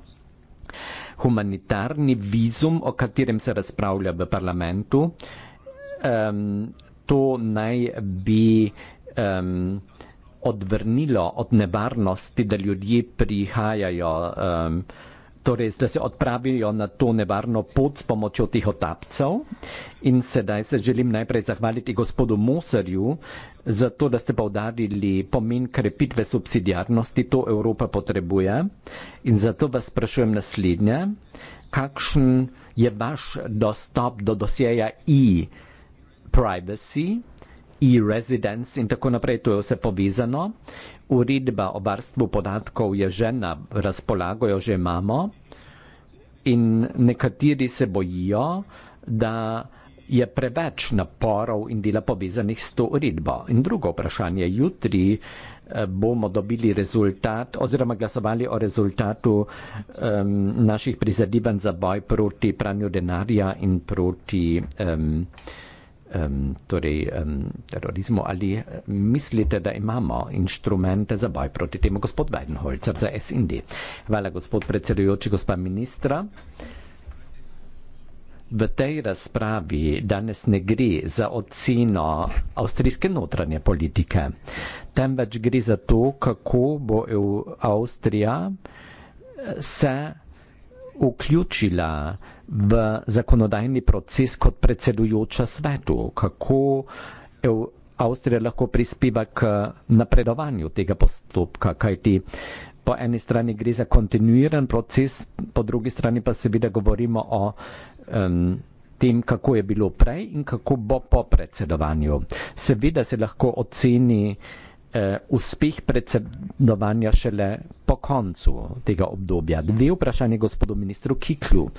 humanitarni vizum, o katerem se razpravlja v parlamentu. Um, to naj bi um, odvrnilo od nevarnosti, da ljudje prihajajo, um, torej da se odpravijo na to nevarno pot s pomočjo teh otapcev. In sedaj se želim najprej zahvaliti gospodu Moserju za to, da ste povdarili pomen krepitve subsidijarnosti, to Evropa potrebuje. In zato vas sprašujem naslednje, kakšen je vaš dostop do dosjeja I? privacy, e-residence in tako naprej, to je vse povezano. Uredba o varstvu podatkov je že na razpolago, jo že imamo in nekateri se bojijo, da je preveč naporov in dela povezanih s to uredbo. In drugo vprašanje, jutri eh, bomo dobili rezultat oziroma glasovali o rezultatu um, naših prizadivanj za boj proti pranju denarja in proti um, um, torej, um, terorizmu ali eh, mislite, da imamo inštrumente za boj proti temu, gospod Weidenholzer za SND. Hvala, gospod predsedujoči, gospa ministra. V tej razpravi danes ne gre za oceno avstrijske notranje politike, temveč gre za to, kako bo Avstrija eh, se vključila v zakonodajni proces kot predsedujoča svetu, kako Avstrija lahko prispeva k napredovanju tega postopka, kajti po eni strani gre za kontinuiran proces, po drugi strani pa seveda govorimo o um, tem, kako je bilo prej in kako bo po predsedovanju. Seveda se lahko oceni uh, uspeh predsedovanja šele po koncu tega obdobja. Dve vprašanje gospodu ministru Kiklu. Uh,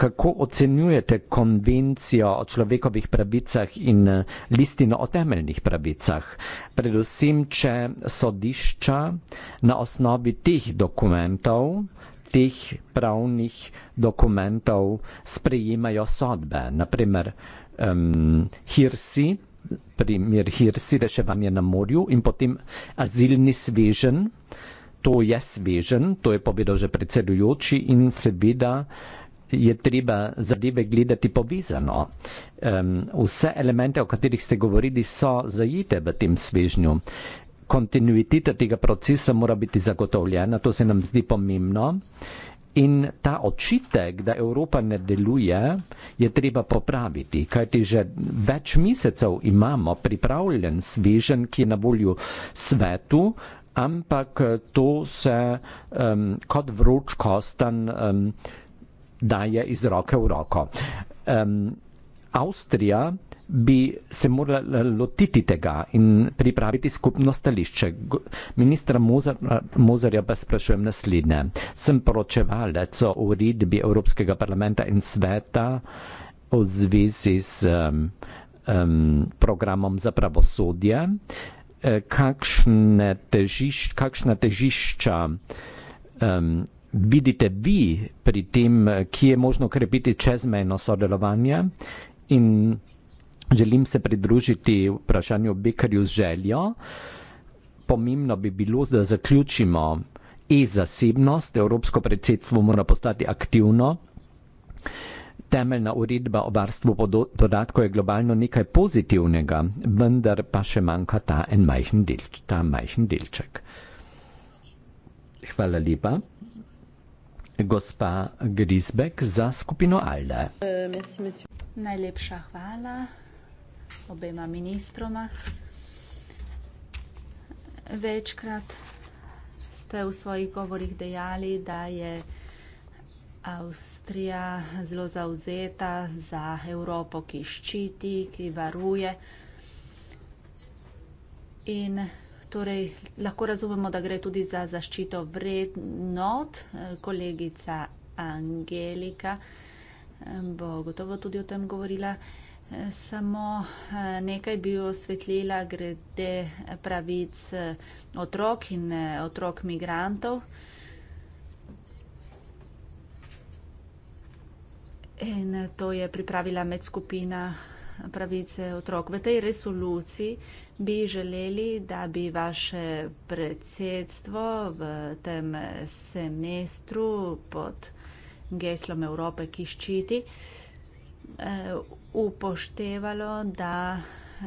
kako ocenjujete konvencijo o človekovih pravicah in eh, listino o temeljnih pravicah, predvsem, če sodišča na osnovi teh dokumentov, teh pravnih dokumentov sprejemajo sodbe, naprimer um, Hirsi, primer Hirsi, reševanje na morju in potem azilni svežen, To je svežen, to je povedal že predsedujoči in seveda je treba zadeve gledati povezano. Um, vse elemente, o katerih ste govorili, so zajete v tem svežnju. Kontinuiteta tega procesa mora biti zagotovljena, to se nam zdi pomembno. In ta očitek, da Evropa ne deluje, je treba popraviti, kajti že več mesecev imamo pripravljen svežen, ki je na voljo svetu, ampak to se um, kot vroč kostan. Um, daje iz roke v roko. Um, Avstrija bi se morala lotiti tega in pripraviti skupno stališče. Ministra Mozar, Mozarja pa sprašujem naslednje. Sem poročevalec o uredbi Evropskega parlamenta in sveta v zvezi s um, um, programom za pravosodje. Eh, kakšne težiš, kakšna težišča um, vidite vi pri tem, ki je možno krepiti čezmejno sodelovanje in želim se pridružiti vprašanju Bekarju z željo. Pomembno bi bilo, da zaključimo e-zasebnost, Evropsko predsedstvo mora postati aktivno. Temeljna uredba o varstvu podatkov je globalno nekaj pozitivnega, vendar pa še manjka ta en majhen delček. Hvala lepa gospa Grisbek za skupino Alde. Najlepša hvala obema ministroma. Večkrat ste v svojih govorih dejali, da je Avstrija zelo zauzeta za Evropo, ki ščiti, ki varuje. In Torej, lahko razumemo, da gre tudi za zaščito vrednot. Kolegica Angelika eh, bo gotovo tudi o tem govorila. Eh, samo eh, nekaj bi osvetlila grede pravic otrok in otrok migrantov. In to je pripravila medskupina pravice otrok. V tej resoluciji bi želeli, da bi vaše predsedstvo v tem semestru pod geslom Evrope, ki ščiti, eh, upoštevalo, da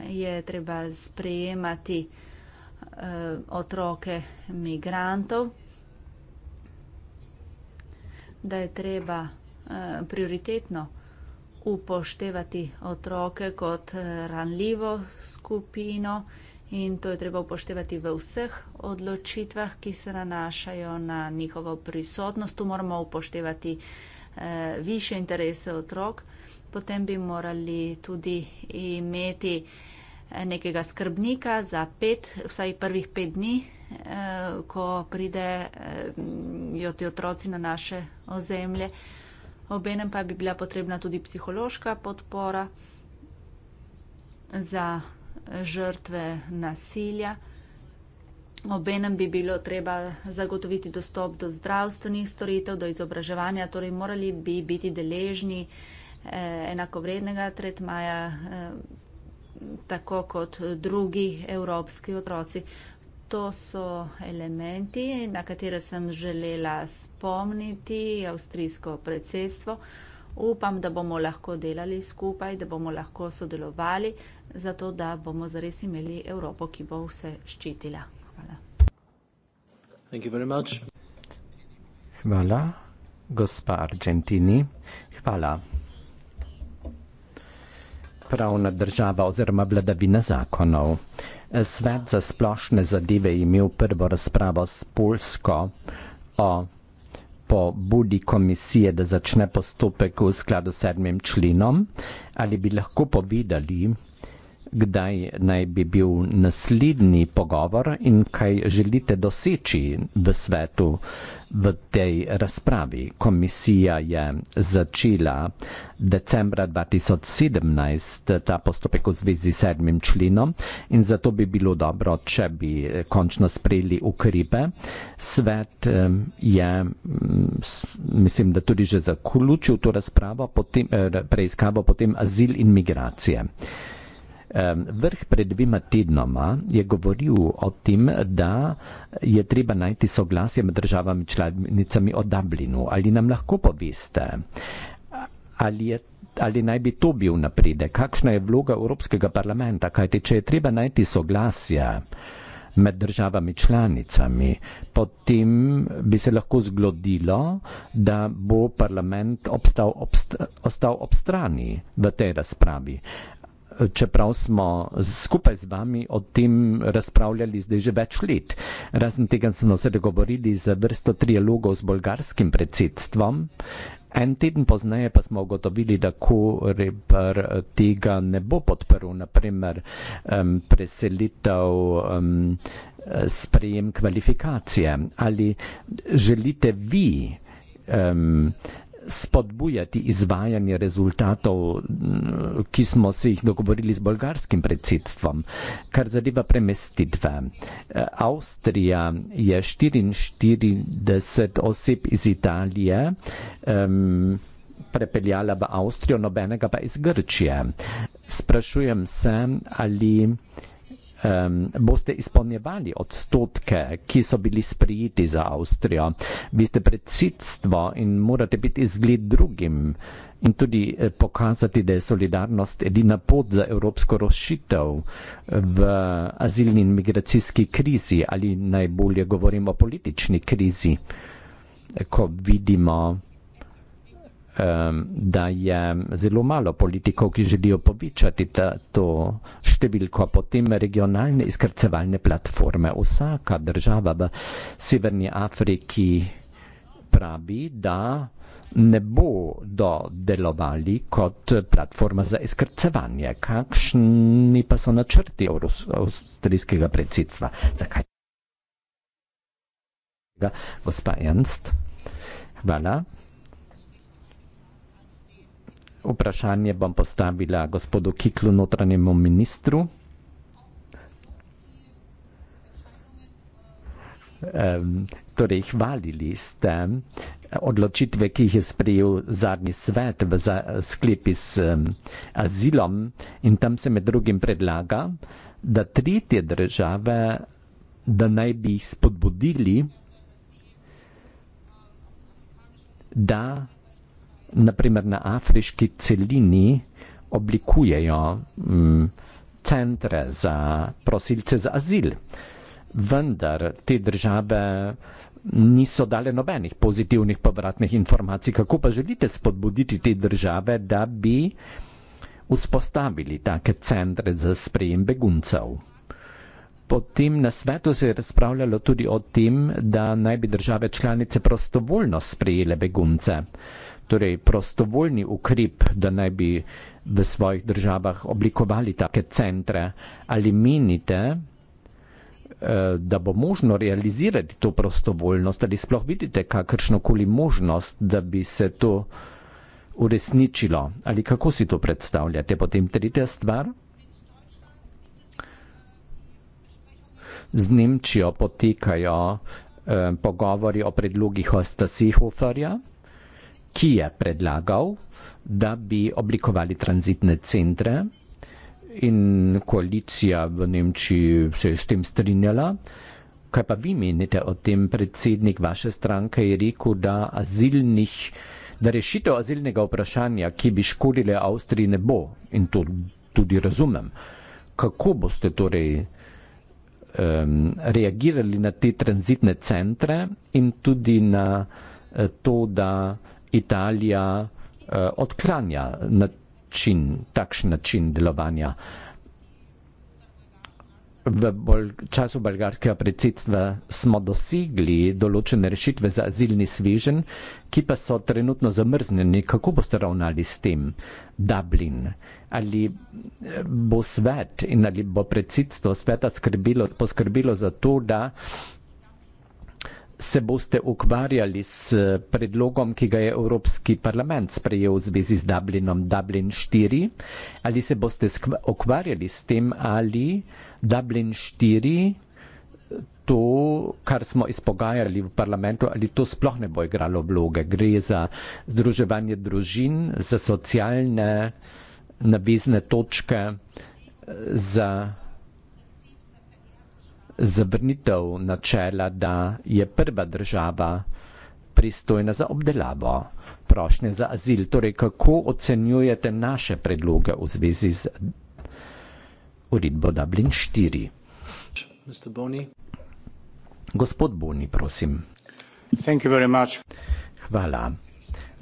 je treba sprejemati eh, otroke migrantov, da je treba eh, prioritetno upoštevati otroke kot eh, ranljivo skupino in to je treba upoštevati v vseh odločitvah, ki se nanašajo na njihovo prisotnost. Tu moramo upoštevati eh, više interese otrok. Potem bi morali tudi imeti eh, nekega skrbnika za pet, vsaj prvih pet dni, ko pridejo ti otroci na naše ozemlje obenem pa bi bila potrebna tudi psihološka podpora za žrtve nasilja. Obenem bi bilo treba zagotoviti dostop do zdravstvenih storitev, do izobraževanja, torej morali bi biti deležni eh, enakovrednega tretmaja, eh, tako kot drugi evropski otroci to so elementi, na katere sem želela spomniti avstrijsko predsedstvo. Upam, da bomo lahko delali skupaj, da bomo lahko sodelovali, zato da bomo zares imeli Evropo, ki bo vse ščitila. Hvala. Hvala, gospa Argentini. Hvala. Pravna država oziroma vladavina zakonov. Svet za splošne zadeve je imel prvo razpravo s Polsko o pobudi komisije, da začne postopek v skladu s 7. členom. Ali bi lahko povedali, kdaj naj bi bil naslednji pogovor in kaj želite doseči v svetu v tej razpravi. Komisija je začela decembra 2017 ta postopek v zvezi s sedmim členom in zato bi bilo dobro, če bi končno sprejeli ukrepe. Svet je, mislim, da tudi že zaključil to razpravo, potem, eh, preiskavo, potem azil in migracije. Vrh pred dvima tednoma je govoril o tem, da je treba najti soglasje med državami članicami o Dublinu. Ali nam lahko poveste, ali, je, ali naj bi to bil napredek, kakšna je vloga Evropskega parlamenta, kajti če je treba najti soglasje med državami članicami, potem bi se lahko zgodilo, da bo parlament obstal, obst, ostal ob strani v tej razpravi čeprav smo skupaj z vami o tem razpravljali zdaj že več let. Razen tega smo se dogovorili za vrsto trialogov z bolgarskim predsedstvom. En teden pozneje pa smo ugotovili, da Korebr eh, tega ne bo podprl, naprimer um, preselitev um, sprejem kvalifikacije. Ali želite vi um, spodbujati izvajanje rezultatov, mm, ki smo se jih dogovorili z bolgarskim predsedstvom, kar zadeva premestitve. Eh, Avstrija je 44 oseb iz Italije. Um, prepeljala v Avstrijo, nobenega pa iz Grčije. Sprašujem se, ali um, boste izpolnjevali odstotke, ki so bili sprijeti za Avstrijo. Vi ste predsedstvo in morate biti izgled drugim in tudi eh, pokazati, da je solidarnost edina pot za evropsko rošitev v azilni in migracijski krizi ali najbolje govorimo o politični krizi. Ko vidimo da je zelo malo politikov, ki želijo povečati to številko, potem regionalne izkrcevalne platforme. Vsaka država v Severni Afriki pravi, da ne bo dodelovali kot platforma za izkrcevanje. Kakšni pa so načrti avstrijskega predsedstva? Zakaj? Gospa Ernst, hvala. Vprašanje bom postavila gospodu Kiklu, notranjemu ministru. Um, torej, hvalili ste eh, odločitve, ki jih je sprejel zadnji svet v za, sklepi s um, azilom in tam se med drugim predlaga, da tretje države, da naj bi jih spodbudili, da naprimer na afriški celini oblikujejo m, mm, centre za prosilce za azil, vendar te države niso dale nobenih pozitivnih povratnih informacij. Kako pa želite spodbuditi te države, da bi vzpostavili take centre za sprejem beguncev? Potem na svetu se je razpravljalo tudi o tem, da naj bi države članice prostovoljno sprejele begunce torej prostovoljni ukrep, da naj bi v svojih državah oblikovali take centre, ali menite, eh, da bo možno realizirati to prostovoljnost, ali sploh vidite kakršnokoli možnost, da bi se to uresničilo, ali kako si to predstavljate? Potem tretja stvar. Z Nemčijo potekajo eh, pogovori o predlogih Osta Seehoferja ki je predlagal, da bi oblikovali tranzitne centre in koalicija v Nemčiji se je s tem strinjala. Kaj pa vi menite o tem, predsednik vaše stranke je rekel, da, azilnih, da rešitev azilnega vprašanja, ki bi škodile Avstriji, ne bo in to tudi razumem. Kako boste torej um, reagirali na te tranzitne centre in tudi na eh, to, da Italija uh, eh, odklanja način, takšen način delovanja. V bol času bolgarskega predsedstva smo dosegli določene rešitve za azilni svežen, ki pa so trenutno zamrznjeni. Kako boste ravnali s tem? Dublin. Ali eh, bo svet in ali bo predsedstvo sveta skrbilo, poskrbilo za to, da se boste ukvarjali s eh, predlogom, ki ga je Evropski parlament sprejel v zvezi z Dublinom, Dublin 4, ali se boste ukvarjali s tem, ali Dublin 4, to, kar smo izpogajali v parlamentu, ali to sploh ne bo igralo vloge. Gre za združevanje družin, za socialne navizne točke, eh, za zavrnitev načela, da je prva država pristojna za obdelavo prošnje za azil. Torej, kako ocenjujete naše predloge v zvezi z uredbo Dublin 4? Boni. Gospod Boni, prosim. Thank you very much. Hvala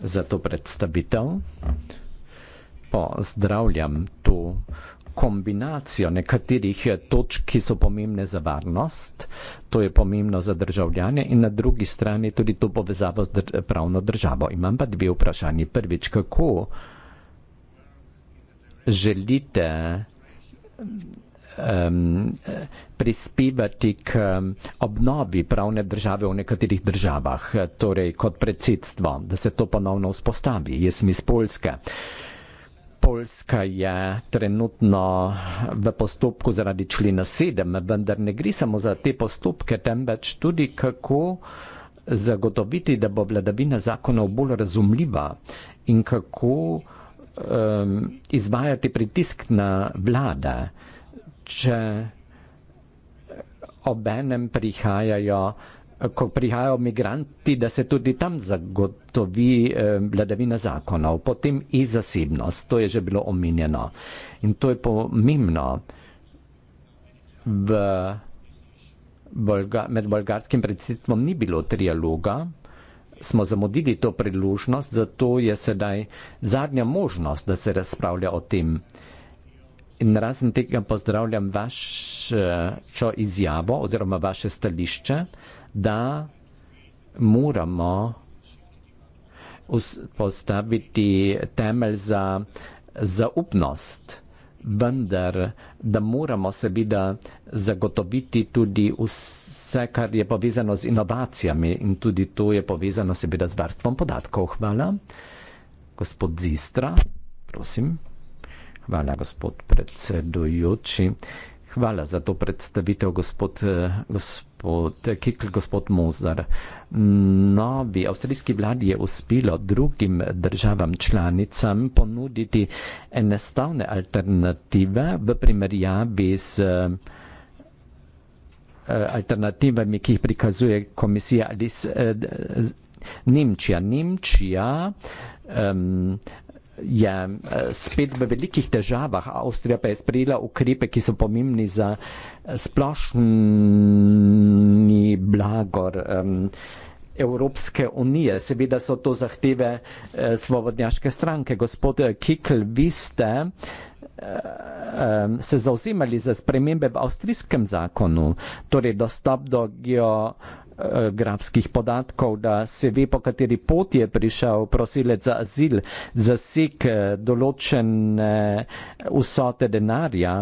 za to predstavitev. Pozdravljam to kombinacijo nekaterih eh, točk, ki so pomembne za varnost, to je pomembno za državljane in na drugi strani tudi to povezavo z dr pravno državo. Imam pa dve vprašanje. Prvič, kako želite um, prispevati k obnovi pravne države v nekaterih državah, torej kot predsedstvo, da se to ponovno vzpostavi. Jaz sem iz Polske. Poljska je trenutno v postopku zaradi člena 7, vendar ne gre samo za te postopke, temveč tudi kako zagotoviti, da bo vladavina zakonov bolj razumljiva in kako um, izvajati pritisk na vlade, če obenem prihajajo ko prihajajo migranti, da se tudi tam zagotovi eh, vladavina zakonov, potem i zasebnost, to je že bilo omenjeno. In to je pomembno v Bolga, med bolgarskim predsedstvom ni bilo trialoga, smo zamudili to priložnost, zato je sedaj zadnja možnost, da se razpravlja o tem. In razen tega pozdravljam vašo eh, izjavo oziroma vaše stališče da moramo postaviti temelj za zaupnost, vendar da moramo seveda zagotoviti tudi vse, kar je povezano z inovacijami in tudi to je povezano seveda z varstvom podatkov. Hvala. Gospod Zistra, prosim. Hvala, gospod predsedujoči. Hvala za to predstavitev, gospod. Eh, gospod gospod, eh, kikl gospod Mozar. Novi avstrijski vladi je uspelo drugim državam članicam ponuditi enostavne alternative v primerjavi z eh, alternativami, ki jih prikazuje komisija ali z, z, z, Nemčija. Nemčija um, je eh, spet v velikih težavah. Avstrija pa je sprejela ukrepe, ki so pomembni za eh, splošni blagor. Evropske unije. Seveda so to zahteve eh, svobodnjaške stranke. Gospod eh, Kikl, vi ste eh, se zauzemali za spremembe v avstrijskem zakonu, torej dostop do geo. Eh, grafskih podatkov, da se ve, po kateri poti je prišel prosilec za azil, zasek eh, določene eh, vsote denarja.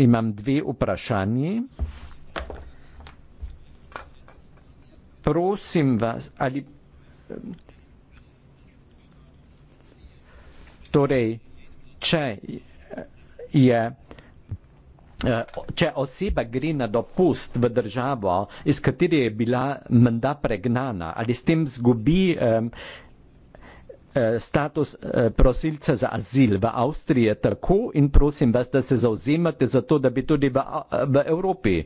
Imam dve vprašanje. Prosim vas, ali. Torej, če je. Eh, če oseba gre na dopust v državo, iz katere je bila menda pregnana, ali s tem zgubi eh, status eh, prosilca za azil. V Avstriji je tako in prosim vas, da se zauzemate za to, da bi tudi v, v Evropi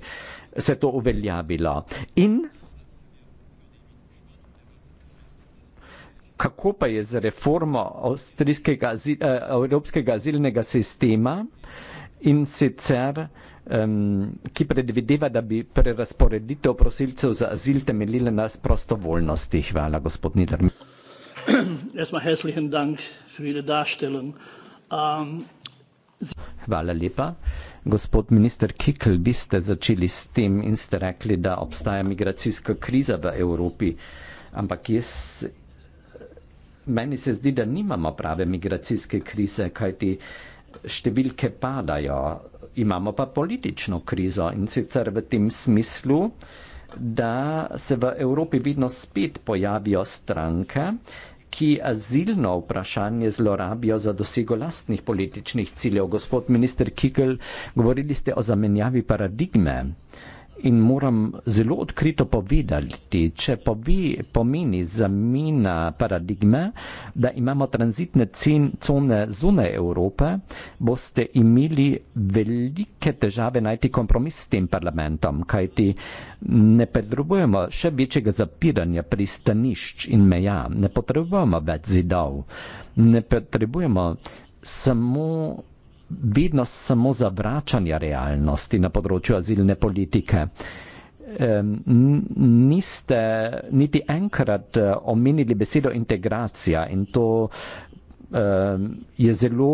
se to uveljavilo. In kako pa je z reformo avstrijskega azil, evropskega azilnega sistema? in sicer um, ki predvideva, da bi prerasporeditev prosilcev za azil temeljila na prostovoljnosti. Hvala, gospod Nidar. Ähm, Hvala lepa. Gospod minister Kikl, vi ste začeli s tem in ste rekli, da obstaja migracijska kriza v Evropi, ampak jaz, meni se zdi, da nimamo prave migracijske krize, kajti uh, številke padajo. Imamo pa politično krizo in sicer v tem smislu, da se v Evropi vedno spet pojavijo stranke, ki azilno vprašanje zlorabijo za dosego lastnih političnih ciljev. Gospod minister Kikl, govorili ste o zamenjavi paradigme in moram zelo odkrito povedati, če povi, pomeni zamena paradigme, da imamo tranzitne cen, cone zunaj Evrope, boste imeli velike težave najti kompromis s tem parlamentom, kajti ne potrebujemo še večjega zapiranja pristanišč in meja, ne potrebujemo več zidov, ne potrebujemo samo vedno samo zavračanja realnosti na področju azilne politike. Niste niti enkrat eh, omenili besedo integracija in to je zelo,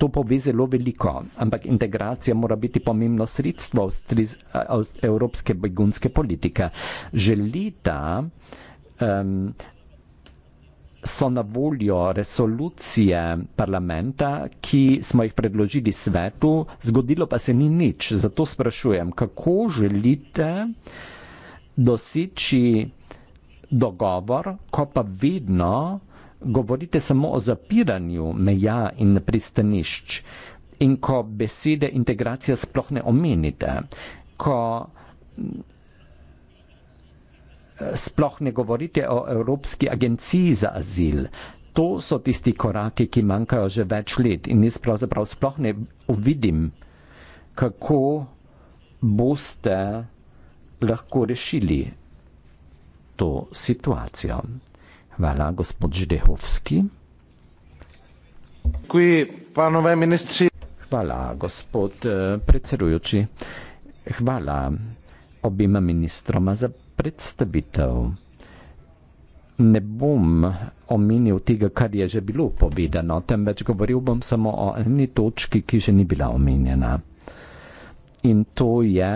to pove zelo veliko, ampak integracija mora biti pomembno sredstvo Avstriz, Avst, evropske begunske politike. Želi ta um, so na voljo resolucije parlamenta, ki smo jih predložili svetu, zgodilo pa se ni nič. Zato sprašujem, kako želite doseči dogovor, ko pa vedno govorite samo o zapiranju meja in pristanišč in ko besede integracija sploh ne omenite, ko sploh ne govorite o Evropski agenciji za azil. To so tisti koraki, ki manjkajo že več let in jaz pravzaprav sploh ne vidim, kako boste lahko rešili to situacijo. Hvala, gospod Ždehovski. Kuj, panove ministri. Hvala, gospod eh, predsedujoči. Hvala obima ministroma za predstavitev. Ne bom omenil tega, kar je že bilo povedano, temveč govoril bom samo o eni točki, ki še ni bila omenjena. In to je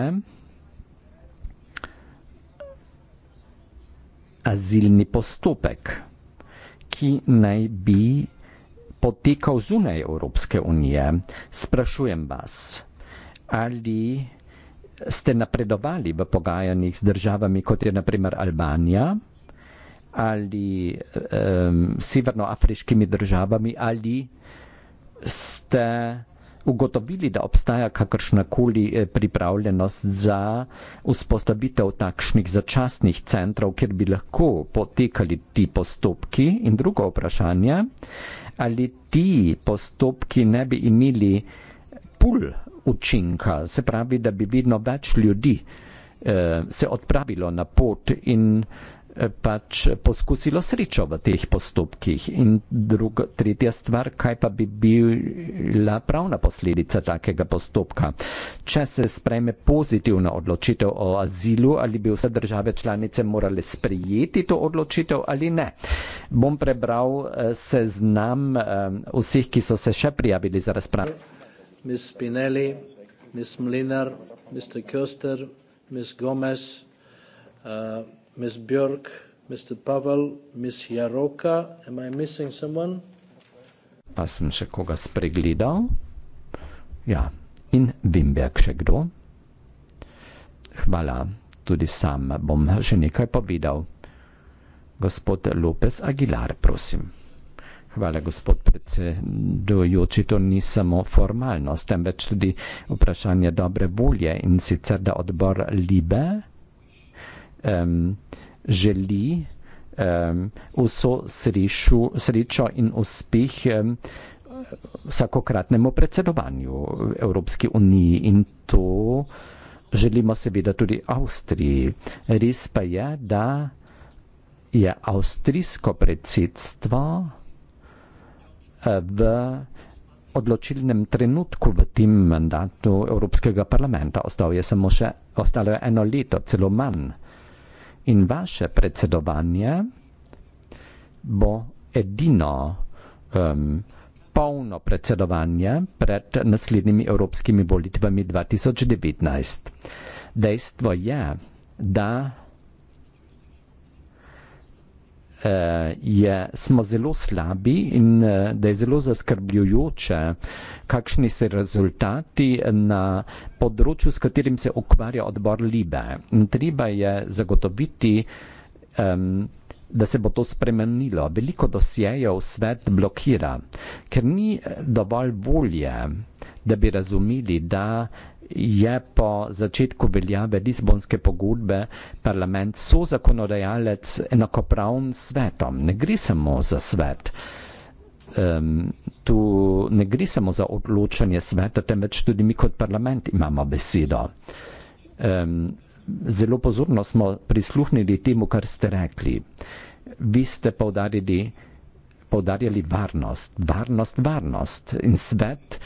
azilni postopek, ki naj bi potekal zunaj Evropske unije. Sprašujem vas, ali ste napredovali v pogajanjih z državami, kot je naprimer Albanija ali um, severnoafriškimi državami, ali ste ugotovili, da obstaja kakršnakoli eh, pripravljenost za vzpostavitev takšnih začasnih centrov, kjer bi lahko potekali ti postopki. In drugo vprašanje, ali ti postopki ne bi imeli pul učinka, se pravi, da bi vedno več ljudi eh, se odpravilo na pot in eh, pač poskusilo srečo v teh postopkih. In drugo, tretja stvar, kaj pa bi bila pravna posledica takega postopka? Če se spreme pozitivna odločitev o azilu, ali bi vse države članice morale sprejeti to odločitev ali ne? Bom prebral eh, seznam eh, vseh, ki so se še prijavili za razpravo. Ms. Spinelli, Ms. Mlinar, Mr. Koester, Ms. Gomez, uh, Ms. Björk, Mr. Pavel, Ms. Jaroka. Am I missing someone? Pa sem še koga spregledal. Ja, in Wimberg še kdo. Hvala, tudi sam bom še nekaj povedal. Gospod Lopez Aguilar, prosim. Hvala, gospod predsedujoči. To ni samo formalnost, temveč tudi vprašanje dobre volje in sicer, da odbor Libe um, želi um, vso srišu, srečo in uspeh um, vsakokratnemu predsedovanju Evropski uniji in to želimo seveda tudi Avstriji. Res pa je, da je avstrijsko predsedstvo v odločilnem trenutku v tem mandatu Evropskega parlamenta. Ostalo je samo še ostalo je eno leto, celo manj. In vaše predsedovanje bo edino um, polno predsedovanje pred naslednjimi evropskimi volitvami 2019. Dejstvo je, da Eh, je, smo zelo slabi in eh, da je zelo zaskrbljujoče, kakšni so rezultati na področju, s katerim se ukvarja odbor Libe. In treba je zagotoviti, um, da se bo to spremenilo. Veliko dosjejev svet blokira, ker ni eh, dovolj volje, da bi razumeli, da je po začetku veljave Lizbonske pogodbe parlament so zakonodajalec enakopravn svetom. Ne gre samo za svet. Um, tu ne gre samo za odločanje sveta, temveč tudi mi kot parlament imamo besedo. Um, zelo pozorno smo prisluhnili temu, kar ste rekli. Vi ste povdarjali, povdarjali varnost, varnost, varnost in svet.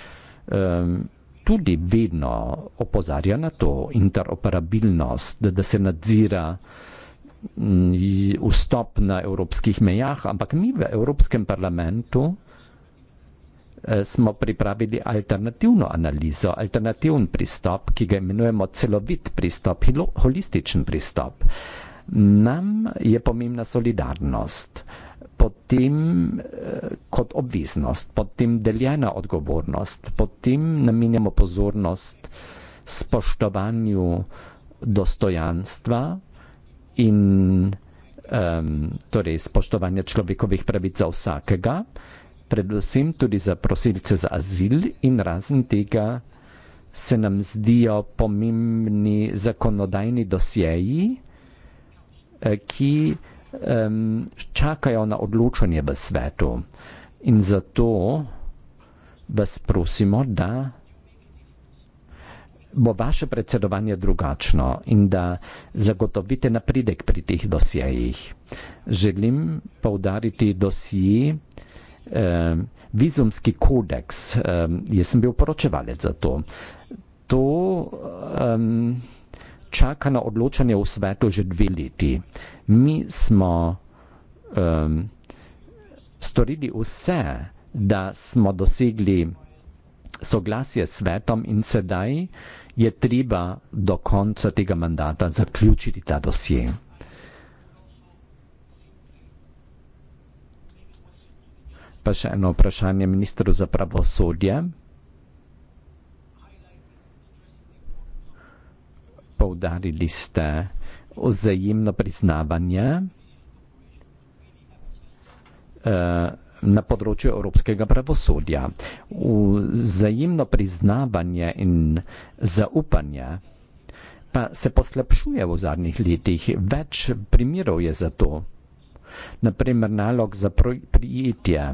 Um, tudi vedno opozarja na to interoperabilnost, da, da se nadzira mm, vstop na evropskih mejah, ampak mi v Evropskem parlamentu eh, smo pripravili alternativno analizo, alternativen pristop, ki ga imenujemo celovit pristop, holističen pristop. Nam je pomembna solidarnost potem eh, kot obveznost, potem deljena odgovornost, potem namenjamo pozornost spoštovanju dostojanstva in eh, torej spoštovanja človekovih pravic za vsakega, predvsem tudi za prosilce za azil in razen tega se nam zdijo pomembni zakonodajni dosjeji, eh, ki um, čakajo na odločanje v svetu. In zato vas prosimo, da bo vaše predsedovanje drugačno in da zagotovite napredek pri teh dosjejih. Želim pa udariti dosje, eh, vizumski kodeks, eh, jaz sem bil poročevalec za to. To eh, čaka na odločanje v svetu že dve leti. Mi smo um, storili vse, da smo dosegli soglasje s svetom in sedaj je treba do konca tega mandata zaključiti ta dosje. Pa še eno vprašanje ministru za pravosodje. poudarili ste vzajemno priznavanje eh, na področju evropskega pravosodja. Vzajemno priznavanje in zaupanje pa se poslepšuje v zadnjih letih. Več primerov je za to. Naprimer, nalog za prijetje,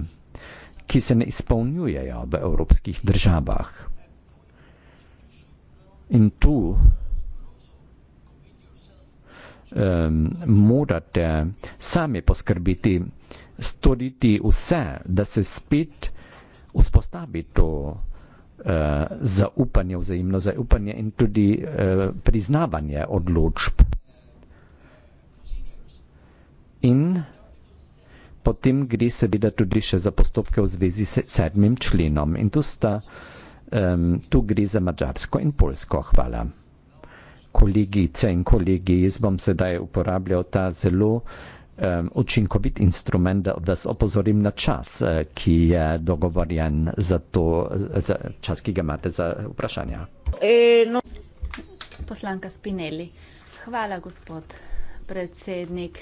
ki se ne izpolnjujejo v evropskih državah. In tu Ehm, morate sami poskrbiti, storiti vse, da se spet vzpostavi to eh, zaupanje, vzajemno zaupanje in tudi eh, priznavanje odločb. In potem gre seveda tudi še za postopke v zvezi s sedmim členom in tu ehm, gre za Mačarsko in Polsko. Hvala kolegice in kolegi, jaz bom sedaj uporabljal ta zelo um, učinkovit instrument, da vas opozorim na čas, eh, ki je dogovorjen za to, za čas, ki ga imate za vprašanja. E, no. Poslanka Spinelli. Hvala, gospod predsednik.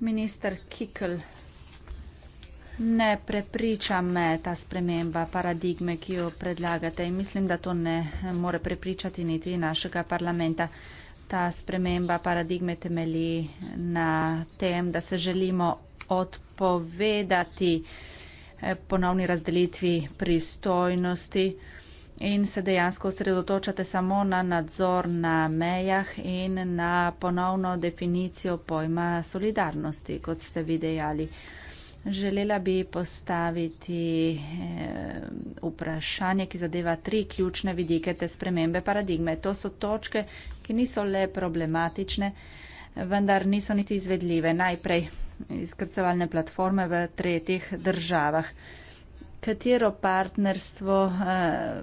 Minister Kikl, ne prepriča me ta sprememba paradigme, ki jo predlagate in mislim, da to ne more prepričati niti našega parlamenta. Ta sprememba paradigme temeli na tem, da se želimo odpovedati eh, ponovni razdelitvi pristojnosti in se dejansko osredotočate samo na nadzor na mejah in na ponovno definicijo pojma solidarnosti, kot ste vi dejali. Želela bi postaviti eh, vprašanje, ki zadeva tri ključne vidike te spremembe paradigme. To so točke, ki niso le problematične, vendar niso niti izvedljive. Najprej izkrcevalne platforme v tretjih državah. Katero partnerstvo eh,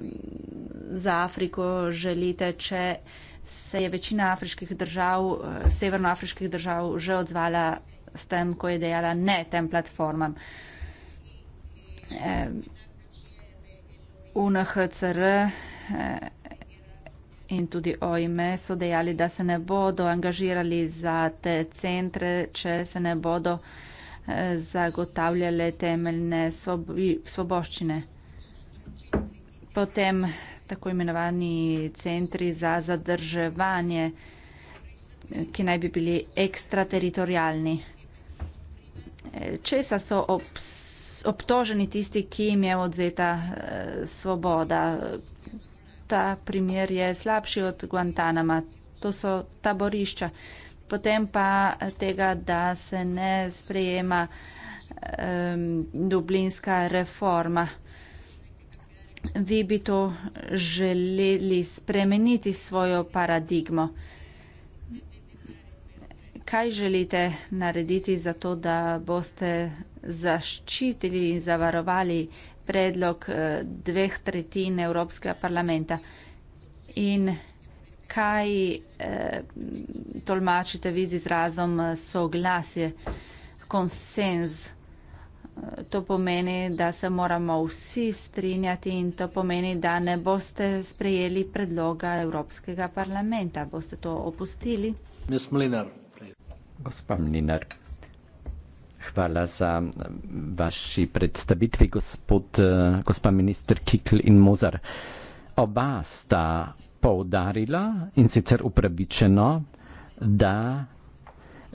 za Afriko želite, če se je večina afriških držav, eh, severnoafriških držav že odzvala s tem, ko je dejala ne tem platformam. UNHCR eh, in tudi OIME so dejali, da se ne bodo angažirali za te centre, če se ne bodo eh, zagotavljale temeljne svoboščine. Potem tako imenovani centri za zadrževanje, ki naj bi bili ekstrateritorialni česa so obs, obtoženi tisti, ki jim je odzeta e, eh, svoboda. Ta primer je slabši od Guantanama. To so taborišča. Potem pa tega, da se ne sprejema e, dublinska reforma. Vi bi to želeli spremeniti svojo paradigmo kaj želite narediti za to, da boste zaščitili in zavarovali predlog eh, dveh tretjin Evropskega parlamenta? In kaj eh, tolmačite vi z izrazom eh, soglasje, konsenz? Eh, to pomeni, da se moramo vsi strinjati in to pomeni, da ne boste sprejeli predloga Evropskega parlamenta. Boste to opustili? Ms. Mlinar, gospa Mlinar. Hvala za eh, vaši predstavitvi, gospod, eh, gospa minister Kikl in Mozar. Oba sta poudarila in sicer upravičeno, da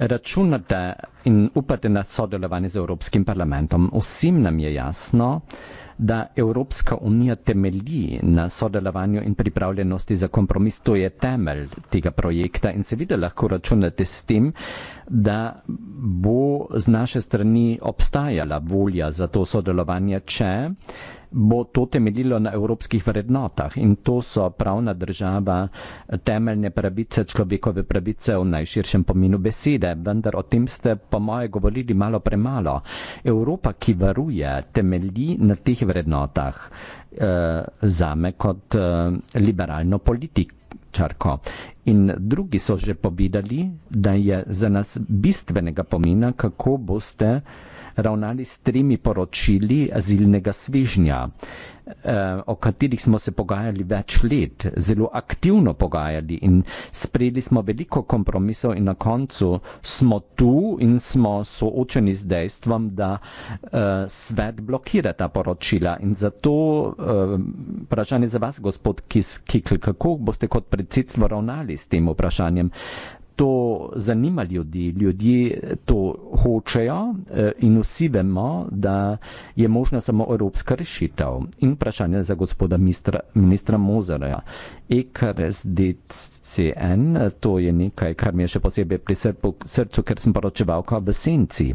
računate in upate na sodelovanje z Evropskim parlamentom. Vsem nam je jasno, da Evropska unija temelji na sodelovanju in pripravljenosti za kompromis. To je temelj tega projekta in seveda lahko računate s tem, da bo z naše strani obstajala volja za to sodelovanje, če bo to temeljilo na evropskih vrednotah in to so pravna država, temeljne pravice, človekove pravice v najširšem pomenu besede, vendar o tem ste po moje govorili malo premalo. Evropa, ki varuje, temelji na teh vrednotah eh, zame kot eh, liberalno politik. Čarko. In drugi so že povedali, da je za nas bistvenega pomena, kako boste eh, ravnali s tremi poročili azilnega svežnja, eh, o katerih smo se pogajali več let, zelo aktivno pogajali in sprejeli smo veliko kompromisov in na koncu smo tu in smo soočeni z dejstvom, da eh, svet blokira ta poročila in zato eh, vprašanje za vas, gospod Kikl, kako boste kot predsedstvo ravnali s tem vprašanjem? to zanima ljudi, ljudje to hočejo eh, in vsi vemo, da je možna samo evropska rešitev. In vprašanje za gospoda ministra, ministra Mozareja, EKRS, DECT. CN, to je nekaj, kar mi je še posebej pri srcu, ker sem poročevalka v senci.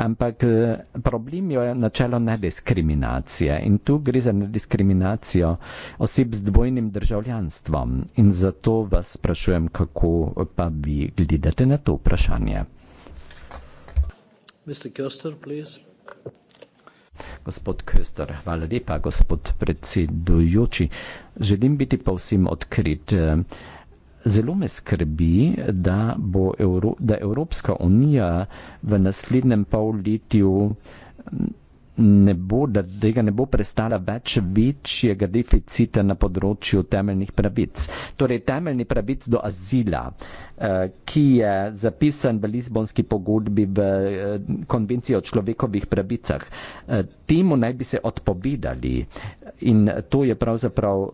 Ampak eh, problem je načelo nediskriminacije in tu gre za nediskriminacijo oseb z dvojnim državljanstvom in zato vas sprašujem, kako pa vi gledate na to vprašanje. Mr. Koster, Gospod Köster, hvala lepa, gospod predsedujoči. Želim biti povsem odkrit. Uh, zelo me skrbi, da, Evro, da Evropska unija v naslednjem pol letju ne bo, da tega ne bo prestala več večjega deficita na področju temeljnih pravic. Torej, temeljni pravic do azila, eh, ki je zapisan v Lizbonski pogodbi v eh, konvenciji o človekovih pravicah. Eh, temu naj bi se odpovedali in to je pravzaprav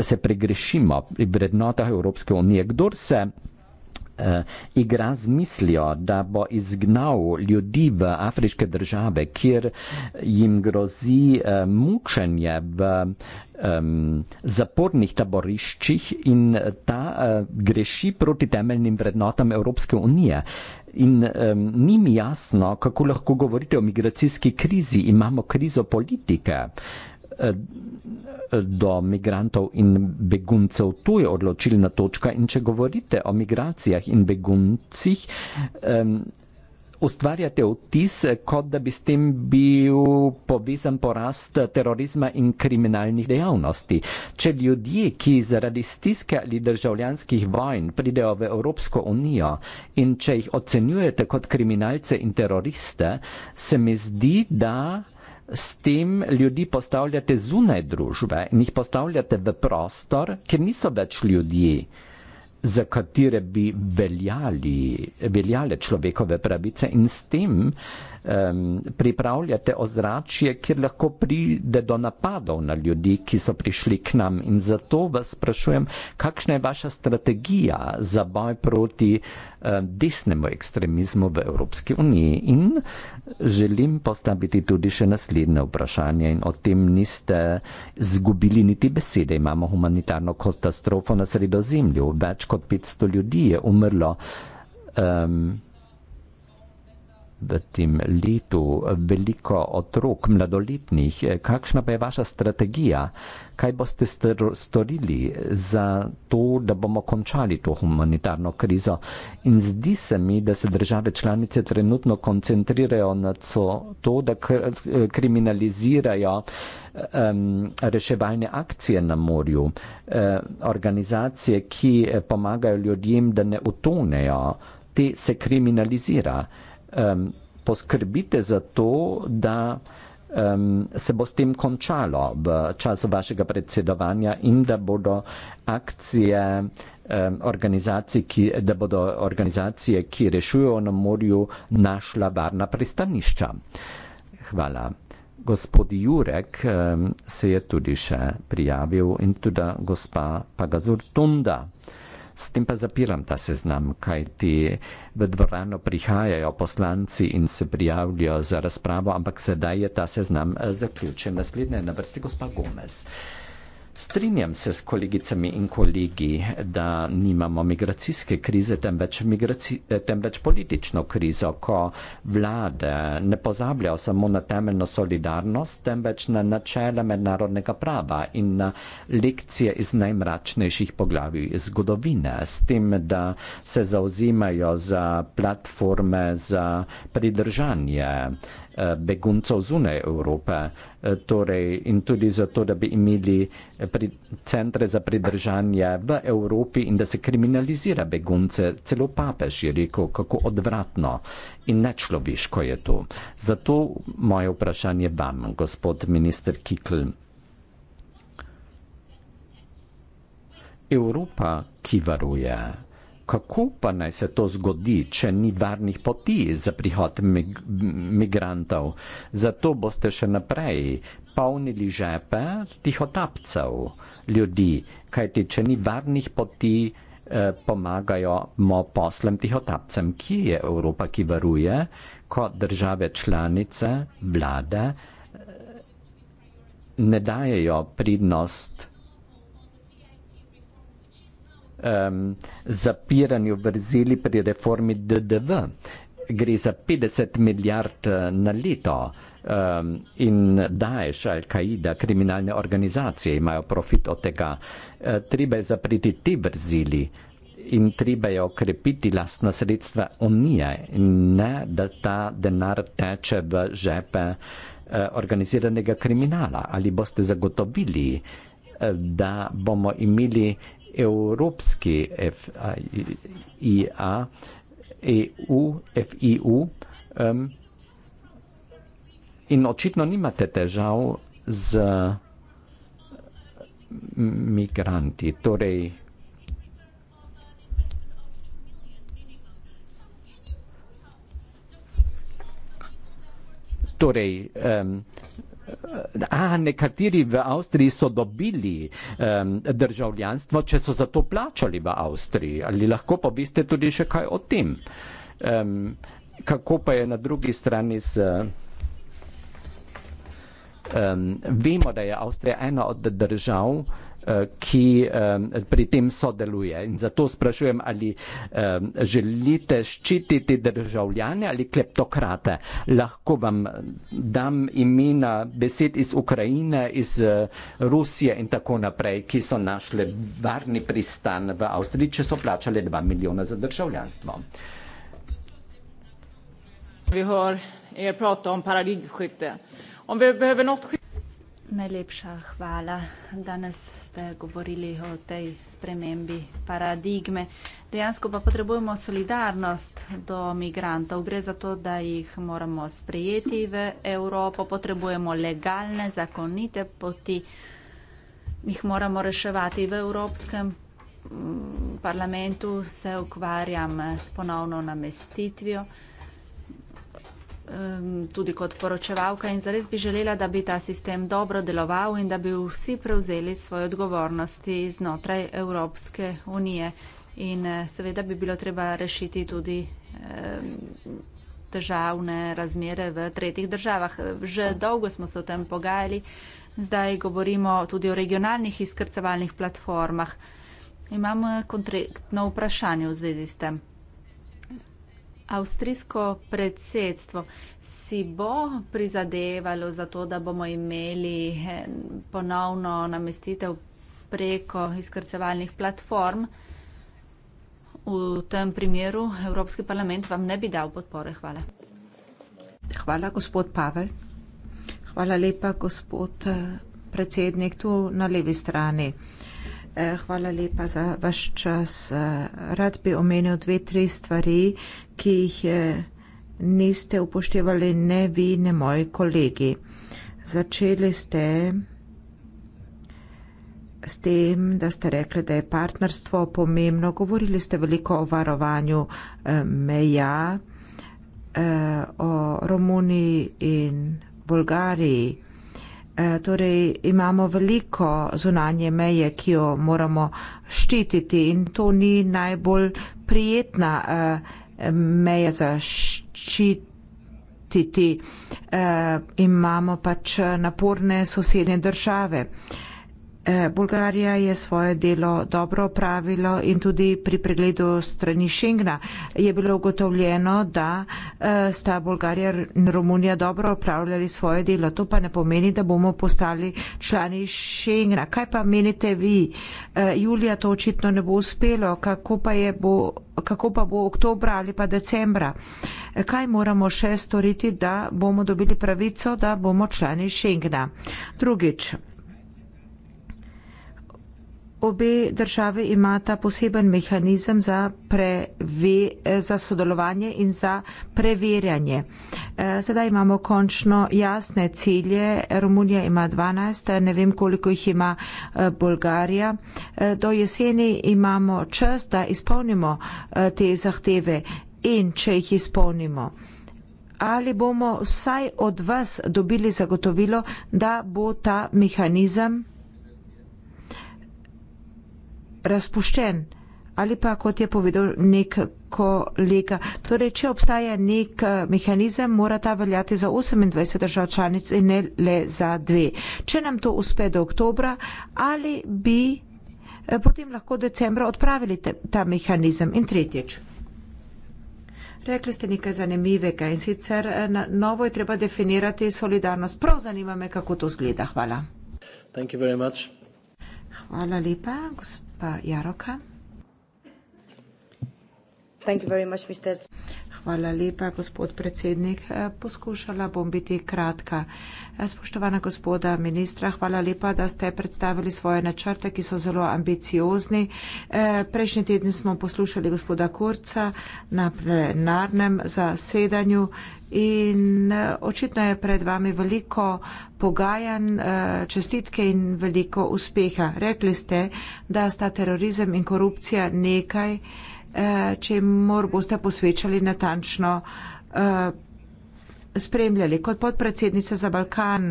se pregrešimo pri vrednotah Evropske unije. Kdor se eh, igra z mislijo, da bo izgnal ljudi v afriške države, kjer jim grozi eh, mučenje v eh, zapornih taboriščih in eh, ta eh, greši proti temeljnim vrednotam Evropske unije. In eh, ni mi jasno, kako lahko govorite o migracijski krizi. Imamo krizo politike. Eh, Eh, do migrantov in beguncev. Tu je odločilna točka in če govorite o migracijah in beguncih, um, ustvarjate vtis, kot da bi s tem bil povezan porast terorizma in kriminalnih dejavnosti. Če ljudje, ki zaradi stiske ali državljanskih vojn pridejo v Evropsko unijo in če jih ocenjujete kot kriminalce in teroriste, se mi zdi, da s tem ljudi postavljate zunaj družbe in jih postavljate v prostor, ker niso več ljudje, za katere bi veljali, veljale človekove pravice in s tem uh, um, pripravljate ozračje, kjer lahko pride do napadov na ljudi, ki so prišli k nam. In zato vas sprašujem, kakšna je vaša strategija za boj proti um, desnemu ekstremizmu v Evropski uniji? In želim postaviti tudi še naslednje vprašanje in o tem niste zgubili niti besede. Imamo humanitarno katastrofo na sredozemlju. Več kot 500 ljudi je umrlo. Um, v tem letu veliko otrok, mladoletnih. Kakšna pa je vaša strategija? Kaj boste storili za to, da bomo končali to humanitarno krizo? In zdi se mi, da se države članice trenutno koncentrirajo na to, da kriminalizirajo um, reševalne akcije na morju, um, organizacije, ki eh, pomagajo ljudem, da ne utonejo, te se kriminalizira um, poskrbite za to, da um, se bo s tem končalo v času vašega predsedovanja in da bodo akcije um, organizacij, ki, da bodo organizacije, ki rešujo na morju, našla varna pristanišča. Hvala. Gospod Jurek um, se je tudi še prijavil in tudi gospa Pagazur Tunda. S tem pa zapiram ta seznam, kaj ti v dvorano prihajajo poslanci in se prijavljajo za razpravo, ampak sedaj je ta seznam zaključen. Naslednja je na vrsti gospa Gomez. Strinjam se s kolegicami in kolegi, da nimamo migracijske krize, temveč, migraci, temveč politično krizo, ko vlade ne pozabljajo samo na temeljno solidarnost, temveč na načele mednarodnega prava in na lekcije iz najmračnejših poglavij zgodovine, s tem, da se zauzimajo za platforme za pridržanje, Eh, beguncov zunaj Evrope. Eh, torej, in tudi zato, da bi imeli eh, pri, centre za pridržanje v Evropi in da se kriminalizira begunce. Celo papež je rekel, kako odvratno in nečloviško je to. Zato moje vprašanje vam, gospod minister Kikl. Evropa, ki varuje Kako pa naj se to zgodi, če ni varnih poti za prihod mig migrantov? Zato boste še naprej polnili žepe tihotapcev ljudi, kajti če ni varnih poti, eh, pomagajo mo poslem tihotapcem, ki je Evropa, ki varuje, ko države članice, vlade eh, ne dajejo pridnost um, zapiranju brzili pri reformi DDV. Gre za 50 milijard eh, na leto um, in Daesh, Al-Qaida, kriminalne organizacije imajo profit od tega. E, treba je zapriti te brzili in treba je okrepiti lastna sredstva Unije in ne, da ta denar teče v žepe eh, organiziranega kriminala. Ali boste zagotovili, da bomo imeli europski F, a, I, a, EU, FIU. Um, in očitno nimate težav z migranti. Torej, torej um, Eh, a, nekateri v Avstriji so dobili um, državljanstvo, če so za to plačali v Avstriji. Ali lahko poveste tudi še kaj o tem? Um, kako pa je na drugi strani z. Um, vemo, da je Avstrija ena od držav, Eh, ki eh, pri tem sodeluje. In zato sprašujem, ali eh, želite ščititi državljane ali kleptokrate. Lahko vam dam imena besed iz Ukrajine, iz Rusije in tako naprej, ki so našli varni pristan v Avstriji, če so plačali 2 milijona za državljanstvo. Vi hör er prata om paradigmskifte. Om vi behöver något skifte... Najlepša hvala. Danes ste govorili o tej spremembi paradigme. Dejansko pa potrebujemo solidarnost do migrantov. Gre za to, da jih moramo sprejeti v Evropo, potrebujemo legalne, zakonite poti, jih moramo reševati v Evropskem mm, parlamentu, se ukvarjam s ponovno namestitvijo tudi kot poročevalka in zares bi želela, da bi ta sistem dobro deloval in da bi vsi prevzeli svoje odgovornosti znotraj Evropske unije. In eh, seveda bi bilo treba rešiti tudi državne razmere v tretjih državah. Že dolgo smo se o tem pogajali, zdaj govorimo tudi o regionalnih izkrcevalnih platformah. Imam eh, konkretno vprašanje v zvezi s tem. Avstrijsko predsedstvo si bo prizadevalo za to, da bomo imeli eh, ponovno namestitev preko izkrcevalnih platform. V tem primeru Evropski parlament vam ne bi dal podpore. Hvala. Hvala, gospod Pavel. Hvala lepa, gospod eh, predsednik, tu na levi strani. Eh, hvala lepa za vaš čas. Rad bi omenil dve, tri stvari ki jih je, niste upoštevali ne vi, ne moji kolegi. Začeli ste s tem, da ste rekli, da je partnerstvo pomembno. Govorili ste veliko o varovanju eh, meja, eh, o Romuniji in Bolgariji. Eh, torej imamo veliko zunanje meje, ki jo moramo ščititi in to ni najbolj prijetna eh, meje zaščititi. Eh, imamo pač naporne sosednje države. Eh, Bulgarija je svoje delo dobro opravilo in tudi pri pregledu strani Schengna je bilo ugotovljeno, da eh, sta Bulgarija in Romunija dobro opravljali svoje delo. To pa ne pomeni, da bomo postali člani Schengna. Kaj pa menite vi? Eh, julija to očitno ne bo uspelo. Kako pa, je, bo, kako pa bo oktobra ali pa decembra? Kaj moramo še storiti, da bomo dobili pravico, da bomo člani Schengna? Drugič obe države imata poseben mehanizem za, preve, eh, za sodelovanje in za preverjanje. Eh, sedaj imamo končno jasne cilje. Romunija ima 12, eh, ne vem, koliko jih ima Bolgarija. Do jeseni imamo čas, da izpolnimo te zahteve in če jih izpolnimo. Ali bomo vsaj od vas dobili zagotovilo, da bo ta mehanizem razpuščen. Ali pa, kot je povedal nek kolega, torej, če obstaja nek eh, mehanizem, mora ta veljati za 28 držav članic in ne le za dve. Če nam to uspe do oktobra, ali bi eh, potem lahko decembra odpravili te, ta mehanizem. In tretjič. Rekli ste nekaj zanimivega in sicer eh, na novo je treba definirati solidarnost. Prav zanima me, kako to zgleda. Hvala. Hvala lepa. Gospod gospa Jaroka. Hvala lepa, gospod predsednik. Eh, poskušala bom biti kratka. Eh, spoštovana gospoda ministra, hvala lepa, da ste predstavili svoje načrte, ki so zelo ambiciozni. Eh, prejšnji teden smo poslušali gospoda Kurca na plenarnem zasedanju, in eh, očitno je pred vami veliko pogajanj, eh, čestitke in veliko uspeha. Rekli ste, da sta terorizem in korupcija nekaj, eh, če mor boste posvečali natančno spremljali. Kot podpredsednica za Balkan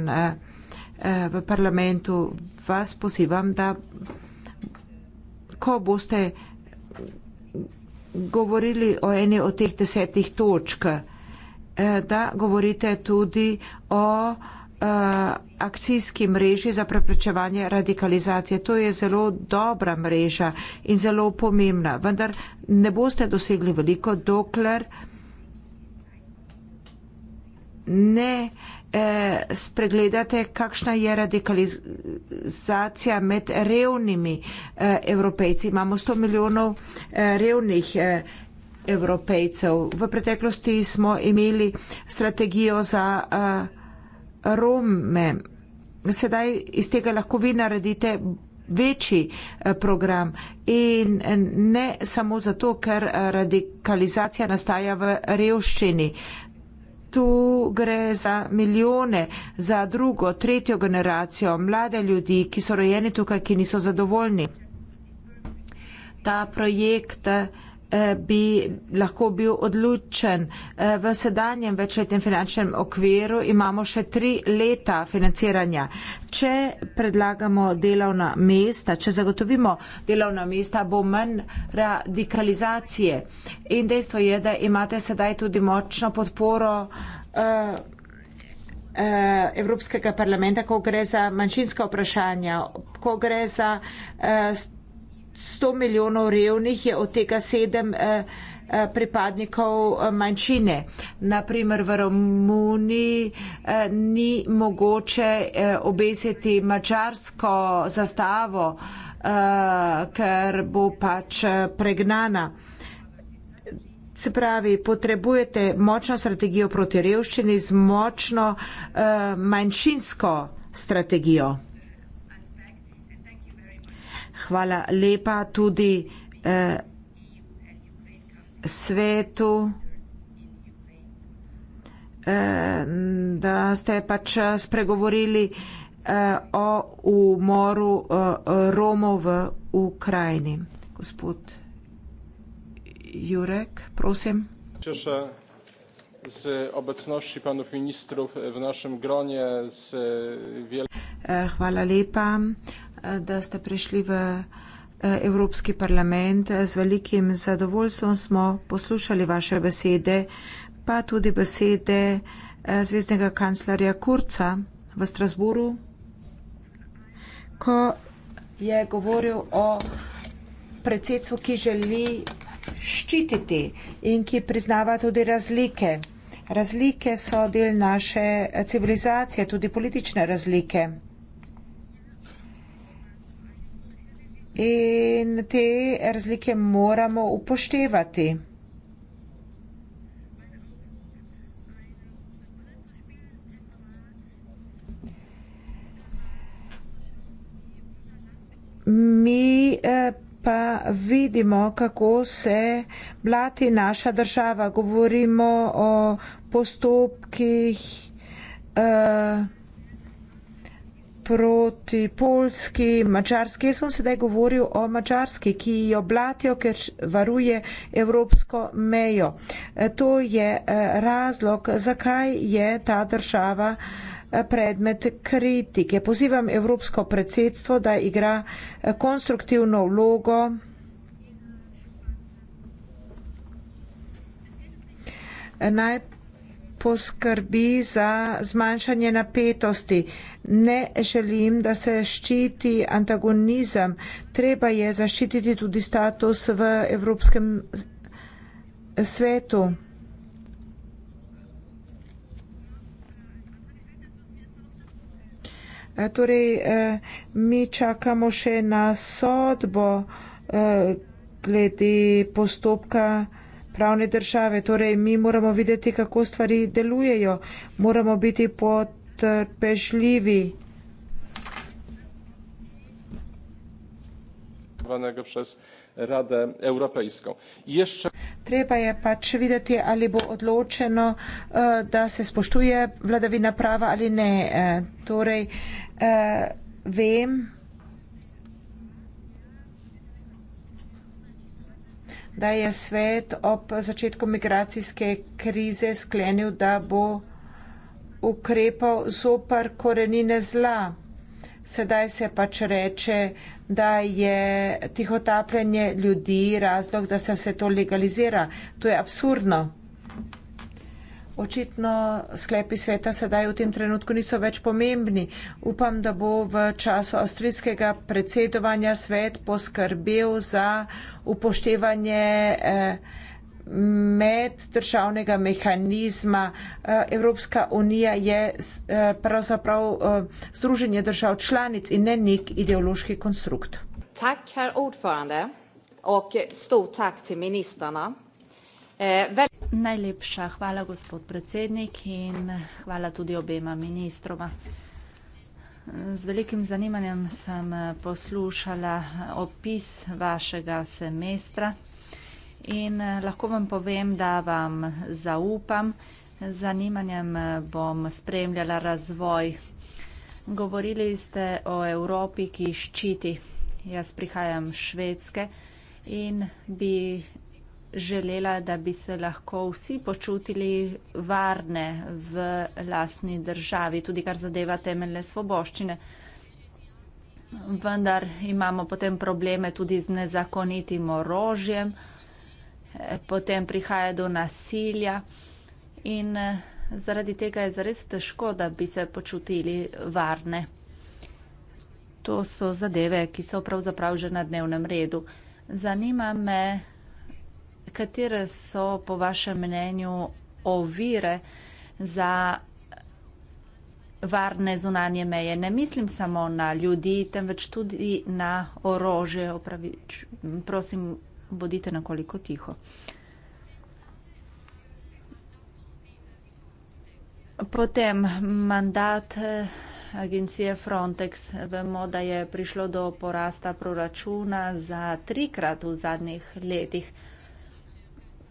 v parlamentu vas pozivam, da ko boste govorili o eni od teh desetih točk, Eh, da govorite tudi o eh, akcijski mreži za preprečevanje radikalizacije. To je zelo dobra mreža in zelo pomembna, vendar ne boste dosegli veliko, dokler ne eh, spregledate, kakšna je radikalizacija med revnimi evropejci. Imamo 100 milijonov revnih evropejcev evropejcev. V preteklosti smo imeli strategijo za eh, Rome. Sedaj iz tega lahko vi naredite večji eh, program in eh, ne samo zato, ker radikalizacija nastaja v revščini. Tu gre za milijone, za drugo, tretjo generacijo, mlade ljudi, ki so rojeni tukaj, ki niso zadovoljni. Ta projekt Eh, bi lahko bil odločen. Eh, v sedanjem večletnem finančnem okviru imamo še tri leta financiranja. Če predlagamo delovna mesta, če zagotovimo delovna mesta, bo manj radikalizacije. In dejstvo je, da imate sedaj tudi močno podporo. Eh, Evropskega parlamenta, ko gre za manjšinska vprašanja, ko gre za 100 milijonov revnih je od tega sedem eh, eh, pripadnikov eh, manjšine. Naprimer v Romuniji ni mogoče obeseti mačarsko zastavo, ker bo pač pregnana. Se pravi, potrebujete močno strategijo proti revščini z močno manjšinsko strategijo. Hvala lepa tudi eh, svetu, eh, da ste pač spregovorili eh, o umoru eh, Romov v Ukrajini. Gospod Jurek, prosim. Češa z obecnošči panov ministrov v našem gronje z veliko. Eh, hvala lepa da ste prišli v eh, Evropski parlament. Z velikim zadovoljstvom smo poslušali vaše besede, pa tudi besede eh, zvezdnega kanclerja Kurca v Strasburu, ko je govoril o predsedstvu, ki želi ščititi in ki priznava tudi razlike. Razlike so del naše civilizacije, tudi politične razlike. in te razlike moramo upoštevati. Mi eh, pa vidimo, kako se blati naša država. Govorimo o postopkih. Uh, proti Polski, Mačarski. Jaz bom sedaj govoril o Mačarski, ki jo blatijo, ker varuje evropsko mejo. E, to je e, razlog, zakaj je ta država e, predmet kritike. Pozivam Evropsko predsedstvo, da igra konstruktivno vlogo. Najprej poskrbi za zmanjšanje napetosti. Ne želim, da se ščiti antagonizem. Treba je zaščititi tudi status v Evropskem svetu. Torej, eh, mi čakamo še na sodbo eh, glede postopka pravne države. Torej, mi moramo videti, kako stvari delujejo. Moramo biti potrpežljivi. Jeszcze... Treba je pač videti, ali bo odločeno, eh, da se spoštuje vladavina prava ali ne. Eh, torej, eh, vem, da je svet ob začetku migracijske krize sklenil, da bo ukrepal zopr korenine zla. Sedaj se pač reče, da je tihotapljanje ljudi razlog, da se vse to legalizira. To je absurdno očitno sklepi sveta sedaj v tem trenutku niso več pomembni. Upam, da bo v času avstrijskega predsedovanja svet poskrbel za upoštevanje eh, med državnega mehanizma. Eh, Evropska unija je eh, pravzaprav združenje držav članic in ne nek ideološki konstrukt. Tak, herr odforande, in stor tak ministrana. Eh, Najlepša hvala, gospod predsednik, in hvala tudi obema ministroma. Z velikim zanimanjem sem eh, poslušala eh, opis vašega semestra in lahko vam povem, da vam zaupam. Z zanimanjem bom spremljala razvoj. Govorili ste o Evropi, ki ščiti. Jaz prihajam iz Švedske in bi želela, da bi se lahko vsi počutili varne v lastni državi, tudi kar zadeva temeljne svoboščine. Vendar imamo potem probleme tudi z nezakonitim orožjem, potem prihaja do nasilja in zaradi tega je zares težko, da bi se počutili varne. To so zadeve, ki so pravzaprav že na dnevnem redu. Zanima me, Katere so po vašem mnenju ovire za varne zunanje meje? Ne mislim samo na ljudi, temveč tudi na orože. Opravič. Prosim, bodite nekoliko tiho. Potem mandat eh, agencije Frontex. Vemo, da je prišlo do porasta proračuna za trikrat v zadnjih letih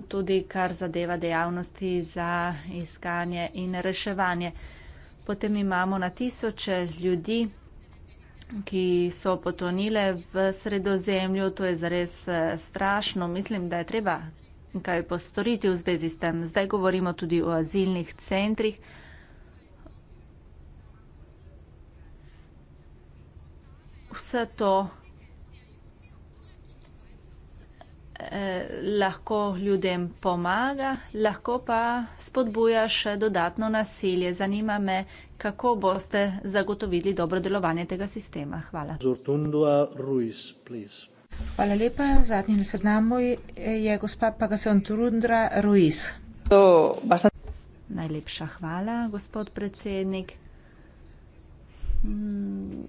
tudi kar zadeva dejavnosti za iskanje in reševanje. Potem imamo na tisoče ljudi, ki so potonile v sredozemlju, to je zares eh, strašno. Mislim, da je treba kaj postoriti v zvezi s tem. Zdaj govorimo tudi o azilnih centrih. Vse to Eh, lahko ljudem pomaga, lahko pa spodbuja še dodatno nasilje. Zanima me, kako boste zagotovili dobro delovanje tega sistema. Hvala. Hvala lepa. Zadnji na seznamu je gospa Pagasantrundra Ruiz. Najlepša hvala, gospod predsednik. Hmm,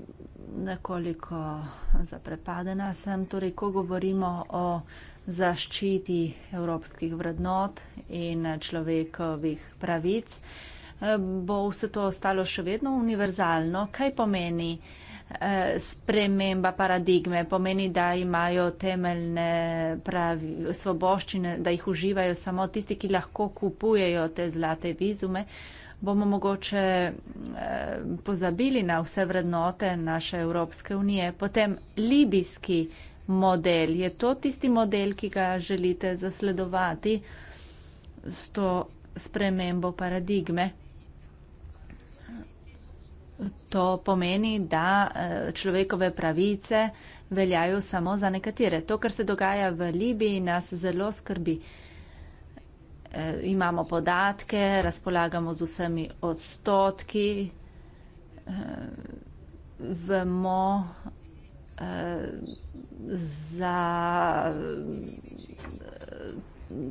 nekoliko zaprepadena sem, torej, ko govorimo o zaščiti evropskih vrednot in človekovih pravic. Eh, bo vse to ostalo še vedno univerzalno? Kaj pomeni eh, sprememba paradigme? Pomeni, da imajo temeljne pravi, svoboščine, da jih uživajo samo tisti, ki lahko kupujejo te zlate vizume. Bomo mogoče eh, pozabili na vse vrednote naše Evropske unije. Potem libijski model? Je to tisti model, ki ga želite zasledovati s to spremembo paradigme? To pomeni, da eh, človekove pravice veljajo samo za nekatere. To, kar se dogaja v Libiji, nas zelo skrbi. Eh, imamo podatke, razpolagamo z vsemi odstotki, eh, vemo, za eh,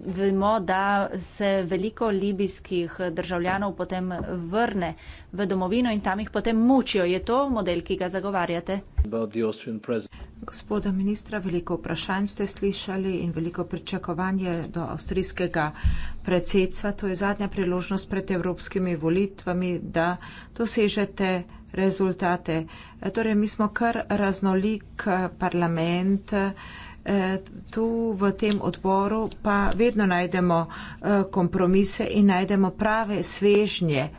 Vemo, da se veliko libijskih državljanov potem vrne v domovino in tam jih potem mučijo. Je to model, ki ga zagovarjate? Gospoda ministra, veliko vprašanj ste slišali in veliko pričakovanje do avstrijskega predsedstva. To je zadnja priložnost pred evropskimi volitvami, da dosežete rezultate. Torej, mi smo kar raznolik eh, parlament. Eh, tu v tem odboru pa vedno najdemo eh, kompromise in najdemo prave svežnje.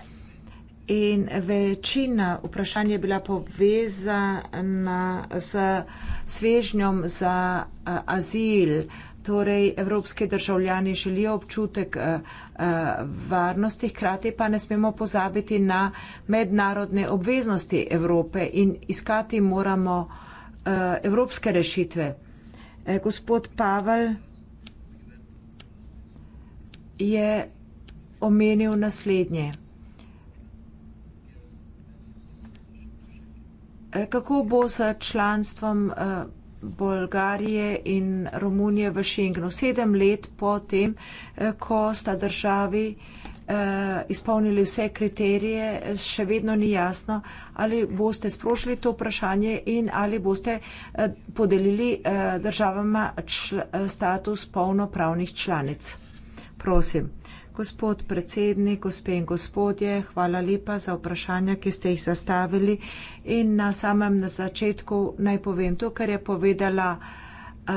In večina vprašanj je bila povezana z svežnjom za azil torej evropske državljani želijo občutek eh, eh, varnosti, hkrati pa ne smemo pozabiti na mednarodne obveznosti Evrope in iskati moramo eh, evropske rešitve. Gospod Pavel je omenil naslednje. Kako bo s članstvom Bolgarije in Romunije v Schengenu. Sedem let po tem, eh, ko sta državi eh, izpolnili vse kriterije, še vedno ni jasno, ali boste sprošili to vprašanje in ali boste eh, podelili državama status polnopravnih članic. Prosim. Gospod predsednik, gospe in gospodje, hvala lepa za vprašanja, ki ste jih zastavili. In na samem začetku naj povem to, kar je povedala uh,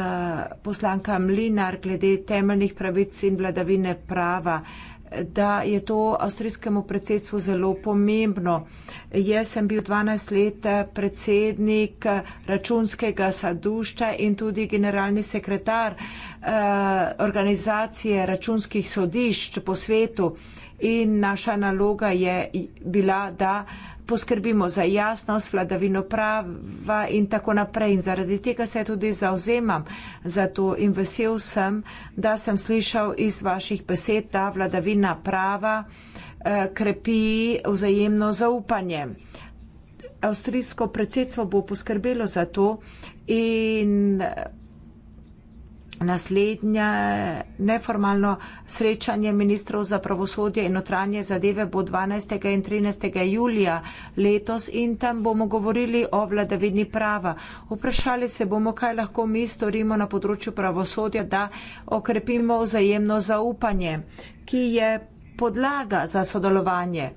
poslanka Mlinar glede temeljnih pravic in vladavine prava. Uh, da je to avstrijskemu predsedstvu zelo pomembno. Jaz sem bil 12 let predsednik računskega sodišča in tudi generalni sekretar eh, organizacije računskih sodišč po svetu in naša naloga je bila, da poskrbimo za jasnost, vladavino prava in tako naprej. In zaradi tega se tudi zauzemam za to in vesel sem, da sem slišal iz vaših besed, da vladavina prava eh, krepi vzajemno zaupanje. Avstrijsko predsedstvo bo poskrbelo za to in. Eh, Naslednje neformalno srečanje ministrov za pravosodje in notranje zadeve bo 12. in 13. julija letos in tam bomo govorili o vladavini prava. Vprašali se bomo, kaj lahko mi storimo na področju pravosodja, da okrepimo vzajemno zaupanje, ki je podlaga za sodelovanje.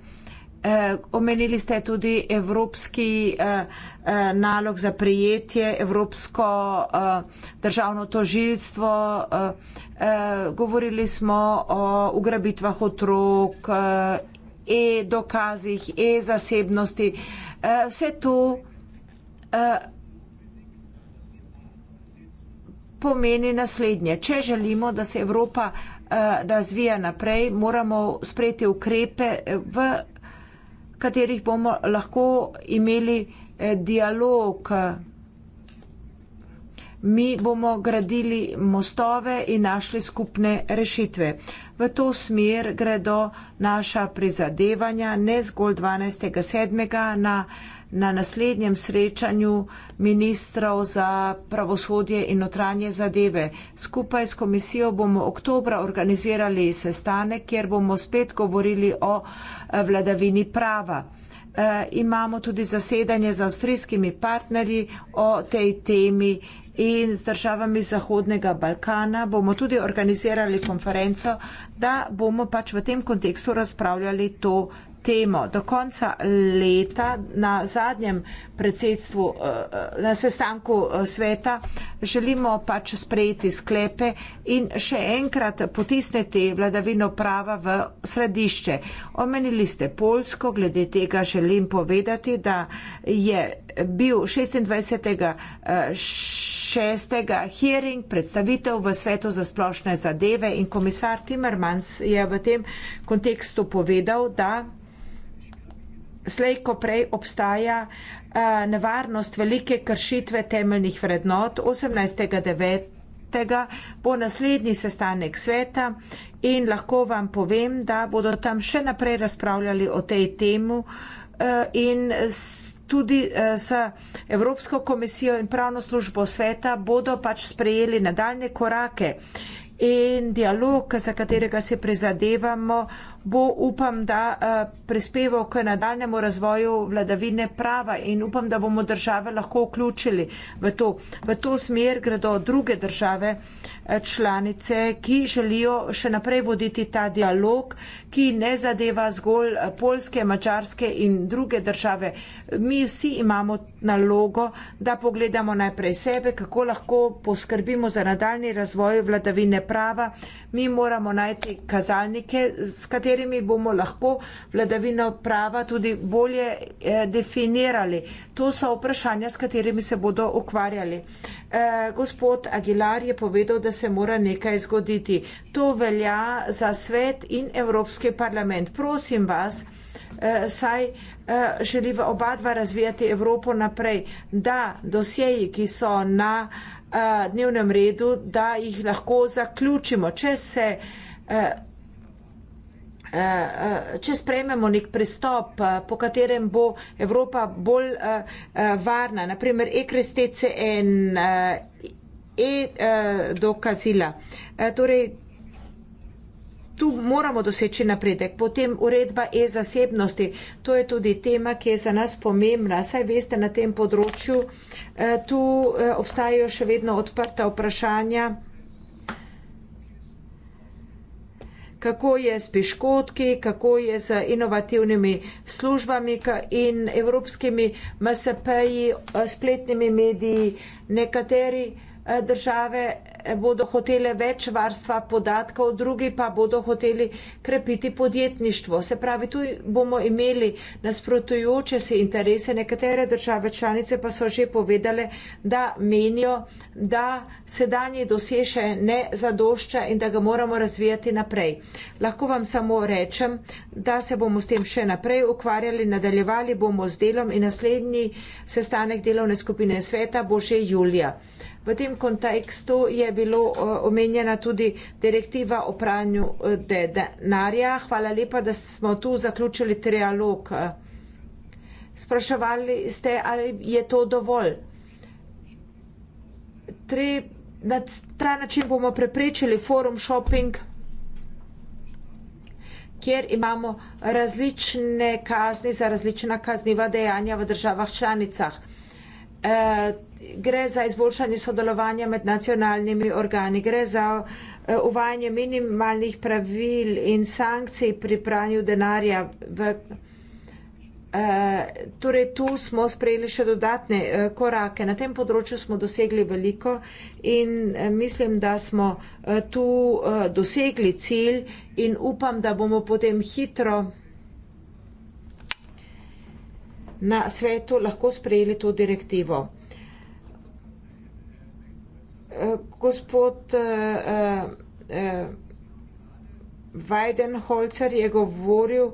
Eh, omenili ste tudi evropski eh, eh, nalog za prijetje, evropsko državno tožilstvo. Govorili smo o ugrabitvah otrok, e-dokazih, e-zasebnosti. Vse to pomeni naslednje. Če želimo, da se Evropa razvija naprej, moramo sprejeti ukrepe v katerih bomo lahko imeli eh, dialog. Mi bomo gradili mostove in našli skupne rešitve. V to smer gredo naša prizadevanja ne zgolj 12.7. na na naslednjem srečanju ministrov za pravosodje in notranje zadeve. Skupaj s komisijo bomo oktobra organizirali sestanek, kjer bomo spet govorili o eh, vladavini prava. Eh, imamo tudi zasedanje z avstrijskimi partnerji o tej temi in z državami Zahodnega Balkana bomo tudi organizirali konferenco, da bomo pač v tem kontekstu razpravljali to temo do konca leta na zadnjem predsedstvu, eh, eh, na sestanku eh, sveta, želimo pač sprejeti sklepe in še enkrat potisniti vladavino prava v središče. Omenili ste Polsko, glede tega želim povedati, da je bil 26. 6. hearing predstavitev v svetu za splošne zadeve in komisar Timmermans je v tem kontekstu povedal, da slej ko prej obstaja eh, nevarnost velike kršitve temeljnih vrednot 18.9 tega bo naslednji sestanek sveta in lahko vam povem, da bodo tam še naprej razpravljali o tej temu eh, in tudi eh, s Evropsko komisijo in pravno službo sveta bodo pač sprejeli nadaljne korake in dialog, za katerega se prizadevamo, bo, upam, da eh, prispeval k nadaljnemu razvoju vladavine prava in upam, da bomo države lahko vključili v to. V to smer gredo druge države eh, članice, ki želijo še naprej voditi ta dialog, ki ne zadeva zgolj eh, polske, mačarske in druge države. Mi vsi imamo nalogo, da pogledamo najprej sebe, kako lahko poskrbimo za nadaljni razvoj vladavine prava. Mi moramo najti kazalnike, s katerimi katerimi bomo lahko vladavino prava tudi bolje eh, definirali. To so vprašanja, s katerimi se bodo ukvarjali. Eh, gospod Aguilar je povedal, da se mora nekaj zgoditi. To velja za svet in Evropski parlament. Prosim vas, eh, saj želi oba dva razvijati Evropo naprej, da dosjeji, ki so na dnevnem redu, da jih lahko zaključimo. Če se Eh, eh, če sprejmemo nek pristop, eh, po katerem bo Evropa bolj varna, naprimer EKRSTC in E-dokazila. E, torej, tu moramo doseči napredek. Potem uredba E-zasebnosti. To je tudi tema, ki je za nas pomembna. Saj veste, na tem področju tu obstajajo še vedno odprta vprašanja. kako je s piškotki, kako je z inovativnimi službami in evropskimi MSP-ji, spletnimi mediji, nekateri eh, države bodo hotele več varstva podatkov, drugi pa bodo hoteli krepiti podjetništvo. Se pravi, tu bomo imeli nasprotujoče se interese, nekatere države članice pa so že povedale, da menijo, da sedanji dosje še ne zadošča in da ga moramo razvijati naprej. Lahko vam samo rečem, da se bomo s tem še naprej ukvarjali, nadaljevali bomo z delom in naslednji sestanek delovne skupine sveta bo že julija. V tem kontekstu je bilo eh, omenjena tudi direktiva o pranju eh, denarja. Hvala lepa, da smo tu zaključili trialog. Spraševali ste, ali je to dovolj. Na ta način bomo preprečili forum shopping, kjer imamo različne kazni za različna kazniva dejanja v državah članicah. Eh, gre za izboljšanje sodelovanja med nacionalnimi organi, gre za eh, uvajanje minimalnih pravil in sankcij pri pranju denarja. V, eh, torej tu smo sprejeli še dodatne korake. Na tem področju smo dosegli veliko in mislim, da smo tu dosegli cilj in upam, da bomo potem hitro na svetu lahko sprejeli to direktivo. Eh, gospod eh, eh, Weidenholzer je govoril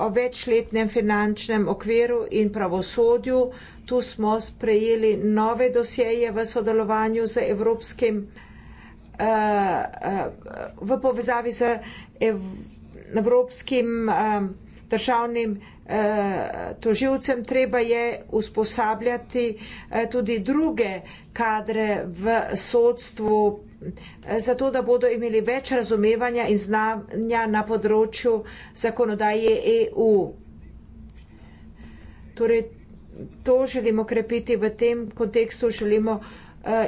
o večletnem finančnem okviru in pravosodju. Tu smo sprejeli nove dosjeje v sodelovanju z evropskim, v povezavi z evropskim državnim državnim Eh, toživcem treba je usposabljati eh, tudi druge kadre v sodstvu, eh, zato da bodo imeli več razumevanja in znanja na področju zakonodaje EU. Torej, to želimo krepiti v tem kontekstu, želimo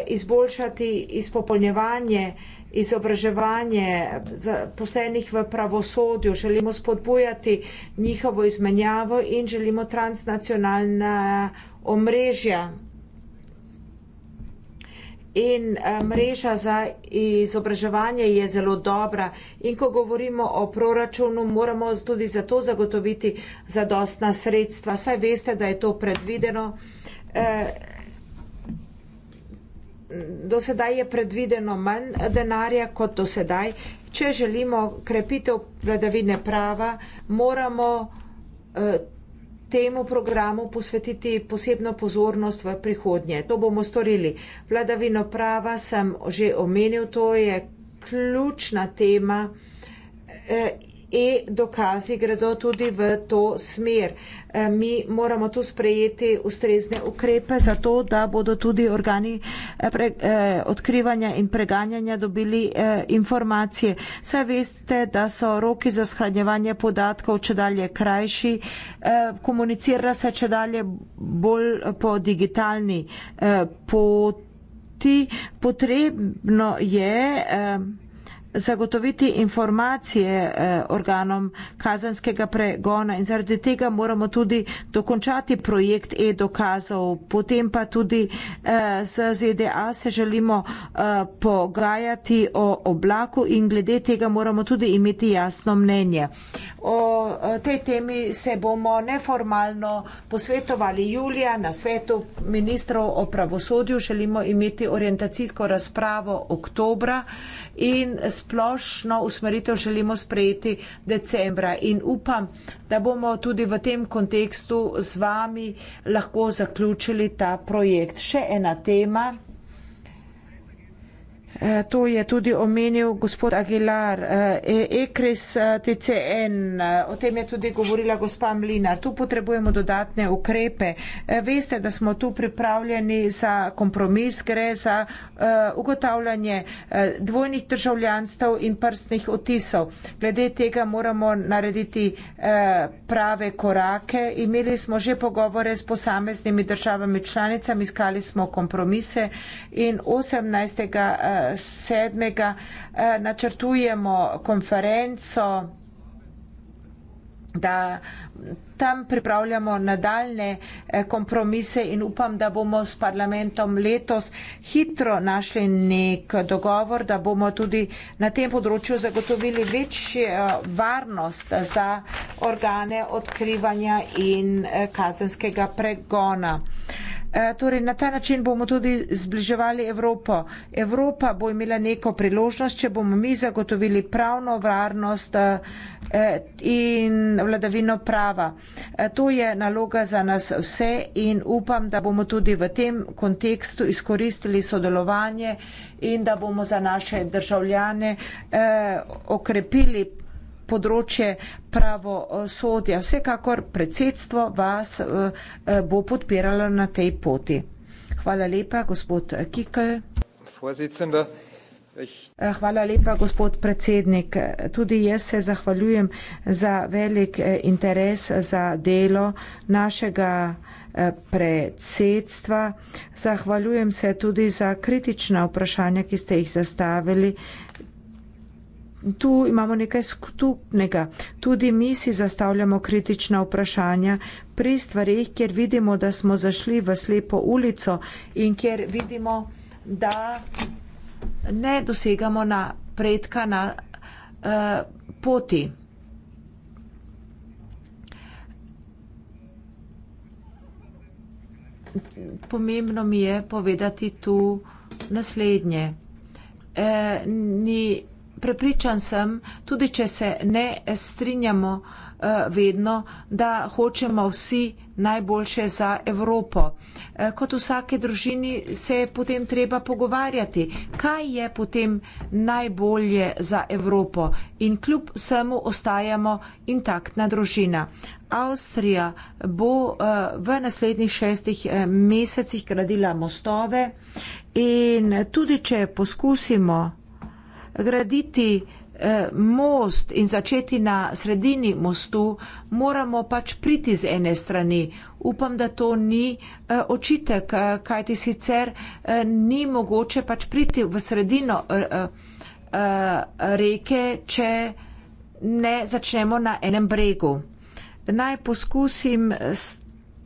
izboljšati izpopolnjevanje uh, izobraževanje zaposlenih v pravosodju, želimo spodbujati njihovo izmenjavo in želimo transnacionalna omrežja in eh, mreža za izobraževanje je zelo dobra in ko govorimo o proračunu, moramo tudi za to zagotoviti zadostna sredstva. Saj veste, da je to predvideno. Eh, do sedaj je predvideno manj denarja kot do sedaj. Če želimo krepitev vladavine prava, moramo eh, temu programu posvetiti posebno pozornost v prihodnje. To bomo storili. Vladavino prava sem že omenil, to je ključna tema eh, e-dokazi gredo tudi v to smer. E, mi moramo tu sprejeti ustrezne ukrepe za to, da bodo tudi organi e, pre, eh, odkrivanja in preganjanja dobili eh, informacije. Saj veste, da so roki za shranjevanje podatkov če dalje krajši, eh, komunicira se če dalje bolj po digitalni eh, poti. Potrebno je. Eh, zagotoviti informacije eh, organom kazanskega pregona in zaradi tega moramo tudi dokončati projekt e-dokazov, potem pa tudi eh, z ZDA se želimo eh, pogajati o oblaku in glede tega moramo tudi imeti jasno mnenje. O tej temi se bomo neformalno posvetovali julija na svetu ministrov o pravosodju, želimo imeti orientacijsko razpravo oktobra in s splošno usmeritev želimo sprejeti decembra in upam, da bomo tudi v tem kontekstu z vami lahko zaključili ta projekt. Še ena tema. Eh, to je tudi omenil gospod Aguilar, ECRIS eh, e- eh, TCN, o tem je tudi govorila gospa Mlinar. Tu potrebujemo dodatne ukrepe. Veste, da smo tu pripravljeni za kompromis, gre za ugotavljanje dvojnih državljanstv in prstnih otisov. Glede tega moramo narediti prave korake. Imeli smo že pogovore s posameznimi državami članicami, iskali smo kompromise in 18. 7. Eh, načrtujemo konferenco, da tam pripravljamo nadaljne eh, kompromise in upam, da bomo s parlamentom letos hitro našli nek dogovor, da bomo tudi na tem področju zagotovili večjo eh, varnost za organe odkrivanja in kazenskega pregona. Uh, Eh, torej, na ta način bomo tudi zbliževali Evropo. Evropa bo imela neko priložnost, če bomo mi zagotovili pravno varnost eh, in vladavino prava. Eh, to je naloga za nas vse in upam, da bomo tudi v tem kontekstu izkoristili sodelovanje in da bomo za naše državljane okrepili področje pravosodja. Vsekakor predsedstvo vas eh, eh, bo podpiralo na tej poti. Hvala lepa, gospod Kikl. Eh, hvala lepa, gospod predsednik. Tudi jaz se zahvaljujem za velik interes za delo našega predsedstva. Zahvaljujem se tudi za kritična vprašanja, ki ste jih zastavili. Tu imamo nekaj skupnega. Tudi mi si zastavljamo kritična vprašanja pri stvarih, kjer vidimo, da smo zašli v slepo ulico in kjer vidimo, da ne dosegamo napredka na uh, poti. Pomembno mi je povedati tu naslednje. Uh, ni, prepričan sem, tudi če se ne strinjamo eh, vedno, da hočemo vsi najboljše za Evropo. Eh, kot v vsake družini se je potem treba pogovarjati, kaj je potem najbolje za Evropo in kljub vsemu ostajamo intaktna družina. Avstrija bo eh, v naslednjih šestih mesecih gradila mostove in tudi, če poskusimo graditi eh, most in začeti na sredini mostu, moramo pač priti z ene strani. Upam, da to ni eh, očitek, eh, kajti sicer ni mogoče pač priti v sredino reke, če ne začnemo na enem bregu. Naj poskusim s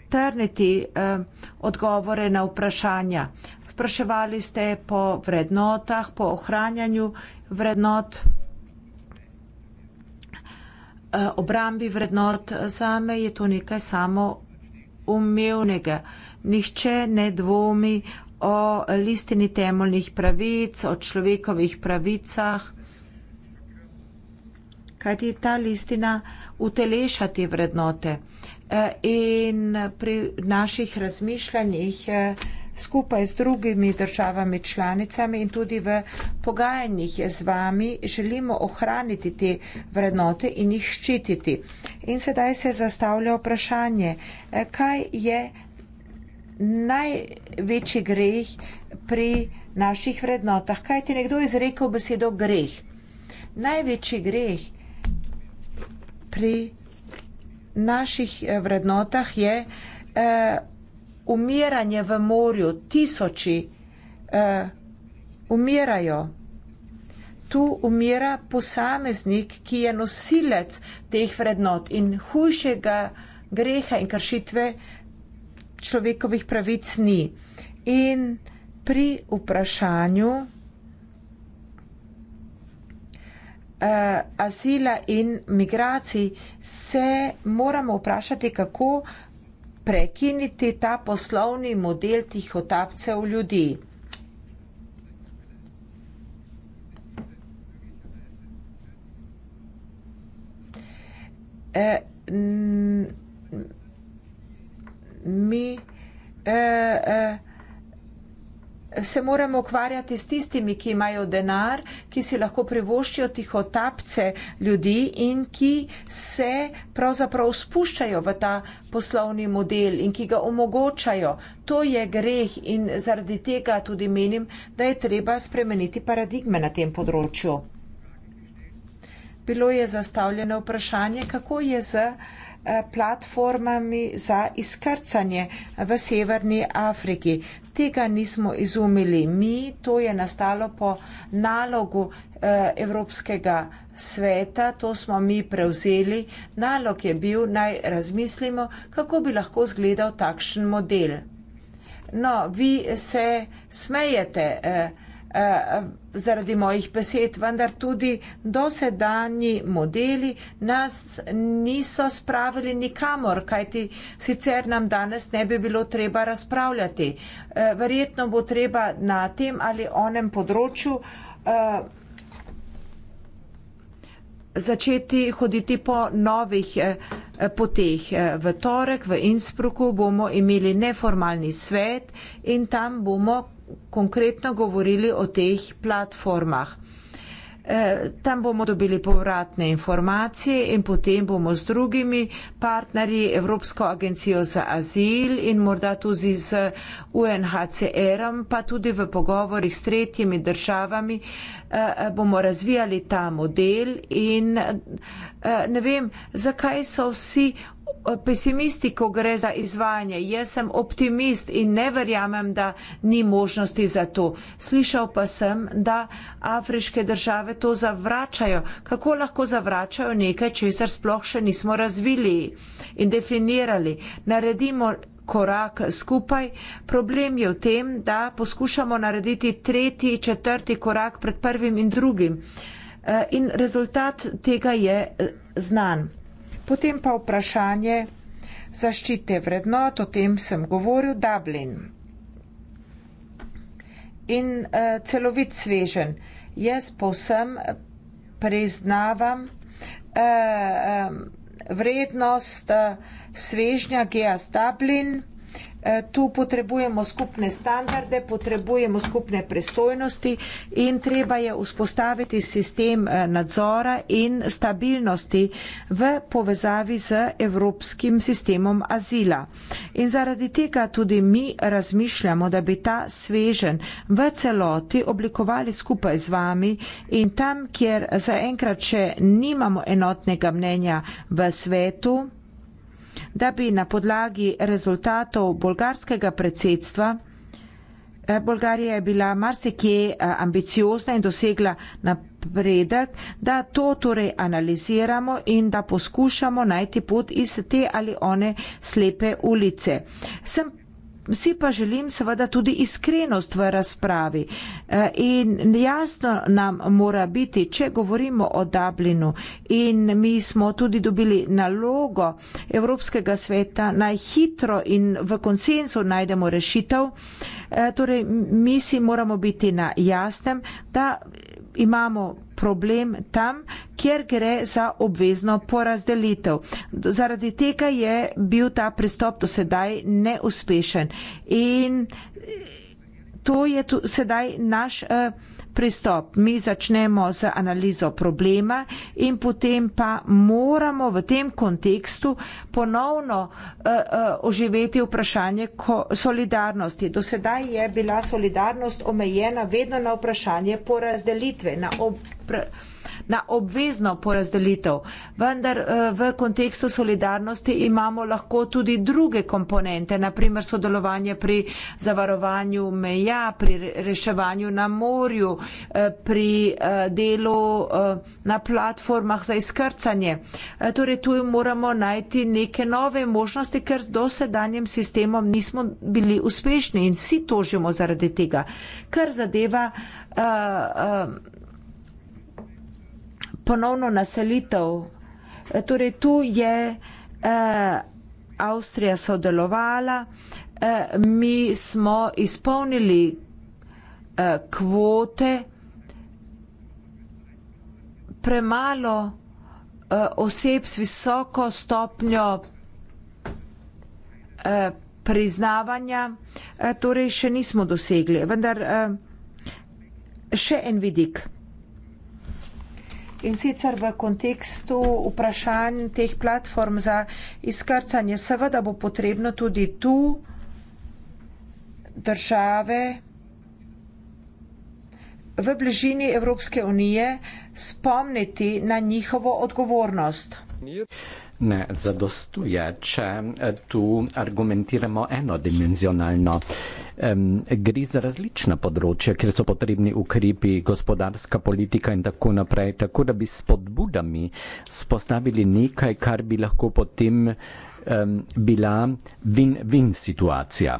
trniti eh, odgovore na vprašanja. Spraševali ste po vrednotah, po ohranjanju vrednot, eh, obrambi vrednot. Za me je to nekaj samo umevnega. Nihče ne dvomi o listini temeljnih pravic, o človekovih pravicah, kajti ta listina uteleša te vrednote. Eh, in pri naših razmišljanjih eh, skupaj z drugimi državami članicami in tudi v pogajanjih z vami želimo ohraniti te vrednote in jih ščititi. In sedaj se zastavlja vprašanje, eh, kaj je največji greh pri naših vrednotah. Kaj ti nekdo izrekel besedo greh? Največji greh pri naših eh, vrednotah je eh, umiranje v morju, tisoči eh, umirajo. Tu umira posameznik, ki je nosilec teh vrednot in hujšega greha in kršitve človekovih pravic ni. In pri vprašanju, uh, azila in migracij, se moramo vprašati, kako prekiniti ta poslovni model tih otapcev ljudi. E, n, mi e, e, se moramo ukvarjati s tistimi, ki imajo denar, ki si lahko privoščijo tiho tapce ljudi in ki se pravzaprav spuščajo v ta poslovni model in ki ga omogočajo. To je greh in zaradi tega tudi menim, da je treba spremeniti paradigme na tem področju. Bilo je zastavljeno vprašanje, kako je z. Za... Eh, platformami za izkrcanje v Severni Afriki. Tega nismo izumili mi, to je nastalo po nalogu eh, Evropskega sveta, to smo mi prevzeli. Nalog je bil, naj razmislimo, kako bi lahko izgledal takšen model. No, vi se smejete. Eh, Eh, zaradi mojih besed, vendar tudi dosedanji modeli nas niso spravili nikamor, kajti sicer nam danes ne bi bilo treba razpravljati. Eh, verjetno bo treba na tem ali onem področju eh, začeti hoditi po novih poteh. V torek v Innsbrucku bomo imeli neformalni svet in tam bomo konkretno govorili o teh platformah. Eh, tam bomo dobili povratne informacije in potem bomo z drugimi partnerji, Evropsko agencijo za azil in morda tudi z UNHCR-om, pa tudi v pogovorih s tretjimi državami, eh, bomo razvijali ta model in eh, ne vem, zakaj so vsi pesimisti, ko gre za izvajanje. Jaz sem optimist in ne verjamem, da ni možnosti za to. Slišal pa sem, da afriške države to zavračajo. Kako lahko zavračajo nekaj, česar sploh še nismo razvili in definirali? Naredimo korak skupaj. Problem je v tem, da poskušamo narediti tretji, četrti korak pred prvim in drugim. Eh, in rezultat tega je eh, znan. Potem pa vprašanje zaščite vrednot, o tem sem govoril, Dublin. In uh, celovit svežen. Jaz povsem priznavam uh, um, vrednost uh, svežnja Geas Dublin. Eh, tu potrebujemo skupne standarde, potrebujemo skupne prestojnosti in treba je vzpostaviti sistem eh, nadzora in stabilnosti v povezavi z evropskim sistemom azila. In zaradi tega tudi mi razmišljamo, da bi ta svežen v celoti oblikovali skupaj z vami in tam, kjer zaenkrat še nimamo enotnega mnenja v svetu, da bi na podlagi rezultatov bolgarskega predsedstva eh, Bolgarija je bila marsikje eh, ambiciozna in dosegla napredek, da to torej analiziramo in da poskušamo najti pot iz te ali one slepe ulice. Sem si pa želim seveda tudi iskrenost v razpravi. Eh, in jasno nam mora biti, če govorimo o Dublinu in mi smo tudi dobili nalogo Evropskega sveta najhitro in v konsensu najdemo rešitev, eh, torej mi si moramo biti na jasnem, da imamo problem tam, kjer gre za obvezno porazdelitev. Zaradi tega je bil ta pristop do sedaj neuspešen. In to je tu, sedaj naš. Uh, pristop. Mi začnemo z analizo problema in potem pa moramo v tem kontekstu ponovno uh, uh, oživeti vprašanje solidarnosti. Do sedaj je bila solidarnost omejena vedno na vprašanje porazdelitve, na vprašanje na obvezno porazdelitev. Vendar eh, v kontekstu solidarnosti imamo lahko tudi druge komponente, naprimer sodelovanje pri zavarovanju meja, pri reševanju na morju, eh, pri eh, delu na platformah za izkrcanje. Torej tu moramo najti neke nove možnosti, ker z dosedanjem sistemom nismo bili uspešni in vsi tožimo zaradi tega. Kar zadeva uh, uh, ponovno naselitev. E, torej, tu je eh, Avstrija sodelovala, eh, mi smo izpolnili eh, kvote, premalo eh, oseb s visoko stopnjo eh, priznavanja, eh, torej še nismo dosegli. Vendar eh, še en vidik in sicer v kontekstu vprašanj teh platform za izkrcanje. Seveda bo potrebno tudi tu države v bližini Evropske unije spomniti na njihovo odgovornost ne zadostuje, če eh, tu argumentiramo enodimenzionalno. Um, gre za različna področja, kjer so potrebni ukrepi, gospodarska politika in tako naprej, tako da bi s podbudami spostavili nekaj, kar bi lahko potem um, bila win-win situacija.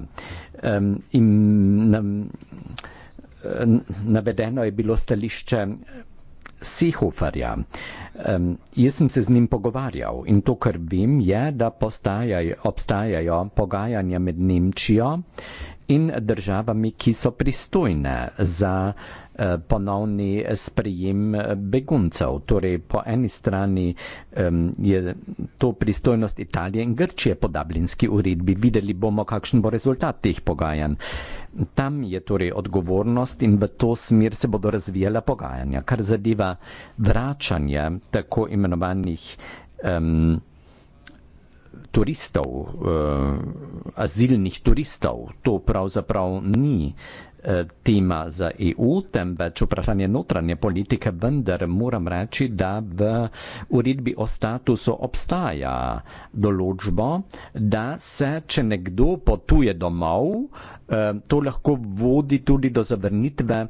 Um, in, um, navedeno je bilo stališče Sehoferja. Um, jaz sem se z njim pogovarjal in to, kar vem, je, da obstajajo pogajanja med Nemčijo in državami, ki so pristojne za Eh, ponovni eh, sprejem eh, beguncev. Torej, po eni strani um, je to pristojnost Italije in Grčije po dublinski uredbi. Videli bomo, kakšen bo rezultat teh pogajanj. Tam je torej odgovornost in v to smer se bodo razvijala pogajanja, kar zadeva vračanje tako imenovanih um, turistov, uh, azilnih turistov. To pravzaprav ni uh, Eh, tema za EU, temveč vprašanje notranje politike, vendar moram reči, da v uredbi o statusu obstaja določbo, da se, če nekdo potuje domov, eh, to lahko vodi tudi do zavrnitve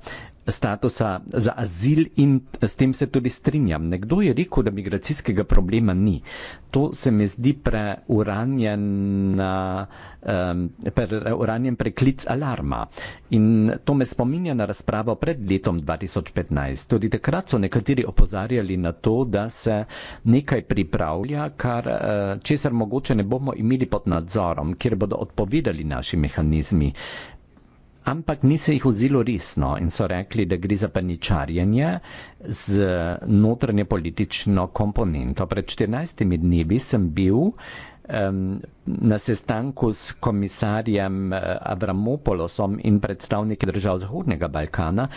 statusa za azil in s tem se tudi strinjam. Nekdo je rekel, da migracijskega problema ni. To se mi zdi preuranjen, preuranjen preklic alarma. In to me spominja na razpravo pred letom 2015. Tudi takrat so nekateri opozarjali na to, da se nekaj pripravlja, kar, eh, česar mogoče ne bomo imeli pod nadzorom, kjer bodo odpovedali naši mehanizmi ampak ni se jih vzelo resno in so rekli, da gre za paničarjenje z notranje politično komponento. Pred 14 dnevi sem bil um, na sestanku s komisarjem eh, Avramopolosom in predstavniki držav Zahodnega Balkana,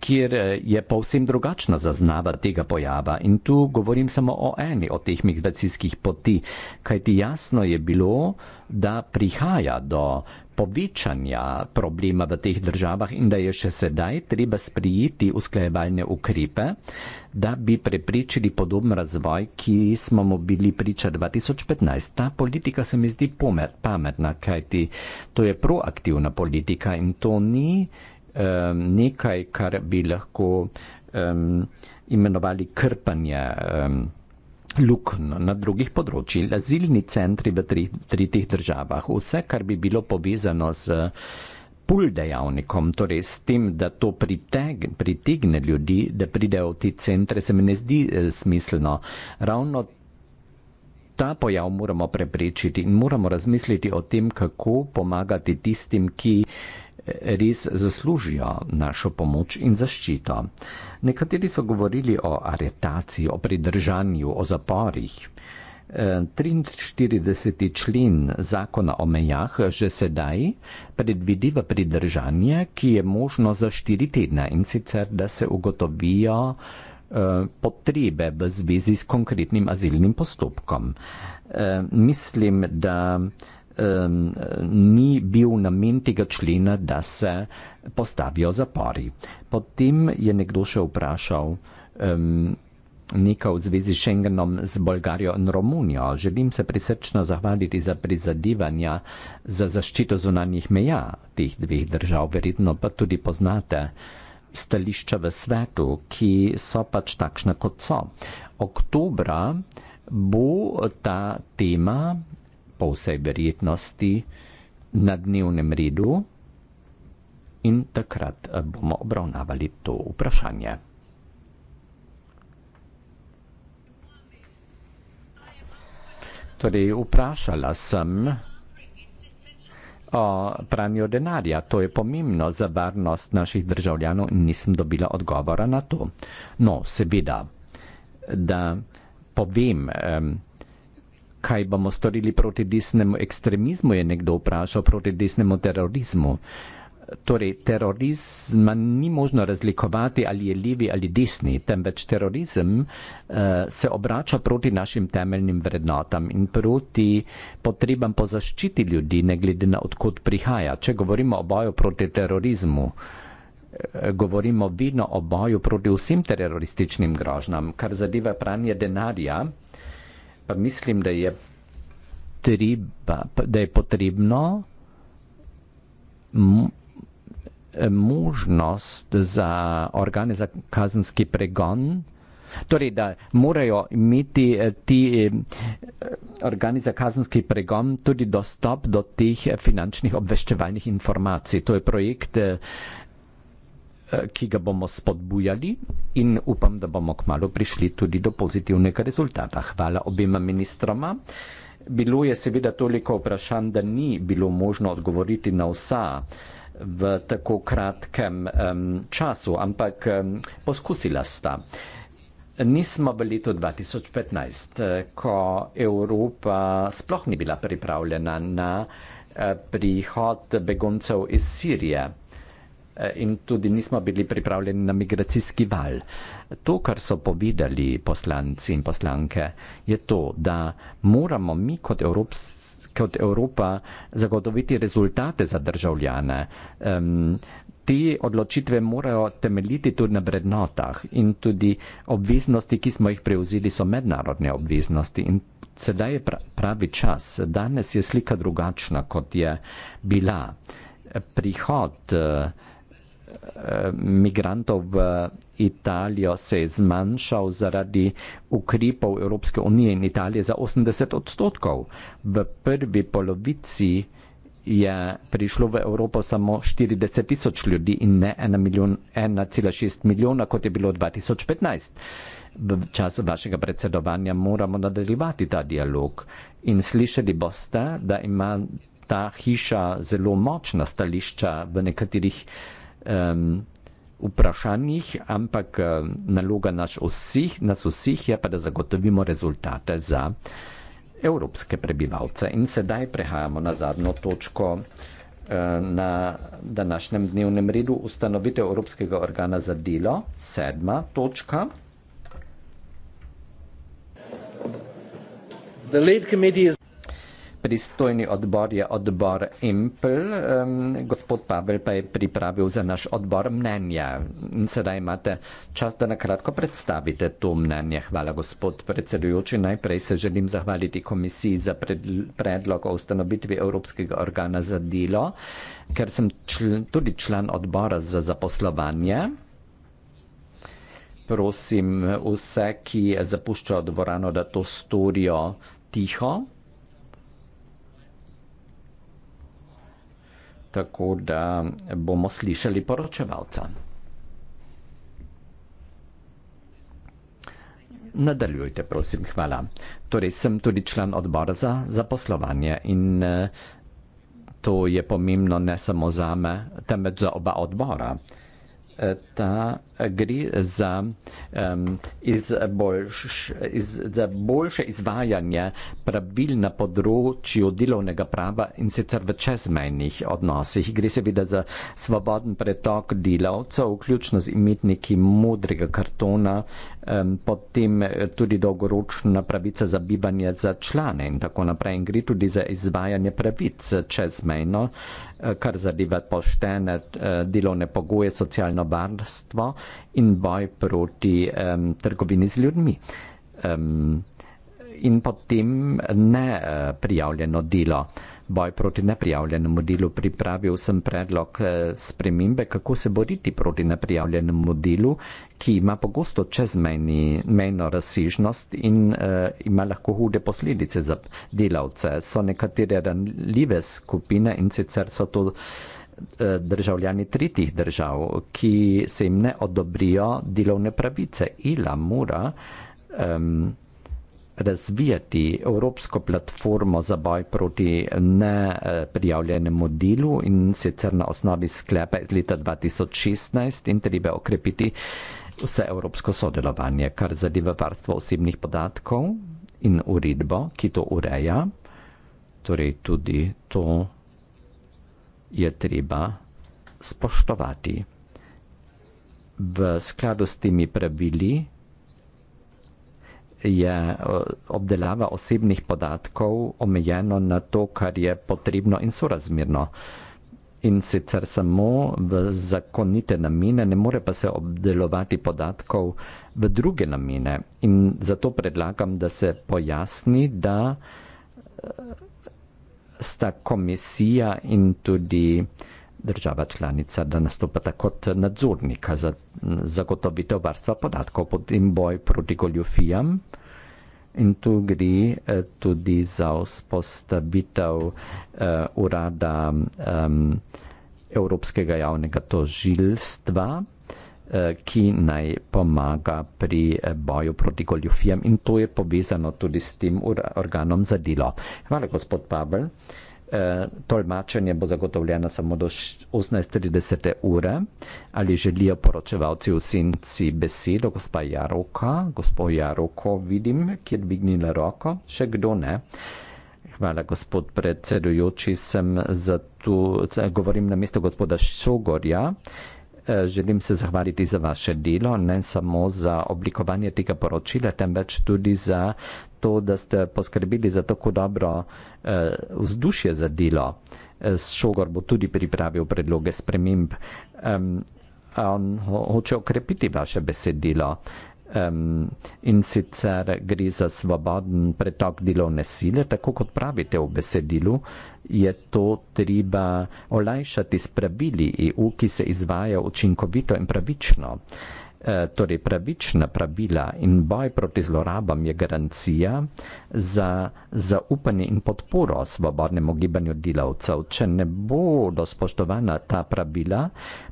kjer eh, je povsem drugačna zaznava tega pojava. In tu govorim samo o eni od teh migracijskih poti, kajti jasno je bilo, da prihaja do povečanja problema v teh državah in da je še sedaj treba sprijeti usklajevalne ukrepe, da bi preprečili podoben razvoj, ki smo mu bili priča 2015. Ta politika se mi zdi pametna, kajti to je proaktivna politika in to ni um, nekaj, kar bi lahko um, imenovali krpanje. Um, lukno na drugih področjih. Azilni centri v tri, tri teh državah, vse, kar bi bilo povezano z pul dejavnikom, torej s tem, da to priteg, pritegne ljudi, da pridejo v te centre, se mi ne zdi eh, smiselno. Ravno ta pojav moramo preprečiti in moramo razmisliti o tem, kako pomagati tistim, ki res zaslužijo našo pomoč in zaščito. Nekateri so govorili o aretaciji, o pridržanju, o zaporih. 43. E, člen zakona o mejah že sedaj predvideva pridržanje, ki je možno za štiri tedne in sicer, da se ugotovijo e, potrebe v zvezi s konkretnim azilnim postopkom. E, mislim, da um, ni bil namen tega člena, da se postavijo zapori. Potem je nekdo še vprašal um, nekaj v zvezi s Schengenom, z Bolgarijo in Romunijo. Želim se prisrčno zahvaliti za prizadevanja za zaščito zunanjih meja teh dveh držav, verjetno pa tudi poznate stališča v svetu, ki so pač takšna, kot so. Oktobra bo ta tema po vsej verjetnosti na dnevnem redu in takrat eh, bomo obravnavali to vprašanje. Torej, vprašala sem o pranju denarja. To je pomembno za varnost naših državljanov in nisem dobila odgovora na to. No, seveda, da povem, eh, kaj bomo storili proti desnemu ekstremizmu, je nekdo vprašal, proti desnemu terorizmu. Torej, terorizma ni možno razlikovati, ali je levi ali desni, temveč terorizem uh, se obrača proti našim temeljnim vrednotam in proti potrebam po zaščiti ljudi, ne glede na odkot prihaja. Če govorimo o boju proti terorizmu, eh, govorimo vedno o boju proti vsem terorističnim grožnam, kar zadeva pranje denarja pa mislim, da je, triba, da je potrebno možnost za organe za kazenski pregon, torej da morajo imeti eh, ti eh, organi za kazenski pregon tudi dostop do teh finančnih obveščevalnih informacij. To je projekt, eh, Eh, ki ga bomo spodbujali in upam, da bomo kmalo prišli tudi do pozitivnega rezultata. Hvala obema ministroma. Bilo je seveda toliko vprašanj, da ni bilo možno odgovoriti na vsa v tako kratkem um, času, ampak um, poskusila sta. Nismo v letu 2015, eh, ko Evropa sploh ni bila pripravljena na eh, prihod beguncev iz Sirije. Eh, in tudi nismo bili pripravljeni na migracijski val. To, kar so povedali poslanci in poslanke, je to, da moramo mi kot Evropski kot Evropa zagotoviti rezultate za državljane. Um, te odločitve morajo temeljiti tudi na vrednotah in tudi obveznosti, ki smo jih prevzeli, so mednarodne obveznosti. In sedaj je pravi čas. Danes je slika drugačna, kot je bila. Prihod uh, migrantov v Italijo se je zmanjšal zaradi ukrepov Evropske unije in Italije za 80 odstotkov. V prvi polovici je prišlo v Evropo samo 40 tisoč ljudi in ne 1,6 milijon, milijona, kot je bilo 2015. V času vašega predsedovanja moramo nadaljevati ta dialog in slišali boste, da ima ta hiša zelo močna stališča v nekaterih um, vprašanjih, ampak um, naloga naš vseh, nas vseh je pa, da zagotovimo rezultate za evropske prebivalce. In sedaj prehajamo na zadnjo točko ehm, na današnjem dnevnem redu ustanovitev Evropskega organa za delo, sedma točka. Is... Pristojni odbor je odbor Impel, um, gospod Pavel pa je pripravil za naš odbor mnenja. Sedaj imate čas, da nakratko predstavite to mnenje. Hvala, gospod predsedujoči. Najprej se želim zahvaliti komisiji za predlog o ustanovitvi Evropskega organa za delo, ker sem čl tudi član odbora za zaposlovanje. Prosim vse, ki zapuščajo dvorano, da to storijo tiho. tako da bomo slišali poročevalca. Nadaljujte, prosim, hvala. Torej, sem tudi član odbora za zaposlovanje in eh, to je pomembno ne samo za me, temveč za oba odbora. Eh, ta gre za, um, izboljš, iz, za boljše izvajanje pravil na področju delovnega prava in sicer v čezmejnih odnosih. Gre seveda za svoboden pretok delavcev, vključno z imetniki modrega kartona, um, potem tudi dolgoročna pravica za bivanje za člane in tako naprej. In gre tudi za izvajanje pravic čezmejno, eh, kar zadeva poštene eh, delovne pogoje, socialno varstvo in boj proti um, trgovini z ljudmi. Um, in potem neprijavljeno delo, boj proti neprijavljenemu delu, pripravil sem predlog eh, spremembe, kako se boriti proti neprijavljenemu delu, ki ima pogosto čezmejno razsežnost in uh, ima lahko hude posledice za delavce. So nekatere ranljive skupine in sicer so to. Uh, Eh, državljani tretjih držav, ki se jim ne odobrijo delovne pravice. ILA mora um, razvijati Evropsko platformo za boj proti neprijavljenemu delu in sicer na osnovi sklepa iz leta 2016 in treba okrepiti vse evropsko sodelovanje, kar zadeva varstvo osebnih podatkov in uredbo, ki to ureja. Torej tudi to je treba spoštovati. V skladu s temi pravili je obdelava osebnih podatkov omejeno na to, kar je potrebno in sorazmerno. In sicer samo v zakonite namene, ne more pa se obdelovati podatkov v druge namene. In zato predlagam, da se pojasni, da sta komisija in tudi država članica, da nastopata kot nadzornika za zagotovitev varstva podatkov pod in boj proti goljofijam. In tu gre eh, tudi za vzpostavitev eh, urada eh, Evropskega javnega tožilstva. Eh, ki naj pomaga pri eh, boju proti goljofijam in to je povezano tudi s tem organom za delo. Hvala, gospod Pavel. Eh, tolmačenje bo zagotovljeno samo do 18.30 ure. Ali želijo poročevalci v senci besedo, gospa Jaroka? Gospo Jaroko vidim, ki je dvignila roko. Še kdo ne? Hvala, gospod predsedujoči. Sem za tu, govorim na mesto gospoda Šogorja. Eh, želim se zahvaliti za vaše delo, ne samo za oblikovanje tega poročila, temveč tudi za to, da ste poskrbeli za tako dobro eh, vzdušje za delo. Eh, Šogor bo tudi pripravil predloge sprememb. Um, on hoče okrepiti vaše besedilo um, in sicer gre za svoboden pretok delovne sile, tako kot pravite v besedilu, je to treba olajšati s pravili EU, ki se izvajajo učinkovito in pravično. E, torej, pravična pravila in boj proti zlorabam je garancija za zaupanje in podporo svobodnemu gibanju delavcev. Če ne bodo spoštovana ta pravila,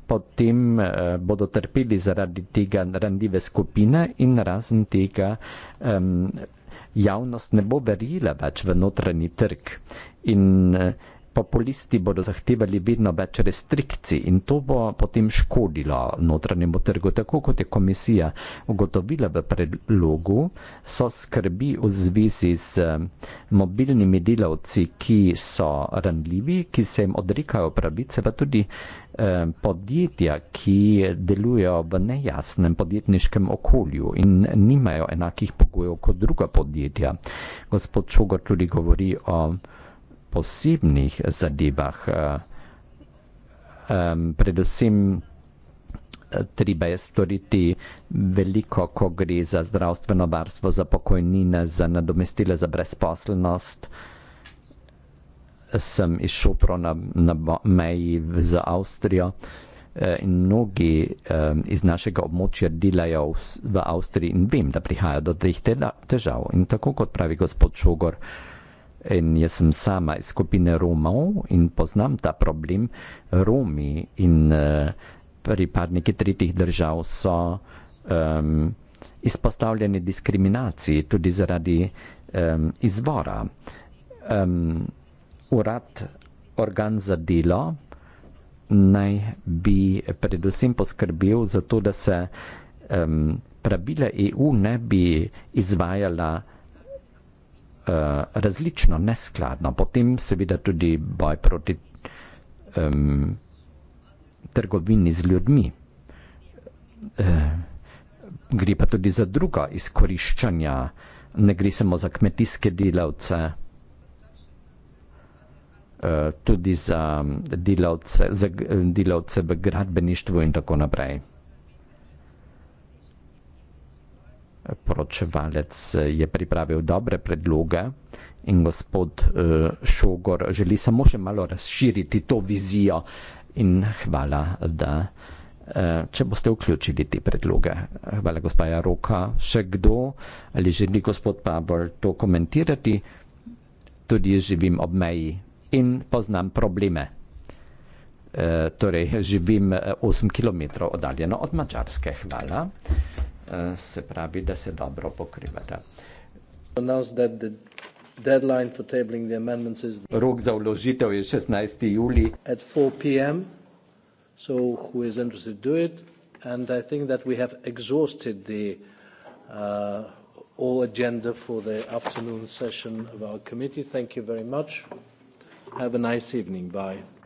potem eh, bodo trpeli zaradi tega randljive skupine in razen tega um, javnost ne bo verjela več v notranji trg. In, uh, populisti bodo zahtevali vedno več restrikcij in to bo potem škodilo notranjemu trgu. Tako kot je komisija ugotovila v predlogu, so skrbi v zvezi z eh, mobilnimi delavci, ki so randljivi, ki se jim odrekajo pravice, pa tudi eh, podjetja, ki delujejo v nejasnem podjetniškem okolju in nimajo enakih pogojev kot druga podjetja. Gospod Čogor tudi govori o posebnih zadevah, um, predvsem eh, treba je storiti veliko, ko gre za zdravstveno varstvo, za pokojnine, za nadomestile za brezposelnost. Sem išel prav na, na meji z Avstrijo eh, in mnogi iz našega območja delajo v Avstriji in vem, da prihaja do teh težav. In tako kot pravi gospod Šogor, in jaz sem sama iz skupine Romov in poznam ta problem. Romi in uh, pripadniki tretjih držav so um, izpostavljeni diskriminaciji tudi zaradi um, izvora. Um, urad, organ za delo naj bi predvsem poskrbel za to, da se um, pravila EU ne bi izvajala Eh, različno, neskladno. Potem seveda tudi boj proti um, trgovini z ljudmi. Uh, gre pa tudi za druga izkoriščanja, ne gre samo za kmetijske delavce, uh, tudi za mm, delavce, za delavce v gradbeništvu in tako naprej. poročevalec eh, je pripravil dobre predloge in gospod eh, Šogor želi samo še malo razširiti to vizijo in hvala, da eh, če boste vključili te predloge. Hvala, gospoda Roka. Še kdo ali želi gospod Pavel to komentirati? Tudi jaz živim ob meji in poznam probleme. Torej, živim 8 km oddaljeno od Mačarske. Hvala. Eh, se pravi, da se dobro pokrivata. Rok za vložitev je 16. juli. So who is interested do it, and I think that we have exhausted the uh, all agenda for the afternoon session of our committee. Thank you very much. Have a nice evening. Bye.